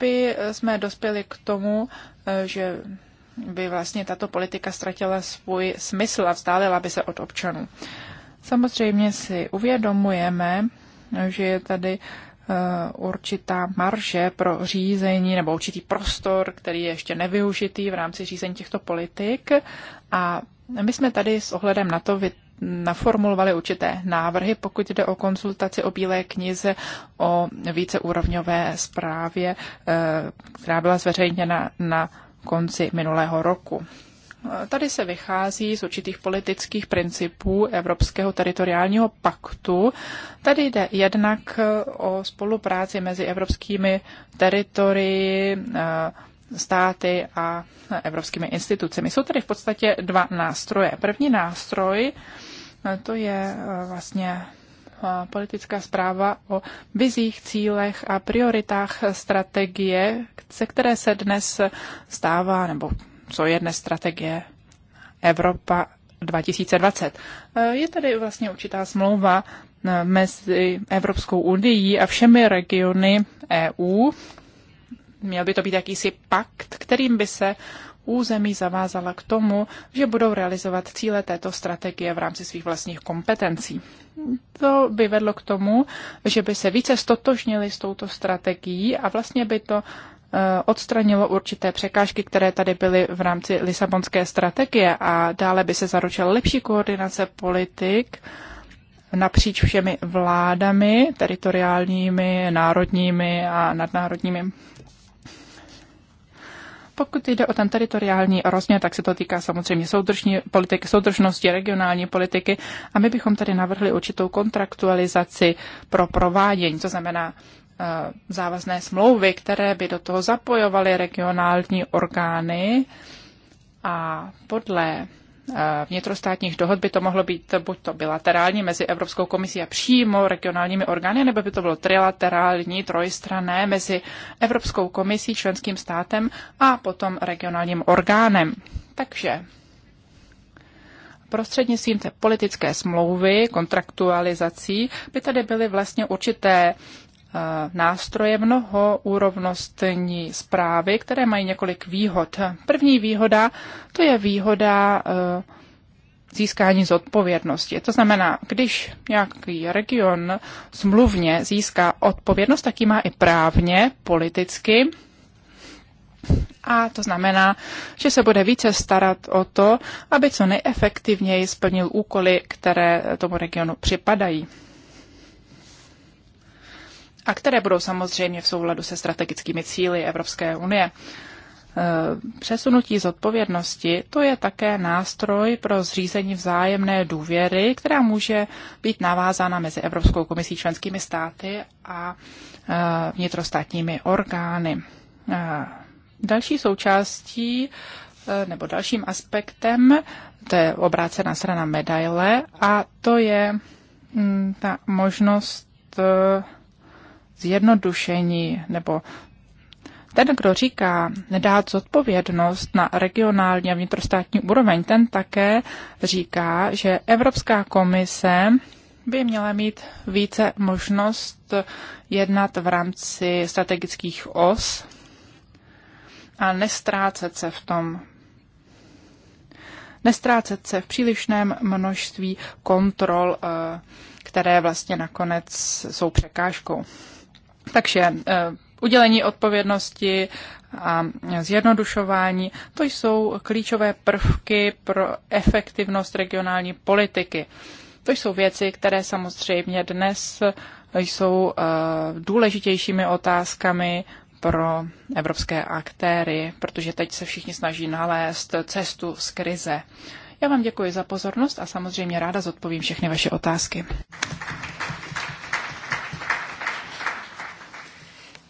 by jsme dospěli k tomu, že by vlastně tato politika ztratila svůj smysl a vzdálila by se od občanů. Samozřejmě si uvědomujeme, že je tady eh, určitá marže pro řízení nebo určitý prostor, který je ještě nevyužitý v rámci řízení těchto politik. A my jsme tady s ohledem na to naformulovali určité návrhy, pokud jde o konzultaci o Bílé knize o víceúrovňové zprávě, eh, která byla zveřejněna na konci minulého roku. Tady se vychází z určitých politických principů Evropského teritoriálního paktu. Tady jde jednak eh, o spolupráci mezi evropskými teritorii, eh, státy a eh, evropskými institucemi. Jsou tady v podstatě dva nástroje. První nástroj to je vlastně politická zpráva o vizích, cílech a prioritách strategie, se které se dnes stává nebo co je dnes strategie Evropa 2020. Je tady vlastně určitá smlouva eh, mezi Evropskou unii a všemi regiony EU. Měl by to být jakýsi pakt, kterým by se území zavázala k tomu, že budou realizovat cíle této strategie v rámci svých vlastních kompetencí. To by vedlo k tomu, že by se více stotožnili s touto strategií a vlastně by to Eh, odstranilo určité překážky, které tady byly v rámci Lisabonské strategie a dále by se zaručila lepší koordinace politik napříč všemi vládami, teritoriálními, národními a nadnárodními. Pokud jde o ten teritoriální rozměr, tak se to týká samozřejmě soudržní politiky, soudržnosti, regionální politiky a my bychom tady navrhli určitou kontraktualizaci pro provádění, to znamená Eh, závazné smlouvy, které by do toho zapojovaly regionální orgány a podle eh, vnitrostátních dohod by to mohlo být buď to bilaterální mezi Evropskou komisí a přímo regionálními orgány, nebo by to bylo trilaterální, trojstrané mezi Evropskou komisí, členským státem a potom regionálním orgánem. Takže prostřednictvím té politické smlouvy, kontraktualizací, by tady byly vlastně určité Eh, nástroje mnoho úrovnostní zprávy, které mají několik výhod. První výhoda, to je výhoda eh, získání zodpovědnosti. To znamená, když nějaký region smluvně získá odpovědnost, tak ji má i právně, politicky. A to znamená, že se bude více starat o to, aby co nejefektivněji splnil úkoly, které tomu regionu připadají a které budou samozřejmě v souladu se strategickými cíly Evropské unie. E, přesunutí zodpovědnosti to je také nástroj pro zřízení vzájemné důvěry, která může být navázána mezi Evropskou komisí, členskými státy a e, vnitrostátními orgány. E, další součástí nebo dalším aspektem, to je obrácená strana medaile a to je mm, ta možnost zjednodušení nebo ten, kdo říká nedát zodpovědnost na regionální a vnitrostátní úroveň, ten také říká, že Evropská komise by měla mít více možnost jednat v rámci strategických os a nestrácet se v tom. Nestrácet se v přílišném množství kontrol, eh, které vlastně nakonec jsou překážkou. Takže eh, udělení odpovědnosti a zjednodušování, to jsou klíčové prvky pro efektivnost regionální politiky. To jsou věci, které samozřejmě dnes jsou eh, důležitějšími otázkami pro evropské aktéry, protože teď se všichni snaží nalézt cestu z krize. Já vám děkuji za pozornost a samozřejmě ráda zodpovím všechny vaše otázky.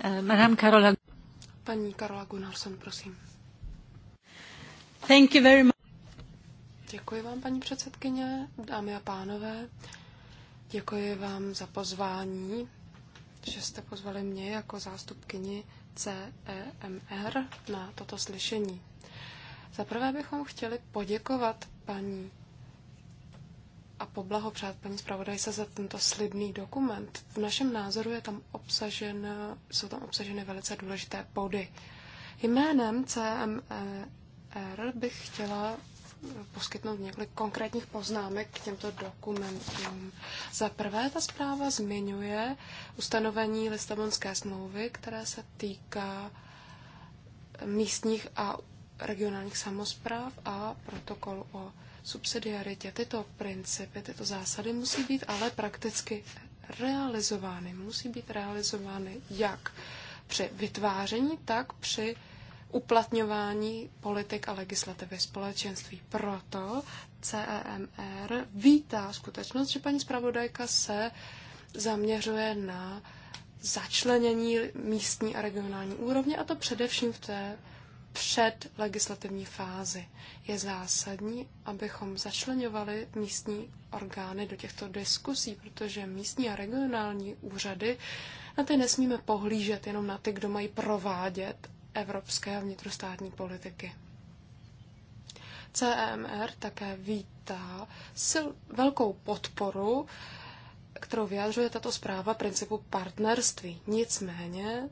Eh, Madame Karola. Paní Karola Gunnarsson, prosím. Thank you very much. Děkuji vám, paní předsedkyně, dámy a pánové. Děkuji vám za pozvání, že jste pozvali mě jako zástupkyni CEMR na toto slyšení. Za prvé bychom chtěli poděkovat paní a poblahopřát paní zpravodajce za tento slibný dokument. V našem názoru je tam obsažen, jsou tam obsaženy velice důležité body. Jménem CMR e bych chtěla poskytnout několik konkrétních poznámek k těmto dokumentům. Za prvé, ta zpráva zmiňuje ustanovení Lisabonské smlouvy, které se týká místních a regionálních samozpráv a protokolu o subsidiaritě. Tyto principy, tyto zásady musí být ale prakticky realizovány. Musí být realizovány jak při vytváření, tak při uplatňování politik a legislativy společenství. Proto CEMR vítá skutečnost, že paní zpravodajka se zaměřuje na začlenění místní a regionální úrovně, a to především v té před legislativní fázi. Je zásadní, abychom začlenovali místní orgány do těchto diskusí, protože místní a regionální úřady na ty nesmíme pohlížet jenom na ty, kdo mají provádět evropské a vnitrostátní politiky. CEMR také vítá sil, velkou podporu, kterou vyjadřuje tato zpráva principu partnerství. Nicméně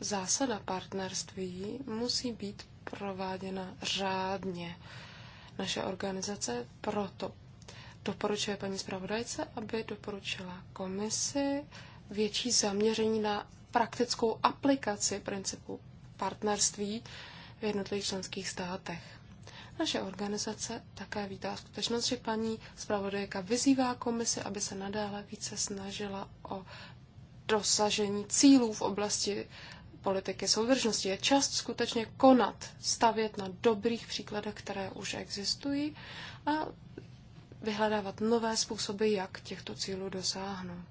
Zásada partnerství musí být prováděna řádně. Naše organizace proto doporučuje paní zpravodajce, aby doporučila komisi větší zaměření na praktickou aplikaci principu partnerství v jednotlivých členských státech. Naše organizace také vítá skutečnost, že paní zpravodajka vyzývá komisi, aby se nadále více snažila o dosažení cílů v oblasti politiky soudržnosti. Je čas skutečně konat, stavět na dobrých příkladech, které už existují a vyhledávat nové způsoby, jak těchto cílů dosáhnout.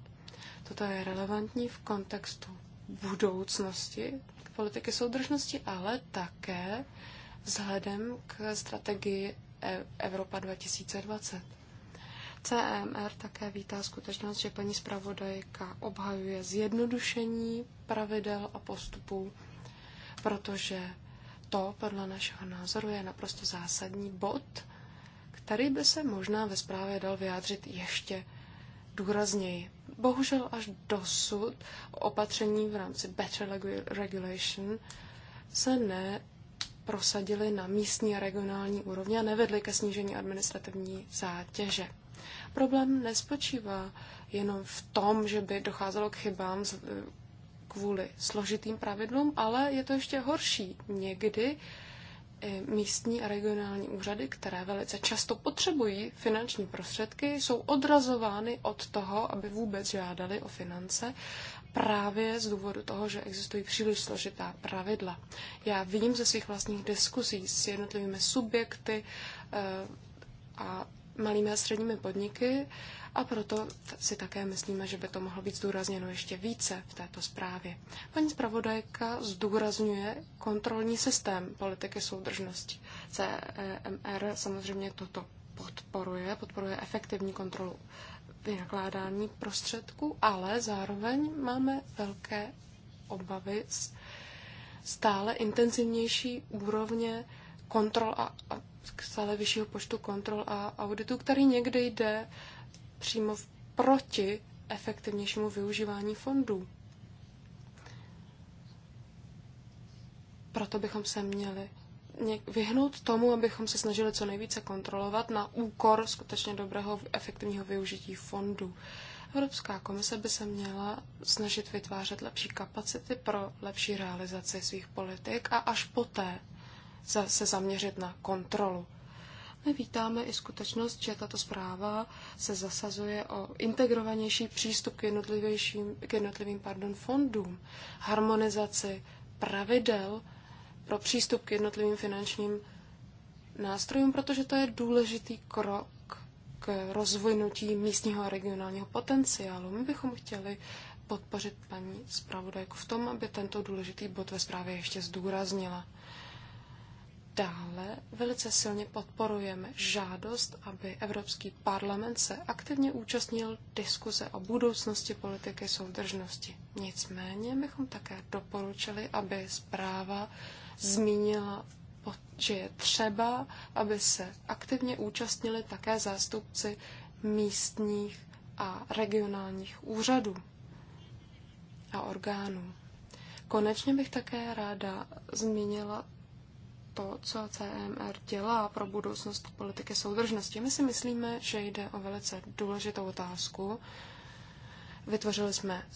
Toto je relevantní v kontextu budoucnosti politiky soudržnosti, ale také vzhledem k strategii e- Evropa 2020. CMR také vítá skutečnost, že paní zpravodajka obhajuje zjednodušení pravidel a postupů, protože to podle našeho názoru je naprosto zásadní bod, který by se možná ve zprávě dal vyjádřit ještě důrazněji. Bohužel až dosud opatření v rámci Better Regulation se ne prosadili na místní a regionální úrovni a nevedly ke snížení administrativní zátěže. Problém nespočívá jenom v tom, že by docházelo k chybám kvůli složitým pravidlům, ale je to ještě horší. Někdy místní a regionální úřady, které velice často potřebují finanční prostředky, jsou odrazovány od toho, aby vůbec žádali o finance právě z důvodu toho, že existují příliš složitá pravidla. Já vím ze svých vlastních diskusí s jednotlivými subjekty eh, a malými a středními podniky a proto si také myslíme, že by to mohlo být zdůrazněno ještě více v této zprávě. Paní zpravodajka zdůrazňuje kontrolní systém politiky soudržnosti. CMR e samozřejmě toto podporuje, podporuje efektivní kontrolu vynakládání prostředků, ale zároveň máme velké obavy z stále intenzivnější úrovně kontrol a, a stále vyššího počtu kontrol a auditů, který někdy jde přímo proti efektivnějšímu využívání fondů. Proto bychom se měli vyhnout tomu, abychom se snažili co nejvíce kontrolovat na úkor skutečně dobrého efektivního využití fondů. Evropská komise by se měla snažit vytvářet lepší kapacity pro lepší realizaci svých politik a až poté se zaměřit na kontrolu. My vítáme i skutečnost, že tato zpráva se zasazuje o integrovanější přístup k, k jednotlivým pardon, fondům, harmonizaci pravidel pro přístup k jednotlivým finančním nástrojům, protože to je důležitý krok k rozvinutí místního a regionálního potenciálu. My bychom chtěli podpořit paní zpravodajku v tom, aby tento důležitý bod ve zprávě ještě zdůraznila. Dále velice silně podporujeme žádost, aby Evropský parlament se aktivně účastnil diskuze o budoucnosti politiky soudržnosti. Nicméně bychom také doporučili, aby zpráva zmínila, že je třeba, aby se aktivně účastnili také zástupci místních a regionálních úřadů a orgánů. Konečně bych také ráda zmínila to, co CMR dělá pro budoucnost politiky soudržnosti. My si myslíme, že jde o velice důležitou otázku. Vytvořili jsme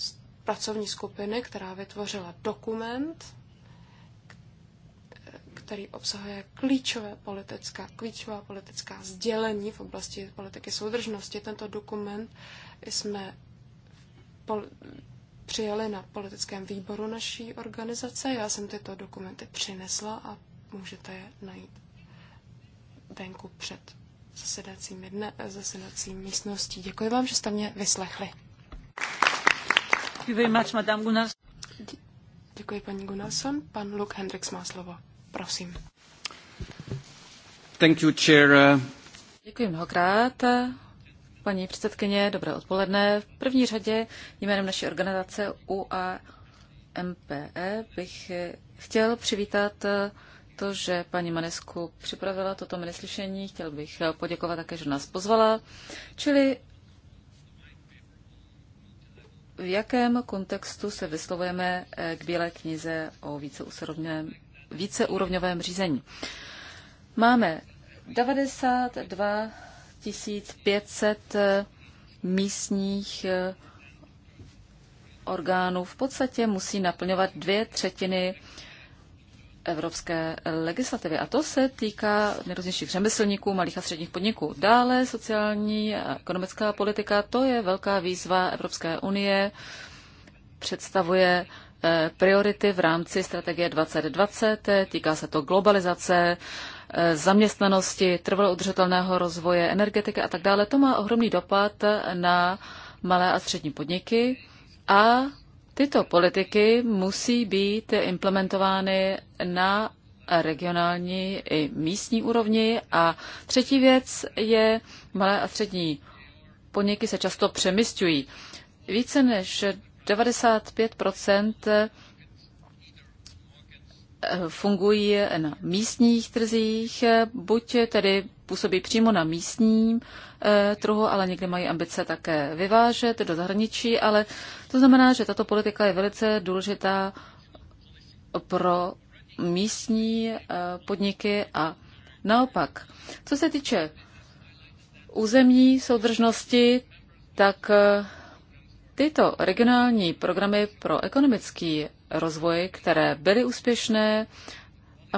pracovní skupiny, která vytvořila dokument, který obsahuje klíčové politická, klíčová politická sdělení v oblasti politiky soudržnosti. Tento dokument jsme pol- na politickém výboru naší organizace. Já jsem tyto dokumenty přinesla a můžete je najít venku před zasedacím, jedne, eh, místností. Děkuji vám, že jste mě vyslechli. Děkuji paní Gunnarsson. Pan Luke Hendricks má slovo. Prosím. Thank you, chair. Děkuji mnohokrát. Paní předsedkyně, dobré odpoledne. V první řadě jménem naší organizace UAMPE bych chtěl přivítat to, že paní Manesku připravila toto minislyšení. Chtěl bych poděkovat také, že nás pozvala. Čili v jakém kontextu se vyslovujeme eh, k Bílé knize o víceúrovňovém, víceúrovňovém řízení? Máme 92 500 eh, místních eh, orgánů. V podstatě musí naplňovat dvě třetiny evropské legislativy. A to se týká nejrůznějších řemeslníků, malých a středních podniků. Dále sociální a ekonomická politika, to je velká výzva Evropské unie, představuje eh, priority v rámci strategie 2020, týká se to globalizace, eh, zaměstnanosti, trvalo udržitelného rozvoje, energetiky a tak dále. To má ohromný dopad na malé a střední podniky a Tyto politiky musí být implementovány na regionální i místní úrovni. A třetí věc je, malé a střední podniky se často přemysťují. Více než 95 fungují na místních trzích, buď tedy působí přímo na místním eh, trhu, ale někdy mají ambice také vyvážet do zahraničí, ale to znamená, že tato politika je velice důležitá pro místní eh, podniky a naopak. Co se týče územní soudržnosti, tak eh, tyto regionální programy pro ekonomický rozvoj, které byly úspěšné,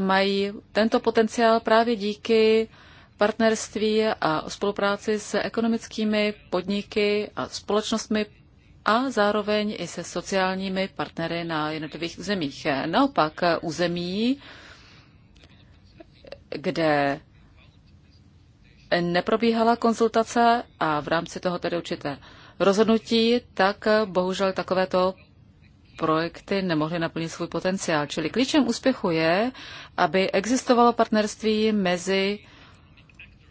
mají tento potenciál právě díky partnerství a spolupráci s ekonomickými podniky a společnostmi a zároveň i se sociálními partnery na jednotlivých územích. Naopak území, kde neprobíhala konzultace a v rámci toho tedy určité rozhodnutí, tak bohužel takovéto projekty nemohly naplnit svůj potenciál. Čili klíčem úspěchu je, aby existovalo partnerství mezi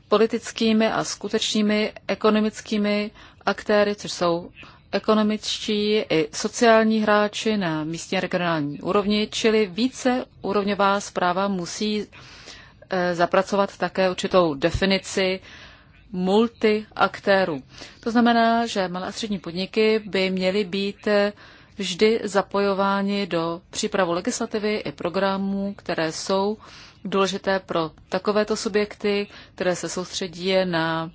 politickými a skutečnými ekonomickými aktéry, což jsou ekonomičtí i sociální hráči na místní a regionální úrovni, čili více úrovňová zpráva musí e, zapracovat také určitou definici multiaktérů. To znamená, že malé a střední podniky by měly být e, vždy zapojováni do přípravu legislativy i programů, které jsou důležité pro takovéto subjekty, které se soustředí na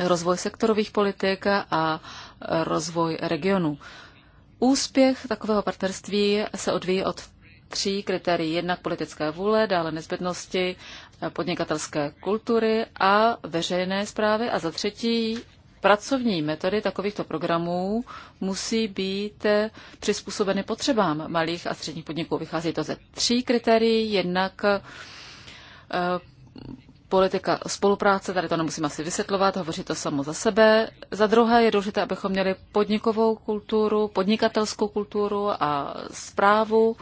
rozvoj sektorových politik a rozvoj regionu. Úspěch takového partnerství se odvíjí od tří kritérií. Jednak politické vůle, dále nezbytnosti podnikatelské kultury a veřejné zprávy. A za třetí pracovní metody takovýchto programů musí být přizpůsobeny potřebám malých a středních podniků. Vychází to ze tří kritérií. Jednak eh, politika spolupráce, tady to nemusím asi vysvětlovat, hovoří to samo za sebe. Za druhé je důležité, abychom měli podnikovou kulturu, podnikatelskou kulturu a zprávu.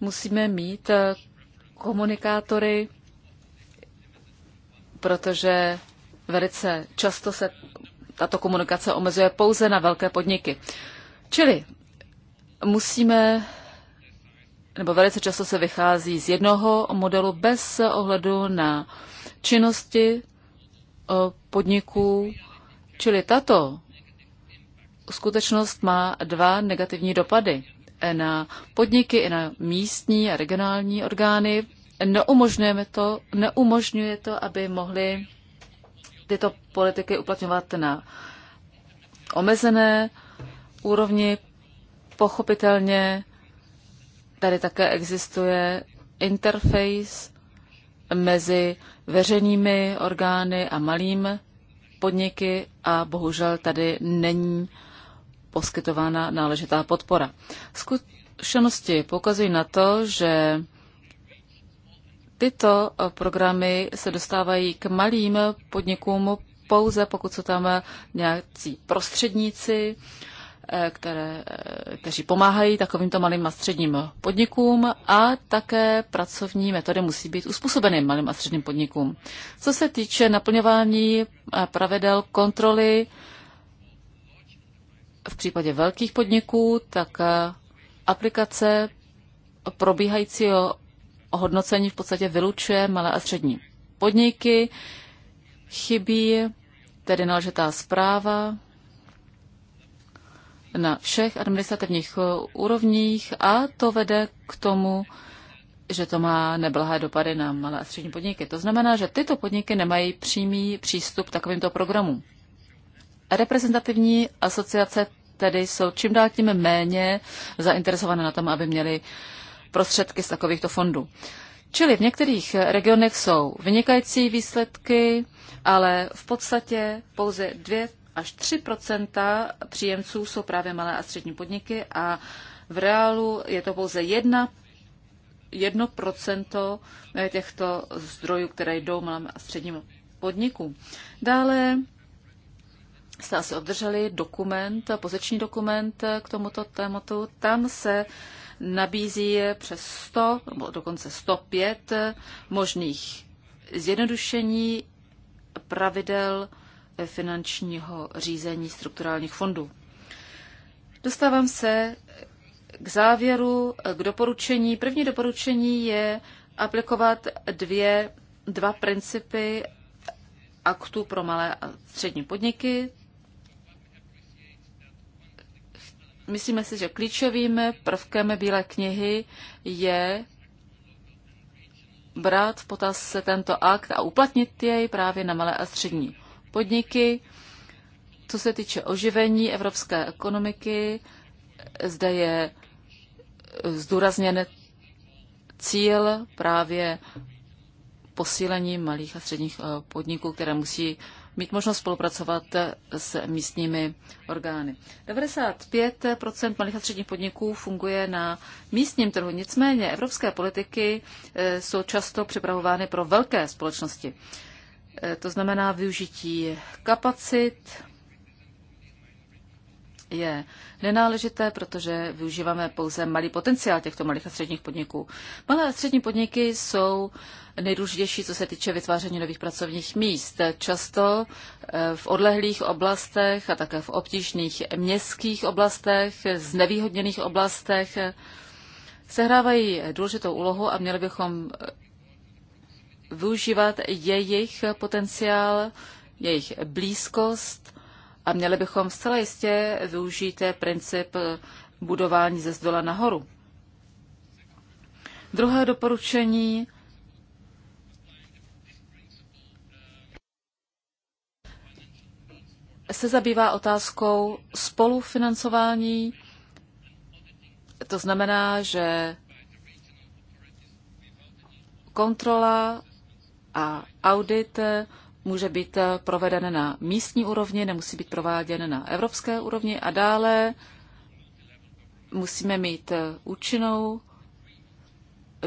Musíme mít eh, komunikátory, protože velice často se tato komunikace omezuje pouze na velké podniky. Čili musíme nebo velice často se vychází z jednoho modelu bez ohledu na činnosti podniků, čili tato skutečnost má dva negativní dopady e, na podniky i na místní a regionální orgány. Neumožňujeme to, neumožňuje to, aby mohly tyto politiky uplatňovat na omezené úrovni. Pochopitelně Tady také existuje interface mezi veřejnými orgány a malým podniky a bohužel tady není poskytována náležitá podpora. Zkušenosti poukazují na to, že tyto programy se dostávají k malým podnikům pouze pokud jsou tam nějací prostředníci, Eh, které, eh, kteří pomáhají takovýmto malým a středním podnikům a také pracovní metody musí být uspůsobeny malým a středním podnikům. Co se týče naplňování eh, pravidel kontroly v případě velkých podniků, tak aplikace probíhajícího hodnocení v podstatě vylučuje malé a střední podniky, chybí tedy náležitá zpráva, na všech administrativních eh, úrovních a to vede k tomu, že to má neblahé dopady na malé a střední podniky. To znamená, že tyto podniky nemají přímý přístup k takovýmto programům. Reprezentativní asociace tedy jsou čím dál tím méně zainteresované na tom, aby měli prostředky z takovýchto fondů. Čili v některých regionech jsou vynikající výsledky, ale v podstatě pouze dvě až 3 příjemců jsou právě malé a střední podniky a v reálu je to pouze 1 1% těchto zdrojů, které jdou malým a středním podnikům. Dále jste asi obdrželi dokument, poziční dokument k tomuto tématu. Tam se nabízí přes 100, nebo dokonce 105 možných zjednodušení pravidel finančního řízení strukturálních fondů. Dostávám se k závěru, k doporučení. První doporučení je aplikovat dvě, dva principy aktu pro malé a střední podniky. Myslíme si, že klíčovým prvkem Bílé knihy je brát v potaz tento akt a uplatnit jej právě na malé a střední podniky. Co se týče oživení evropské ekonomiky, zde je eh, zdůrazněn cíl právě posílení malých a středních eh, podniků, které musí mít možnost spolupracovat eh, s místními orgány. 95 malých a středních podniků funguje na místním trhu, nicméně evropské politiky jsou často připravovány pro velké společnosti. Eh, to znamená, využití kapacit je nenáležité, protože využíváme pouze malý potenciál těchto malých a středních podniků. Malé a střední podniky jsou nejdůležitější, co se týče vytváření nových pracovních míst. Často eh, v odlehlých oblastech a také v obtížných městských oblastech, znevýhodněných oblastech eh, sehrávají důležitou úlohu a měli bychom využívat jejich potenciál, jejich blízkost a měli bychom zcela jistě využít princip budování ze zdola nahoru. Druhé doporučení se zabývá otázkou spolufinancování. To znamená, že kontrola a audit eh, může být eh, proveden na místní úrovni, nemusí být prováděn na evropské úrovni a dále musíme mít eh, účinnou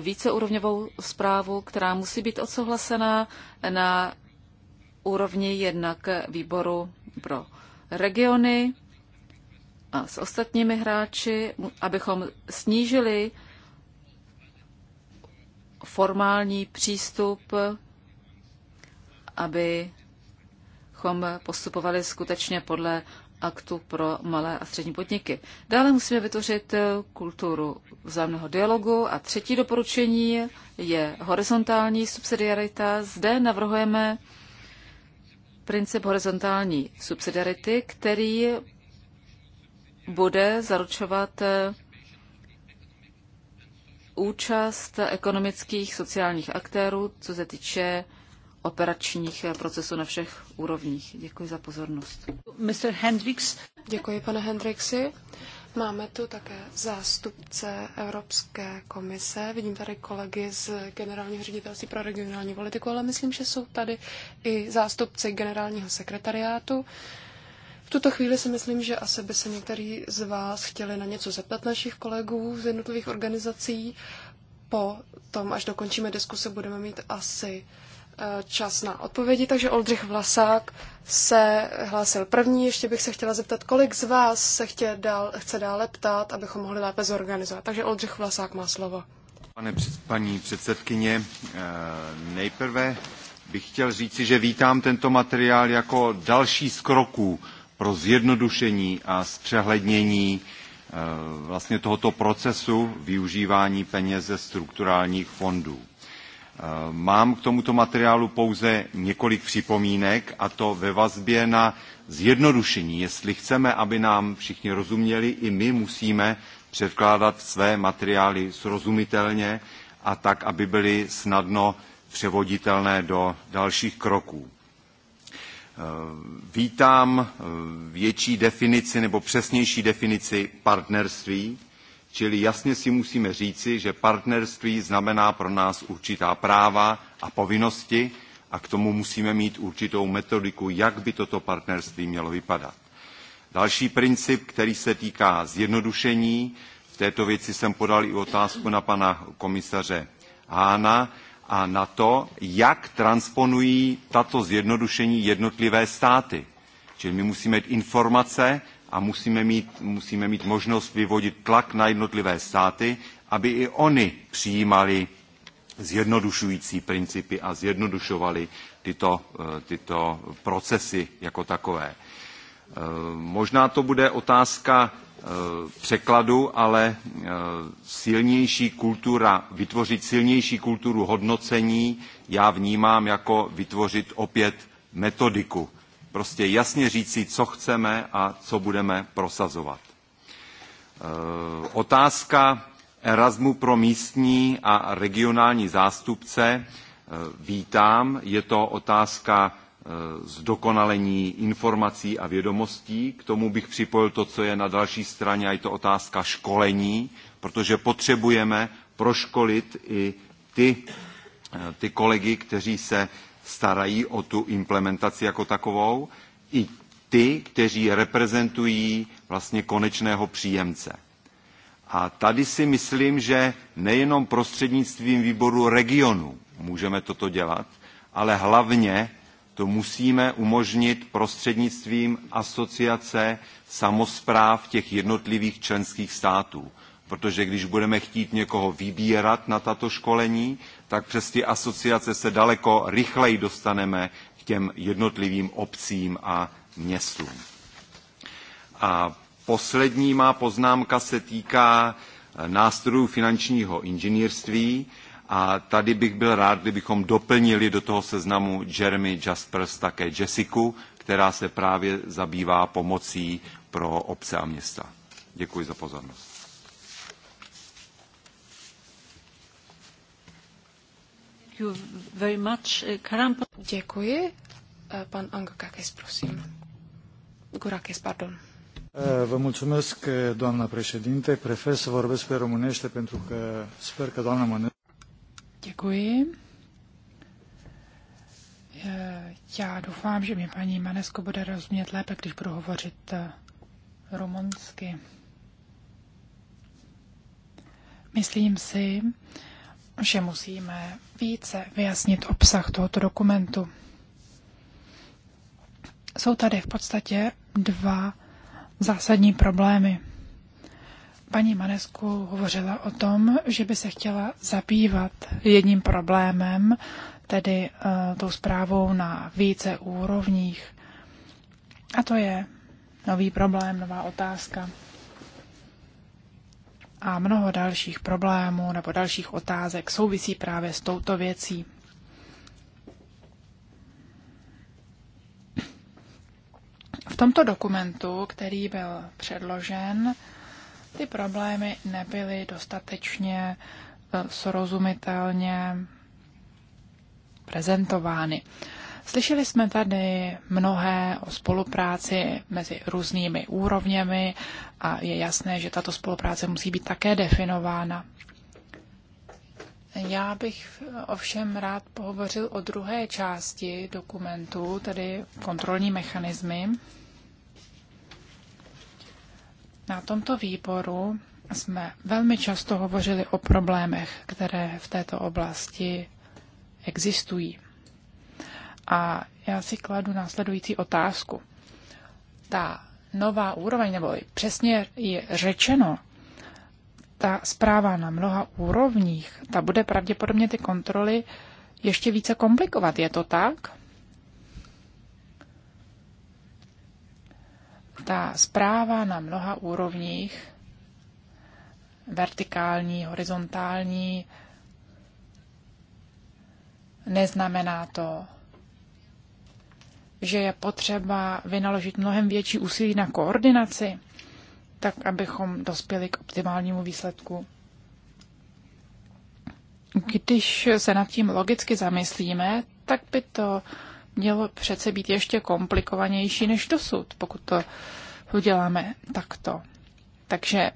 víceúrovňovou zprávu, která musí být odsouhlasena na úrovni jednak výboru pro regiony a s ostatními hráči, abychom snížili formální přístup abychom postupovali skutečně podle aktu pro malé a střední podniky. Dále musíme vytvořit kulturu vzájemného dialogu a třetí doporučení je horizontální subsidiarita. Zde navrhujeme princip horizontální subsidiarity, který bude zaručovat účast ekonomických sociálních aktérů, co se týče operačních eh, procesů na všech úrovních. Děkuji za pozornost. Mr. Hendricks. Děkuji, pane Hendrixi. Máme tu také zástupce Evropské komise. Vidím tady kolegy z Generálního ředitelství pro regionální politiku, ale myslím, že jsou tady i zástupci generálního sekretariátu. V tuto chvíli si myslím, že asi by se některý z vás chtěli na něco zeptat našich kolegů z jednotlivých organizací. Po tom, až dokončíme diskuse, budeme mít asi Eh, čas na odpovědi, takže Oldřich Vlasák se hlásil první. Ještě bych se chtěla zeptat, kolik z vás se chtě dál, chce dále ptát, abychom mohli lépe zorganizovat. Takže Oldřich Vlasák má slovo. Pane, paní předsedkyně, eh, nejprve bych chtěl říci, že vítám tento materiál jako další z kroků pro zjednodušení a zpřehlednění eh, vlastně tohoto procesu využívání peněz ze strukturálních fondů. Eh, mám k tomuto materiálu pouze několik připomínek, a to ve vazbě na zjednodušení. Jestli chceme, aby nám všichni rozuměli, i my musíme předkládat své materiály srozumitelně a tak, aby byly snadno převoditelné do dalších kroků. Eh, vítám eh, větší definici nebo přesnější definici partnerství Čili jasně si musíme říci, že partnerství znamená pro nás určitá práva a povinnosti a k tomu musíme mít určitou metodiku, jak by toto partnerství mělo vypadat. Další princip, který se týká zjednodušení, v této věci jsem podal i otázku na pana komisaře Hána a na to, jak transponují tato zjednodušení jednotlivé státy. Čili my musíme mít informace a musíme mít, musíme mít možnost vyvodit tlak na jednotlivé státy, aby i oni přijímali zjednodušující principy a zjednodušovali tyto, eh, tyto procesy jako takové. Eh, možná to bude otázka eh, překladu, ale silnější kultura, vytvořit silnější kulturu hodnocení já vnímám jako vytvořit opět metodiku prostě jasně říci, co chceme a co budeme prosazovat. E, otázka Erasmu pro místní a regionální zástupce e, vítám. Je to otázka e, zdokonalení informací a vědomostí. K tomu bych připojil to, co je na další straně, a je to otázka školení, protože potřebujeme proškolit i ty, ty kolegy, kteří se starají o tu implementaci jako takovou, i ty, kteří reprezentují vlastně konečného příjemce. A tady si myslím, že nejenom prostřednictvím výboru regionu můžeme toto dělat, ale hlavně to musíme umožnit prostřednictvím asociace samospráv těch jednotlivých členských států. Protože když budeme chtít někoho vybírat na tato školení, tak přes ty asociace se daleko rychleji dostaneme k těm jednotlivým obcím a městům. A poslední má poznámka se týká eh, nástrojů finančního inženýrství. A tady bych byl rád, kdybychom doplnili do toho seznamu Jeremy Jaspers také Jessica, která se právě zabývá pomocí pro obce a města. Děkuji za pozornost. Thank you very much. Eh, Karampo... Děkuji. Eh, pan Angakakis, prosím. Gurakis, pardon. Eh, vă mulțumesc, doamna președinte. Prefer să vorbesc pe românește pentru că sper că doamna Mănescu... Děkuji. Já doufám, že mi paní Manesko bude rozumět lépe, když budu hovořit rumunsky. Myslím si, že musíme více vyjasnit obsah tohoto dokumentu. Jsou tady v podstatě dva zásadní problémy. Paní Manesku hovořila o tom, že by se chtěla zabývat jedním problémem, tedy uh, tou zprávou na více úrovních. A to je nový problém, nová otázka a mnoho dalších problémů nebo dalších otázek souvisí právě s touto věcí. V tomto dokumentu, který byl předložen, ty problémy nebyly dostatečně eh, srozumitelně prezentovány. Slyšeli jsme tady mnohé o spolupráci mezi různými úrovněmi a je jasné, že tato spolupráce musí být také definována. Já bych ovšem rád pohovořil o druhé části dokumentu, tedy kontrolní mechanismy. Na tomto výboru jsme velmi často hovořili o problémech, které v této oblasti existují. A já si kladu následující otázku. Ta nová úroveň, nebo přesně je řečeno, ta zpráva na mnoha úrovních, ta bude pravděpodobně ty kontroly ještě více komplikovat. Je to tak? Ta zpráva na mnoha úrovních, vertikální, horizontální, neznamená to, že je potřeba vynaložit mnohem větší úsilí na koordinaci, tak abychom dospěli k optimálnímu výsledku. Když se nad tím logicky zamyslíme, tak by to mělo přece být ještě komplikovanější než dosud, pokud to uděláme takto. Takže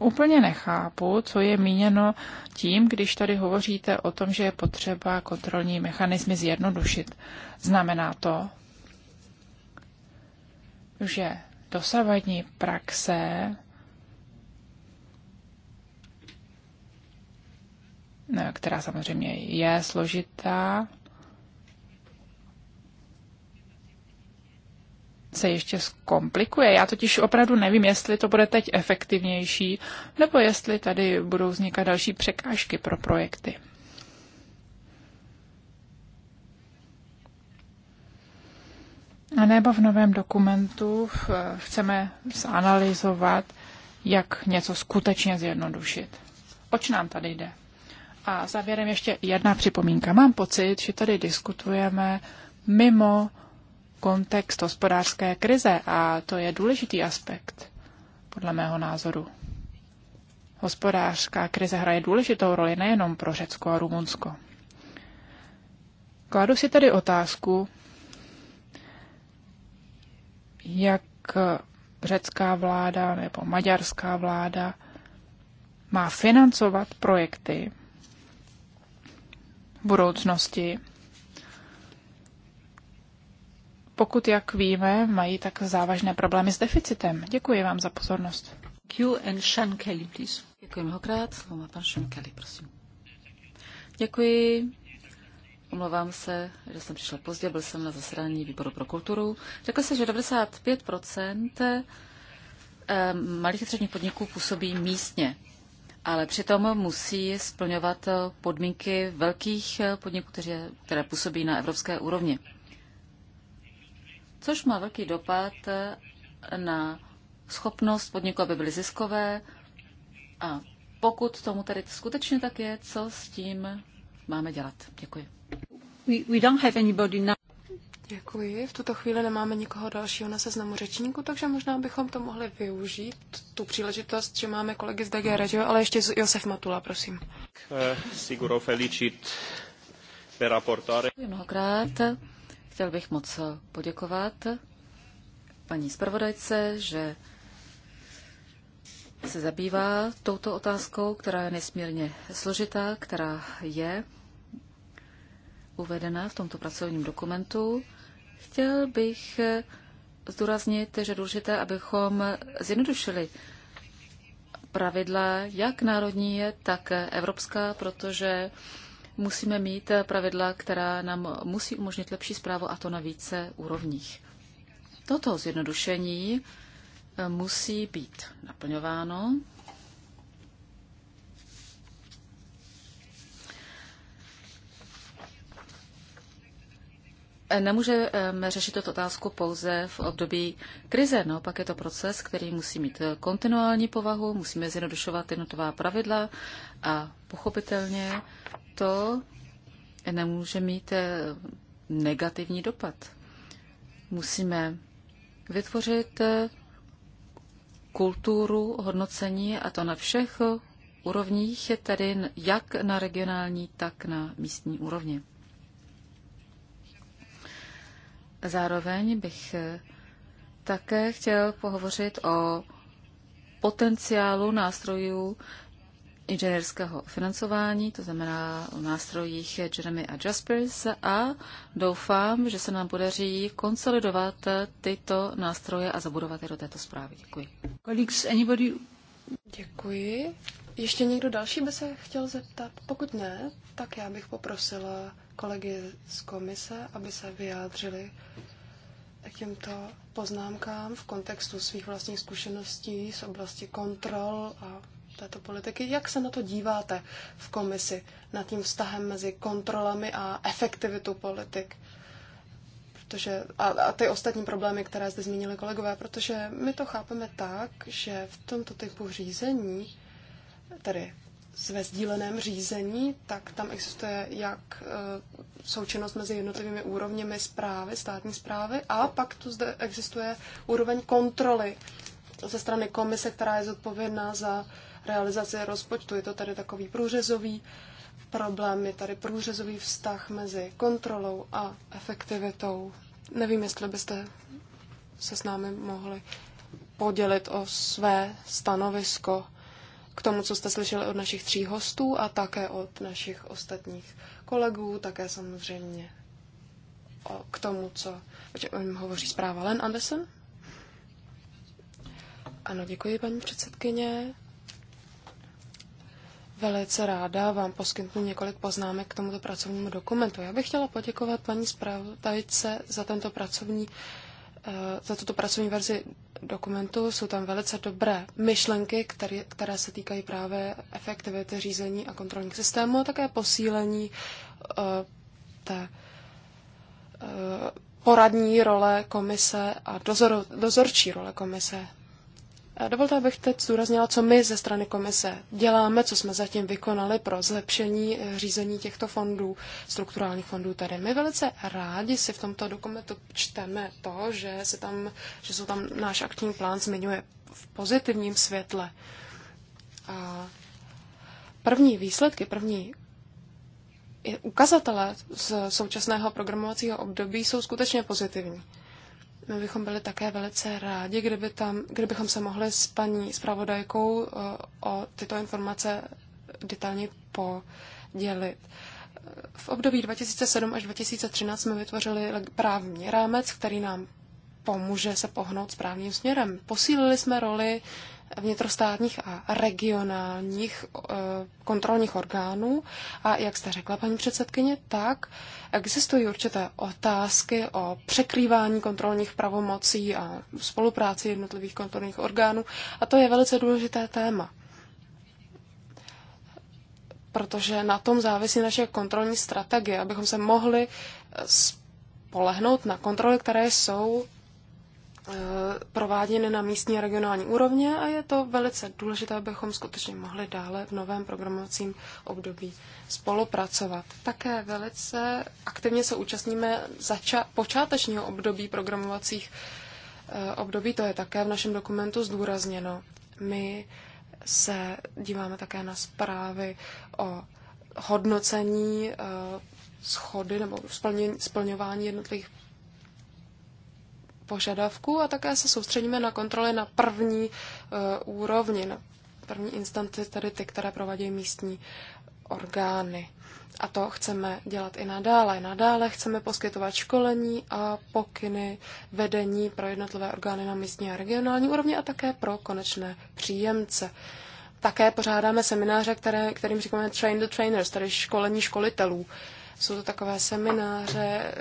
úplně nechápu, co je míněno tím, když tady hovoříte o tom, že je potřeba kontrolní mechanismy zjednodušit. Znamená to že dosavadní praxe no, která samozřejmě je složitá, se ještě zkomplikuje. Já totiž opravdu nevím, jestli to bude teď efektivnější, nebo jestli tady budou vznikat další překážky pro projekty. nebo v novém dokumentu eh, chceme zanalizovat, jak něco skutečně zjednodušit. Oč nám tady jde? A závěrem ještě jedna připomínka. Mám pocit, že tady diskutujeme mimo kontext hospodářské krize a to je důležitý aspekt, podle mého názoru. Hospodářská krize hraje důležitou roli nejenom pro Řecko a Rumunsko. Kladu si tedy otázku, jak řecká vláda nebo maďarská vláda má financovat projekty v budoucnosti. Pokud, jak víme, mají tak závažné problémy s deficitem. Děkuji vám za pozornost. Q Kelly, please. Děkuji mnohokrát. Slovo má pan Kelly, prosím. Děkuji. Omlouvám se, že jsem přišla pozdě, byl jsem na zasedání výboru pro kulturu. Řekl se, že 95 malých a středních podniků působí místně, ale přitom musí splňovat podmínky velkých podniků, které, které působí na evropské úrovni. Což má velký dopad na schopnost podniku, aby byly ziskové. A pokud tomu tady skutečně tak je, co s tím máme dělat. Děkuji. We, we don't have anybody now. Děkuji. V tuto chvíli nemáme nikoho dalšího na seznamu řečníku, takže možná bychom to mohli využít, tu příležitost, že máme kolegy z DG Radio, ale ještě Josef Matula, prosím. Siguro felicit per raportare. Mnohokrát chtěl bych moc poděkovat paní zpravodajce, že se zabývá touto otázkou, která je nesmírně složitá, která je uvedena v tomto pracovním dokumentu. Chtěl bych zdůraznit, že je důležité, abychom zjednodušili pravidla, jak národní, tak evropská, protože musíme mít pravidla, která nám musí umožnit lepší zprávu a to na více úrovních. Toto zjednodušení musí být naplňováno. Nemůžeme řešit tuto otázku pouze v období krize, no pak je to proces, který musí mít kontinuální povahu, musíme zjednodušovat jednotová pravidla a pochopitelně to nemůže mít eh, negativní dopad. Musíme vytvořit eh, kulturu hodnocení a to na všech úrovních, tedy jak na regionální, tak na místní úrovni. Zároveň bych také chtěl pohovořit o potenciálu nástrojů inženýrského financování, to znamená o nástrojích Jeremy a Jaspers a doufám, že se nám podaří konsolidovat tyto nástroje a zabudovat je do této zprávy. Děkuji. Colleagues, anybody? Děkuji. Ještě někdo další by se chtěl zeptat? Pokud ne, tak já bych poprosila kolegy z komise, aby se vyjádřili k těmto poznámkám v kontextu svých vlastních zkušeností z oblasti kontrol a této politiky. Jak se na to díváte v komisi, nad tím vztahem mezi kontrolami a efektivitu politik? Protože, a, a ty ostatní problémy, které zde zmínili kolegové, protože my to chápeme tak, že v tomto typu řízení, tedy ve sdíleném řízení, tak tam existuje jak e, součinnost mezi jednotlivými úrovněmi zprávy, státní zprávy, a pak tu zde existuje úroveň kontroly ze strany komise, která je zodpovědná za realizaci rozpočtu. Je to tady takový průřezový problém, je tady průřezový vztah mezi kontrolou a efektivitou. Nevím, jestli byste se s námi mohli podělit o své stanovisko k tomu, co jste slyšeli od našich tří hostů a také od našich ostatních kolegů, také samozřejmě k tomu, co, o čem hovoří zpráva Len Anderson. Ano, děkuji, paní předsedkyně. Velice ráda vám poskytnu několik poznámek k tomuto pracovnímu dokumentu. Já bych chtěla poděkovat paní zpravodajce za tento pracovní eh, za tuto pracovní verzi dokumentu jsou tam velice dobré myšlenky, které, které se týkají právě efektivity řízení a kontrolních systémů a také posílení uh, té uh, poradní role komise a dozor, dozorčí role komise. Dovolte, abych teď zúraznila, co my ze strany komise děláme, co jsme zatím vykonali pro zlepšení eh, řízení těchto fondů, strukturálních fondů tady. My velice rádi si v tomto dokumentu čteme to, že, se tam, že jsou tam náš akční plán zmiňuje v pozitivním světle. A první výsledky, první ukazatele z současného programovacího období jsou skutečně pozitivní. My bychom byli také velice rádi, kdyby tam, kdybychom se mohli s paní zpravodajkou eh, o tyto informace detailně podělit. V období 2007 až 2013 jsme vytvořili právní rámec, který nám pomůže se pohnout správným směrem. Posílili jsme roli vnitrostátních a regionálních eh, kontrolních orgánů. A jak jste řekla, paní předsedkyně, tak existují určité otázky o překrývání kontrolních pravomocí a spolupráci jednotlivých kontrolních orgánů. A to je velice důležité téma protože na tom závisí naše kontrolní strategie, abychom se mohli spolehnout na kontroly, které jsou Eh, prováděny na místní a regionální úrovně a je to velice důležité, abychom skutečně mohli dále v novém programovacím období spolupracovat. Také velice aktivně se účastníme zača- počátečního období programovacích eh, období, to je také v našem dokumentu zdůrazněno. My se díváme také na zprávy o hodnocení eh, schody nebo splně, splňování jednotlivých požadavků a také se soustředíme na kontroly na první uh, úrovni, na první instanci, tedy ty, které provadí místní orgány. A to chceme dělat i nadále. Nadále chceme poskytovat školení a pokyny vedení pro jednotlivé orgány na místní a regionální úrovni a také pro konečné příjemce. Také pořádáme semináře, které, kterým říkáme Train the Trainers, tedy školení školitelů. Jsou to takové semináře,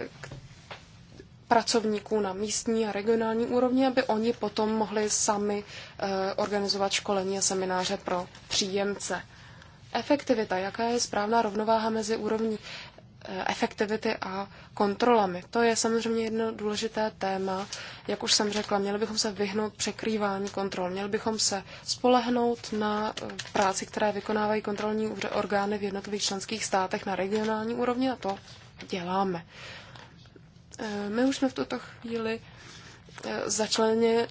pracovníků na místní a regionální úrovni, aby oni potom mohli sami eh, organizovat školení a semináře pro příjemce. Efektivita. Jaká je správná rovnováha mezi úrovní eh, efektivity a kontrolami. To je samozřejmě jedno důležité téma. Jak už jsem řekla, měli bychom se vyhnout překrývání kontrol. Měli bychom se spolehnout na eh, práci, které vykonávají kontrolní orgány v jednotlivých členských státech na regionální úrovni a to děláme. Eh, my už jsme v tuto chvíli eh,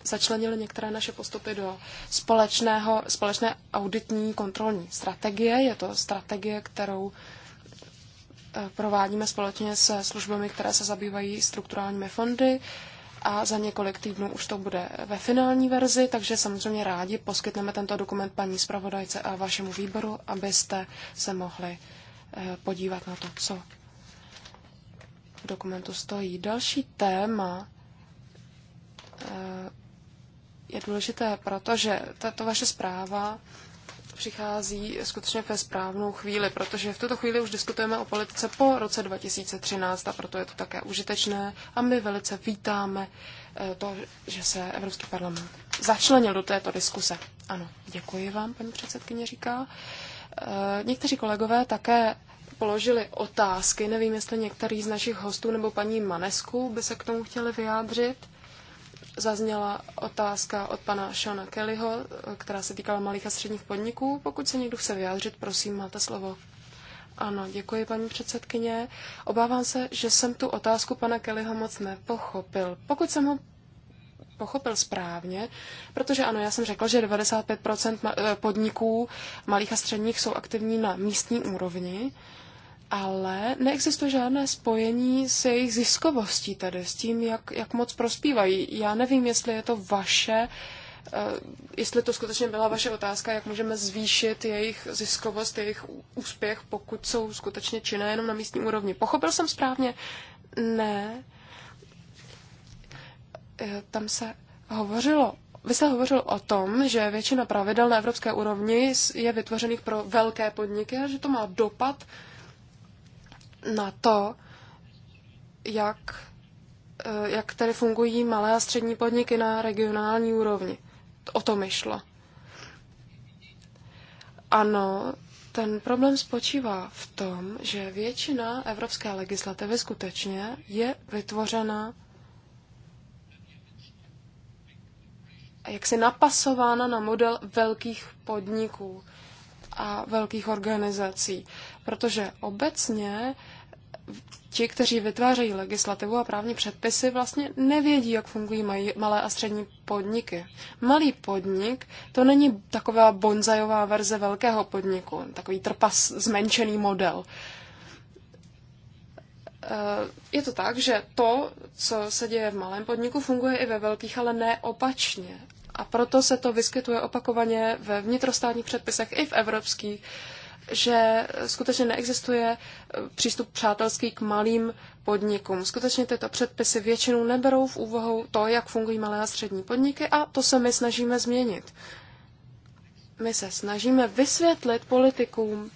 začlenili, některé naše postupy do společného, společné auditní kontrolní strategie. Je to strategie, kterou eh, provádíme společně se službami, které se zabývají strukturálními fondy a za několik týdnů už to bude ve finální verzi, takže samozřejmě rádi poskytneme tento dokument paní zpravodajce a vašemu výboru, abyste se mohli podívat na to, co v dokumentu stojí. Další téma eh, je důležité, protože tato vaše zpráva přichází skutečně ve správnou chvíli, protože v tuto chvíli už diskutujeme o politice po roce 2013 a proto je to také užitečné a my velice vítáme eh, to, že se Evropský parlament začlenil do této diskuse. Ano, děkuji vám, paní předsedkyně říká. Eh, někteří kolegové také položili otázky. Nevím, jestli některý z našich hostů nebo paní Manesku by se k tomu chtěli vyjádřit. Zazněla otázka od pana Shona Kellyho, která se týkala malých a středních podniků. Pokud se někdo chce vyjádřit, prosím, máte slovo. Ano, děkuji, paní předsedkyně. Obávám se, že jsem tu otázku pana Kellyho moc nepochopil. Pokud jsem ho pochopil správně, protože ano, já jsem řekl, že 95% eh, podniků malých a středních jsou aktivní na místní úrovni ale neexistuje žádné spojení s jejich ziskovostí tady, s tím, jak, jak moc prospívají. Já nevím, jestli je to vaše, eh, jestli to skutečně byla vaše otázka, jak můžeme zvýšit jejich ziskovost, jejich úspěch, pokud jsou skutečně činné jenom na místní úrovni. Pochopil jsem správně? Ne. Eh, tam se hovořilo vy jste hovořil o tom, že většina pravidel na evropské úrovni je vytvořených pro velké podniky a že to má dopad na to, jak, eh, jak tady fungují malé a střední podniky na regionální úrovni. O to mi šlo. Ano, ten problém spočívá v tom, že většina evropské legislativy skutečně je vytvořena jaksi napasována na model velkých podniků a velkých organizací. Protože obecně ti, kteří vytvářejí legislativu a právní předpisy, vlastně nevědí, jak fungují mají malé a střední podniky. Malý podnik to není taková bonzajová verze velkého podniku, takový trpas zmenšený model. Eh, je to tak, že to, co se děje v malém podniku, funguje i ve velkých, ale ne opačně. A proto se to vyskytuje opakovaně ve vnitrostátních předpisech i v evropských že skutečně neexistuje eh, přístup přátelský k malým podnikům. Skutečně tyto předpisy většinou neberou v úvahu to, jak fungují malé a střední podniky a to se my snažíme změnit. My se snažíme vysvětlit politikům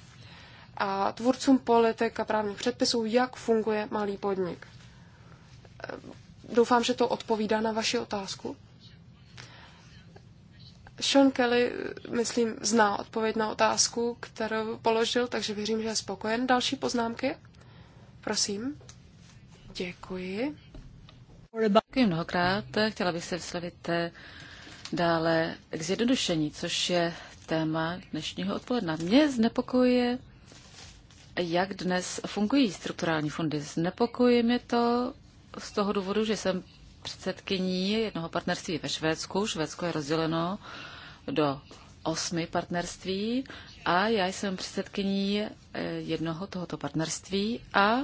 a tvůrcům politik a právních předpisů, jak funguje malý podnik. Ehm, doufám, že to odpovídá na vaši otázku. Sean Kelly, myslím, zná odpověď na otázku, kterou položil, takže věřím, že je spokojen. Další poznámky? Prosím. Děkuji. Děkuji mnohokrát. Chtěla bych se vyslovit eh, dále k zjednodušení, což je téma dnešního odpoledna. Mě znepokojuje, jak dnes fungují strukturální fondy. Znepokojuje mě to z toho důvodu, že jsem předsedkyní jednoho partnerství ve Švédsku. Švédsko je rozděleno do osmi partnerství a já jsem předsedkyní eh, jednoho tohoto partnerství a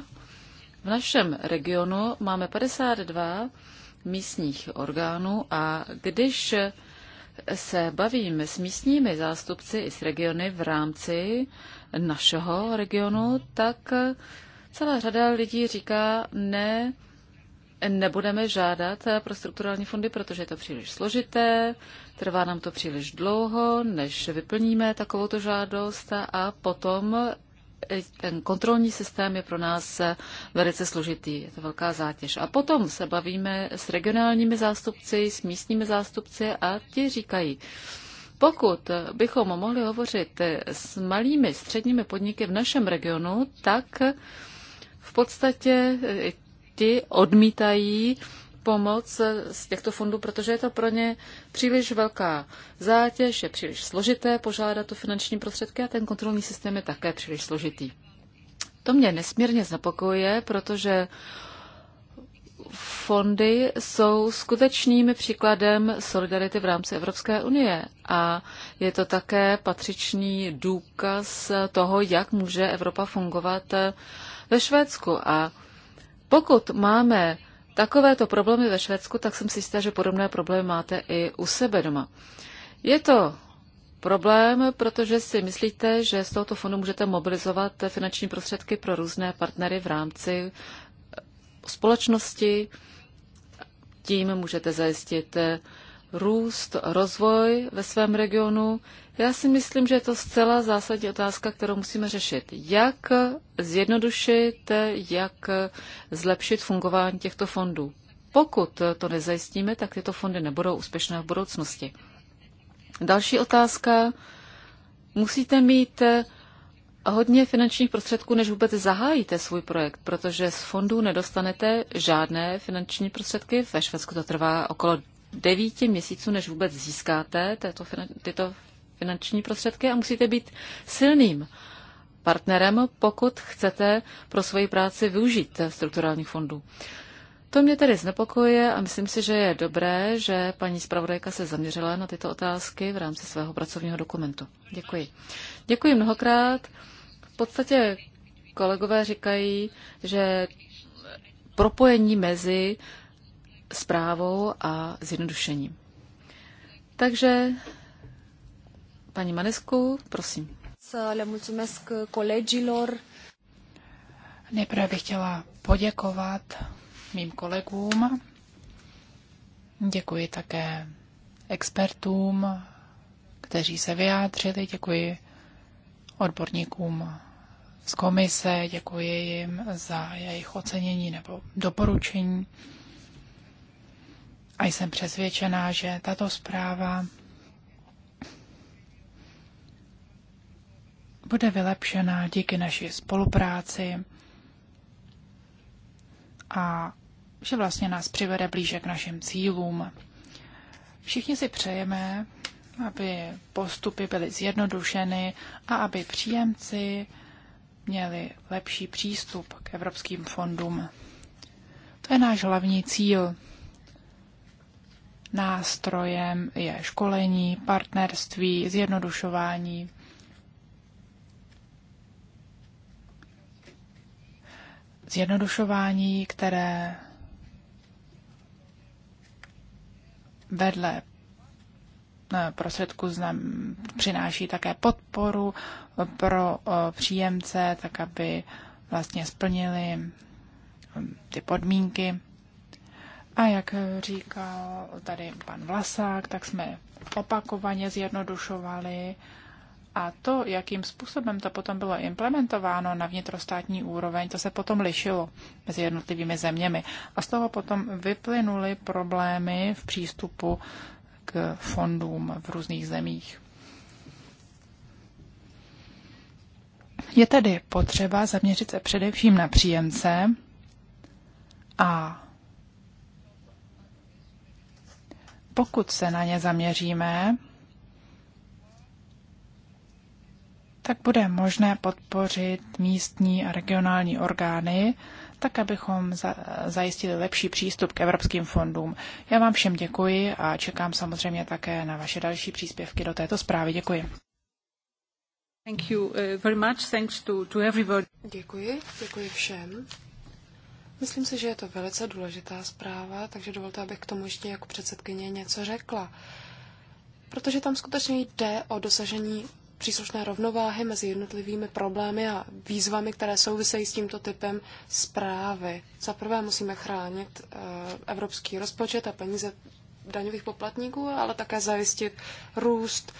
v našem regionu máme 52 místních orgánů a když se bavím s místními zástupci i s regiony v rámci našeho regionu, tak celá řada lidí říká ne nebudeme žádat eh, pro strukturální fondy, protože je to příliš složité, trvá nám to příliš dlouho, než vyplníme takovouto žádost a potom eh, ten kontrolní systém je pro nás eh, velice složitý, je to velká zátěž. A potom se bavíme s regionálními zástupci, s místními zástupci a ti říkají, pokud bychom mohli hovořit s malými středními podniky v našem regionu, tak v podstatě ti odmítají pomoc z těchto fondů, protože je to pro ně příliš velká zátěž, je příliš složité požádat o finanční prostředky a ten kontrolní systém je také příliš složitý. To mě nesmírně znepokojuje, protože fondy jsou skutečným příkladem solidarity v rámci Evropské unie a je to také patřičný důkaz toho, jak může Evropa fungovat ve Švédsku. A pokud máme takovéto problémy ve Švédsku, tak jsem si jistá, že podobné problémy máte i u sebe doma. Je to problém, protože si myslíte, že z tohoto fondu můžete mobilizovat finanční prostředky pro různé partnery v rámci eh, společnosti. Tím můžete zajistit eh, růst, rozvoj ve svém regionu. Já si myslím, že je to zcela zásadní otázka, kterou musíme řešit. Jak zjednodušit, jak zlepšit fungování těchto fondů. Pokud to nezajistíme, tak tyto fondy nebudou úspěšné v budoucnosti. Další otázka. Musíte mít hodně finančních prostředků, než vůbec zahájíte svůj projekt, protože z fondů nedostanete žádné finanční prostředky. Ve Švédsku to trvá okolo devíti měsíců, než vůbec získáte této, tyto finanční prostředky a musíte být silným partnerem, pokud chcete pro svoji práci využít strukturálních fondů. To mě tedy znepokojuje a myslím si, že je dobré, že paní zpravodajka se zaměřila na tyto otázky v rámci svého pracovního dokumentu. Děkuji. Děkuji mnohokrát. V podstatě kolegové říkají, že propojení mezi zprávou a zjednodušením. Takže, paní Manesku, prosím. Nejprve bych chtěla poděkovat mým kolegům. Děkuji také expertům, kteří se vyjádřili. Děkuji odborníkům z komise, děkuji jim za jejich ocenění nebo doporučení. A jsem přesvědčená, že tato zpráva bude vylepšena díky naší spolupráci a že vlastně nás přivede blíže k našim cílům. Všichni si přejeme, aby postupy byly zjednodušeny a aby příjemci měli lepší přístup k evropským fondům. To je náš hlavní cíl nástrojem je školení, partnerství, zjednodušování. Zjednodušování, které vedle eh, prostředku znam, přináší také podporu eh, pro eh, příjemce, tak aby vlastně splnili ty podmínky. A jak říkal tady pan Vlasák, tak jsme opakovaně zjednodušovali a to, jakým způsobem to potom bylo implementováno na vnitrostátní úroveň, to se potom lišilo mezi jednotlivými zeměmi. A z toho potom vyplynuly problémy v přístupu k fondům v různých zemích. Je tedy potřeba zaměřit se především na příjemce a pokud se na ně zaměříme, tak bude možné podpořit místní a regionální orgány, tak abychom za, zajistili lepší přístup k evropským fondům. Já vám všem děkuji a čekám samozřejmě také na vaše další příspěvky do této zprávy. Děkuji. Thank you uh, very much. Thanks to, to everybody. Děkuji, děkuji všem. Myslím si, že je to velice důležitá zpráva, takže dovolte, abych k tomu ještě jako předsedkyně něco řekla. Protože tam skutečně jde o dosažení příslušné rovnováhy mezi jednotlivými problémy a výzvami, které souvisejí s tímto typem zprávy. Za prvé musíme chránit eh, evropský rozpočet a peníze daňových poplatníků, ale také zajistit růst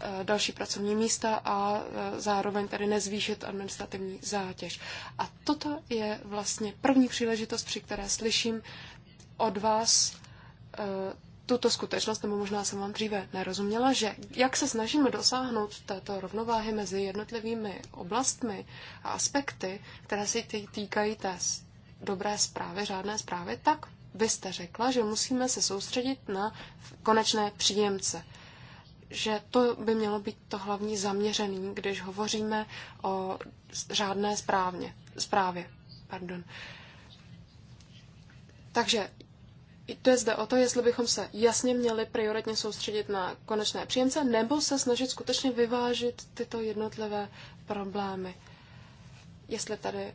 Eh, další pracovní místa a eh, zároveň tady nezvýšit administrativní zátěž. A toto je vlastně první příležitost, při které slyším od vás eh, tuto skutečnost, nebo možná jsem vám dříve nerozuměla, že jak se snažíme dosáhnout této rovnováhy mezi jednotlivými oblastmi a aspekty, které se týkají té dobré zprávy, řádné zprávy, tak vy jste řekla, že musíme se soustředit na konečné příjemce že to by mělo být to hlavní zaměřený, když hovoříme o řádné správně, správě. Pardon. Takže je zde o to, jestli bychom se jasně měli prioritně soustředit na konečné příjemce, nebo se snažit skutečně vyvážit tyto jednotlivé problémy. Jestli tady eh,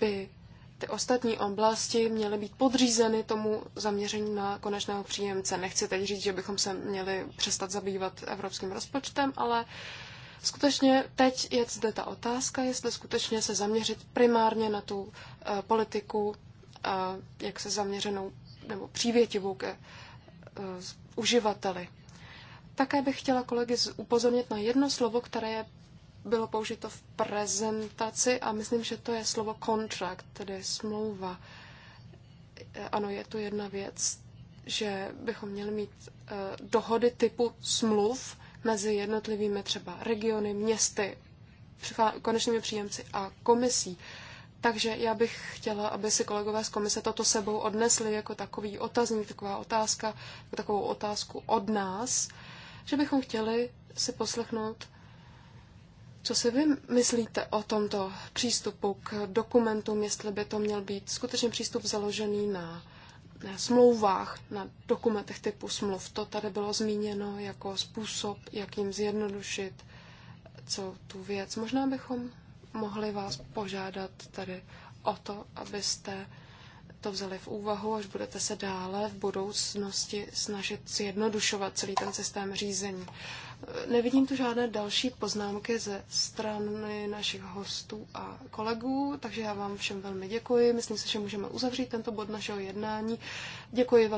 by ty ostatní oblasti měly být podřízeny tomu zaměření na konečného příjemce. Nechci teď říct, že bychom se měli přestat zabývat evropským rozpočtem, ale skutečně teď je zde ta otázka, jestli skutečně se zaměřit primárně na tu eh, politiku, eh, jak se zaměřenou nebo přívětivou ke eh, uživateli. Také bych chtěla kolegy upozornit na jedno slovo, které je bylo použito v prezentaci a myslím, že to je slovo contract, tedy smlouva. Ano, je to jedna věc, že bychom měli mít eh, dohody typu smluv mezi jednotlivými třeba regiony, městy, konečnými příjemci a komisí. Takže já bych chtěla, aby si kolegové z komise toto sebou odnesli jako takový otazník, taková otázka, jako takovou otázku od nás, že bychom chtěli si poslechnout co si vy myslíte o tomto přístupu k dokumentům, jestli by to měl být skutečně přístup založený na smlouvách, na dokumentech typu smluv. To tady bylo zmíněno jako způsob, jak jim zjednodušit Co tu věc. Možná bychom mohli vás požádat tady o to, abyste to vzali v úvahu, až budete se dále v budoucnosti snažit zjednodušovat celý ten systém řízení. Nevidím tu žádné další poznámky ze strany našich hostů a kolegů, takže já vám všem velmi děkuji. Myslím si, že můžeme uzavřít tento bod našeho jednání. Děkuji velmi.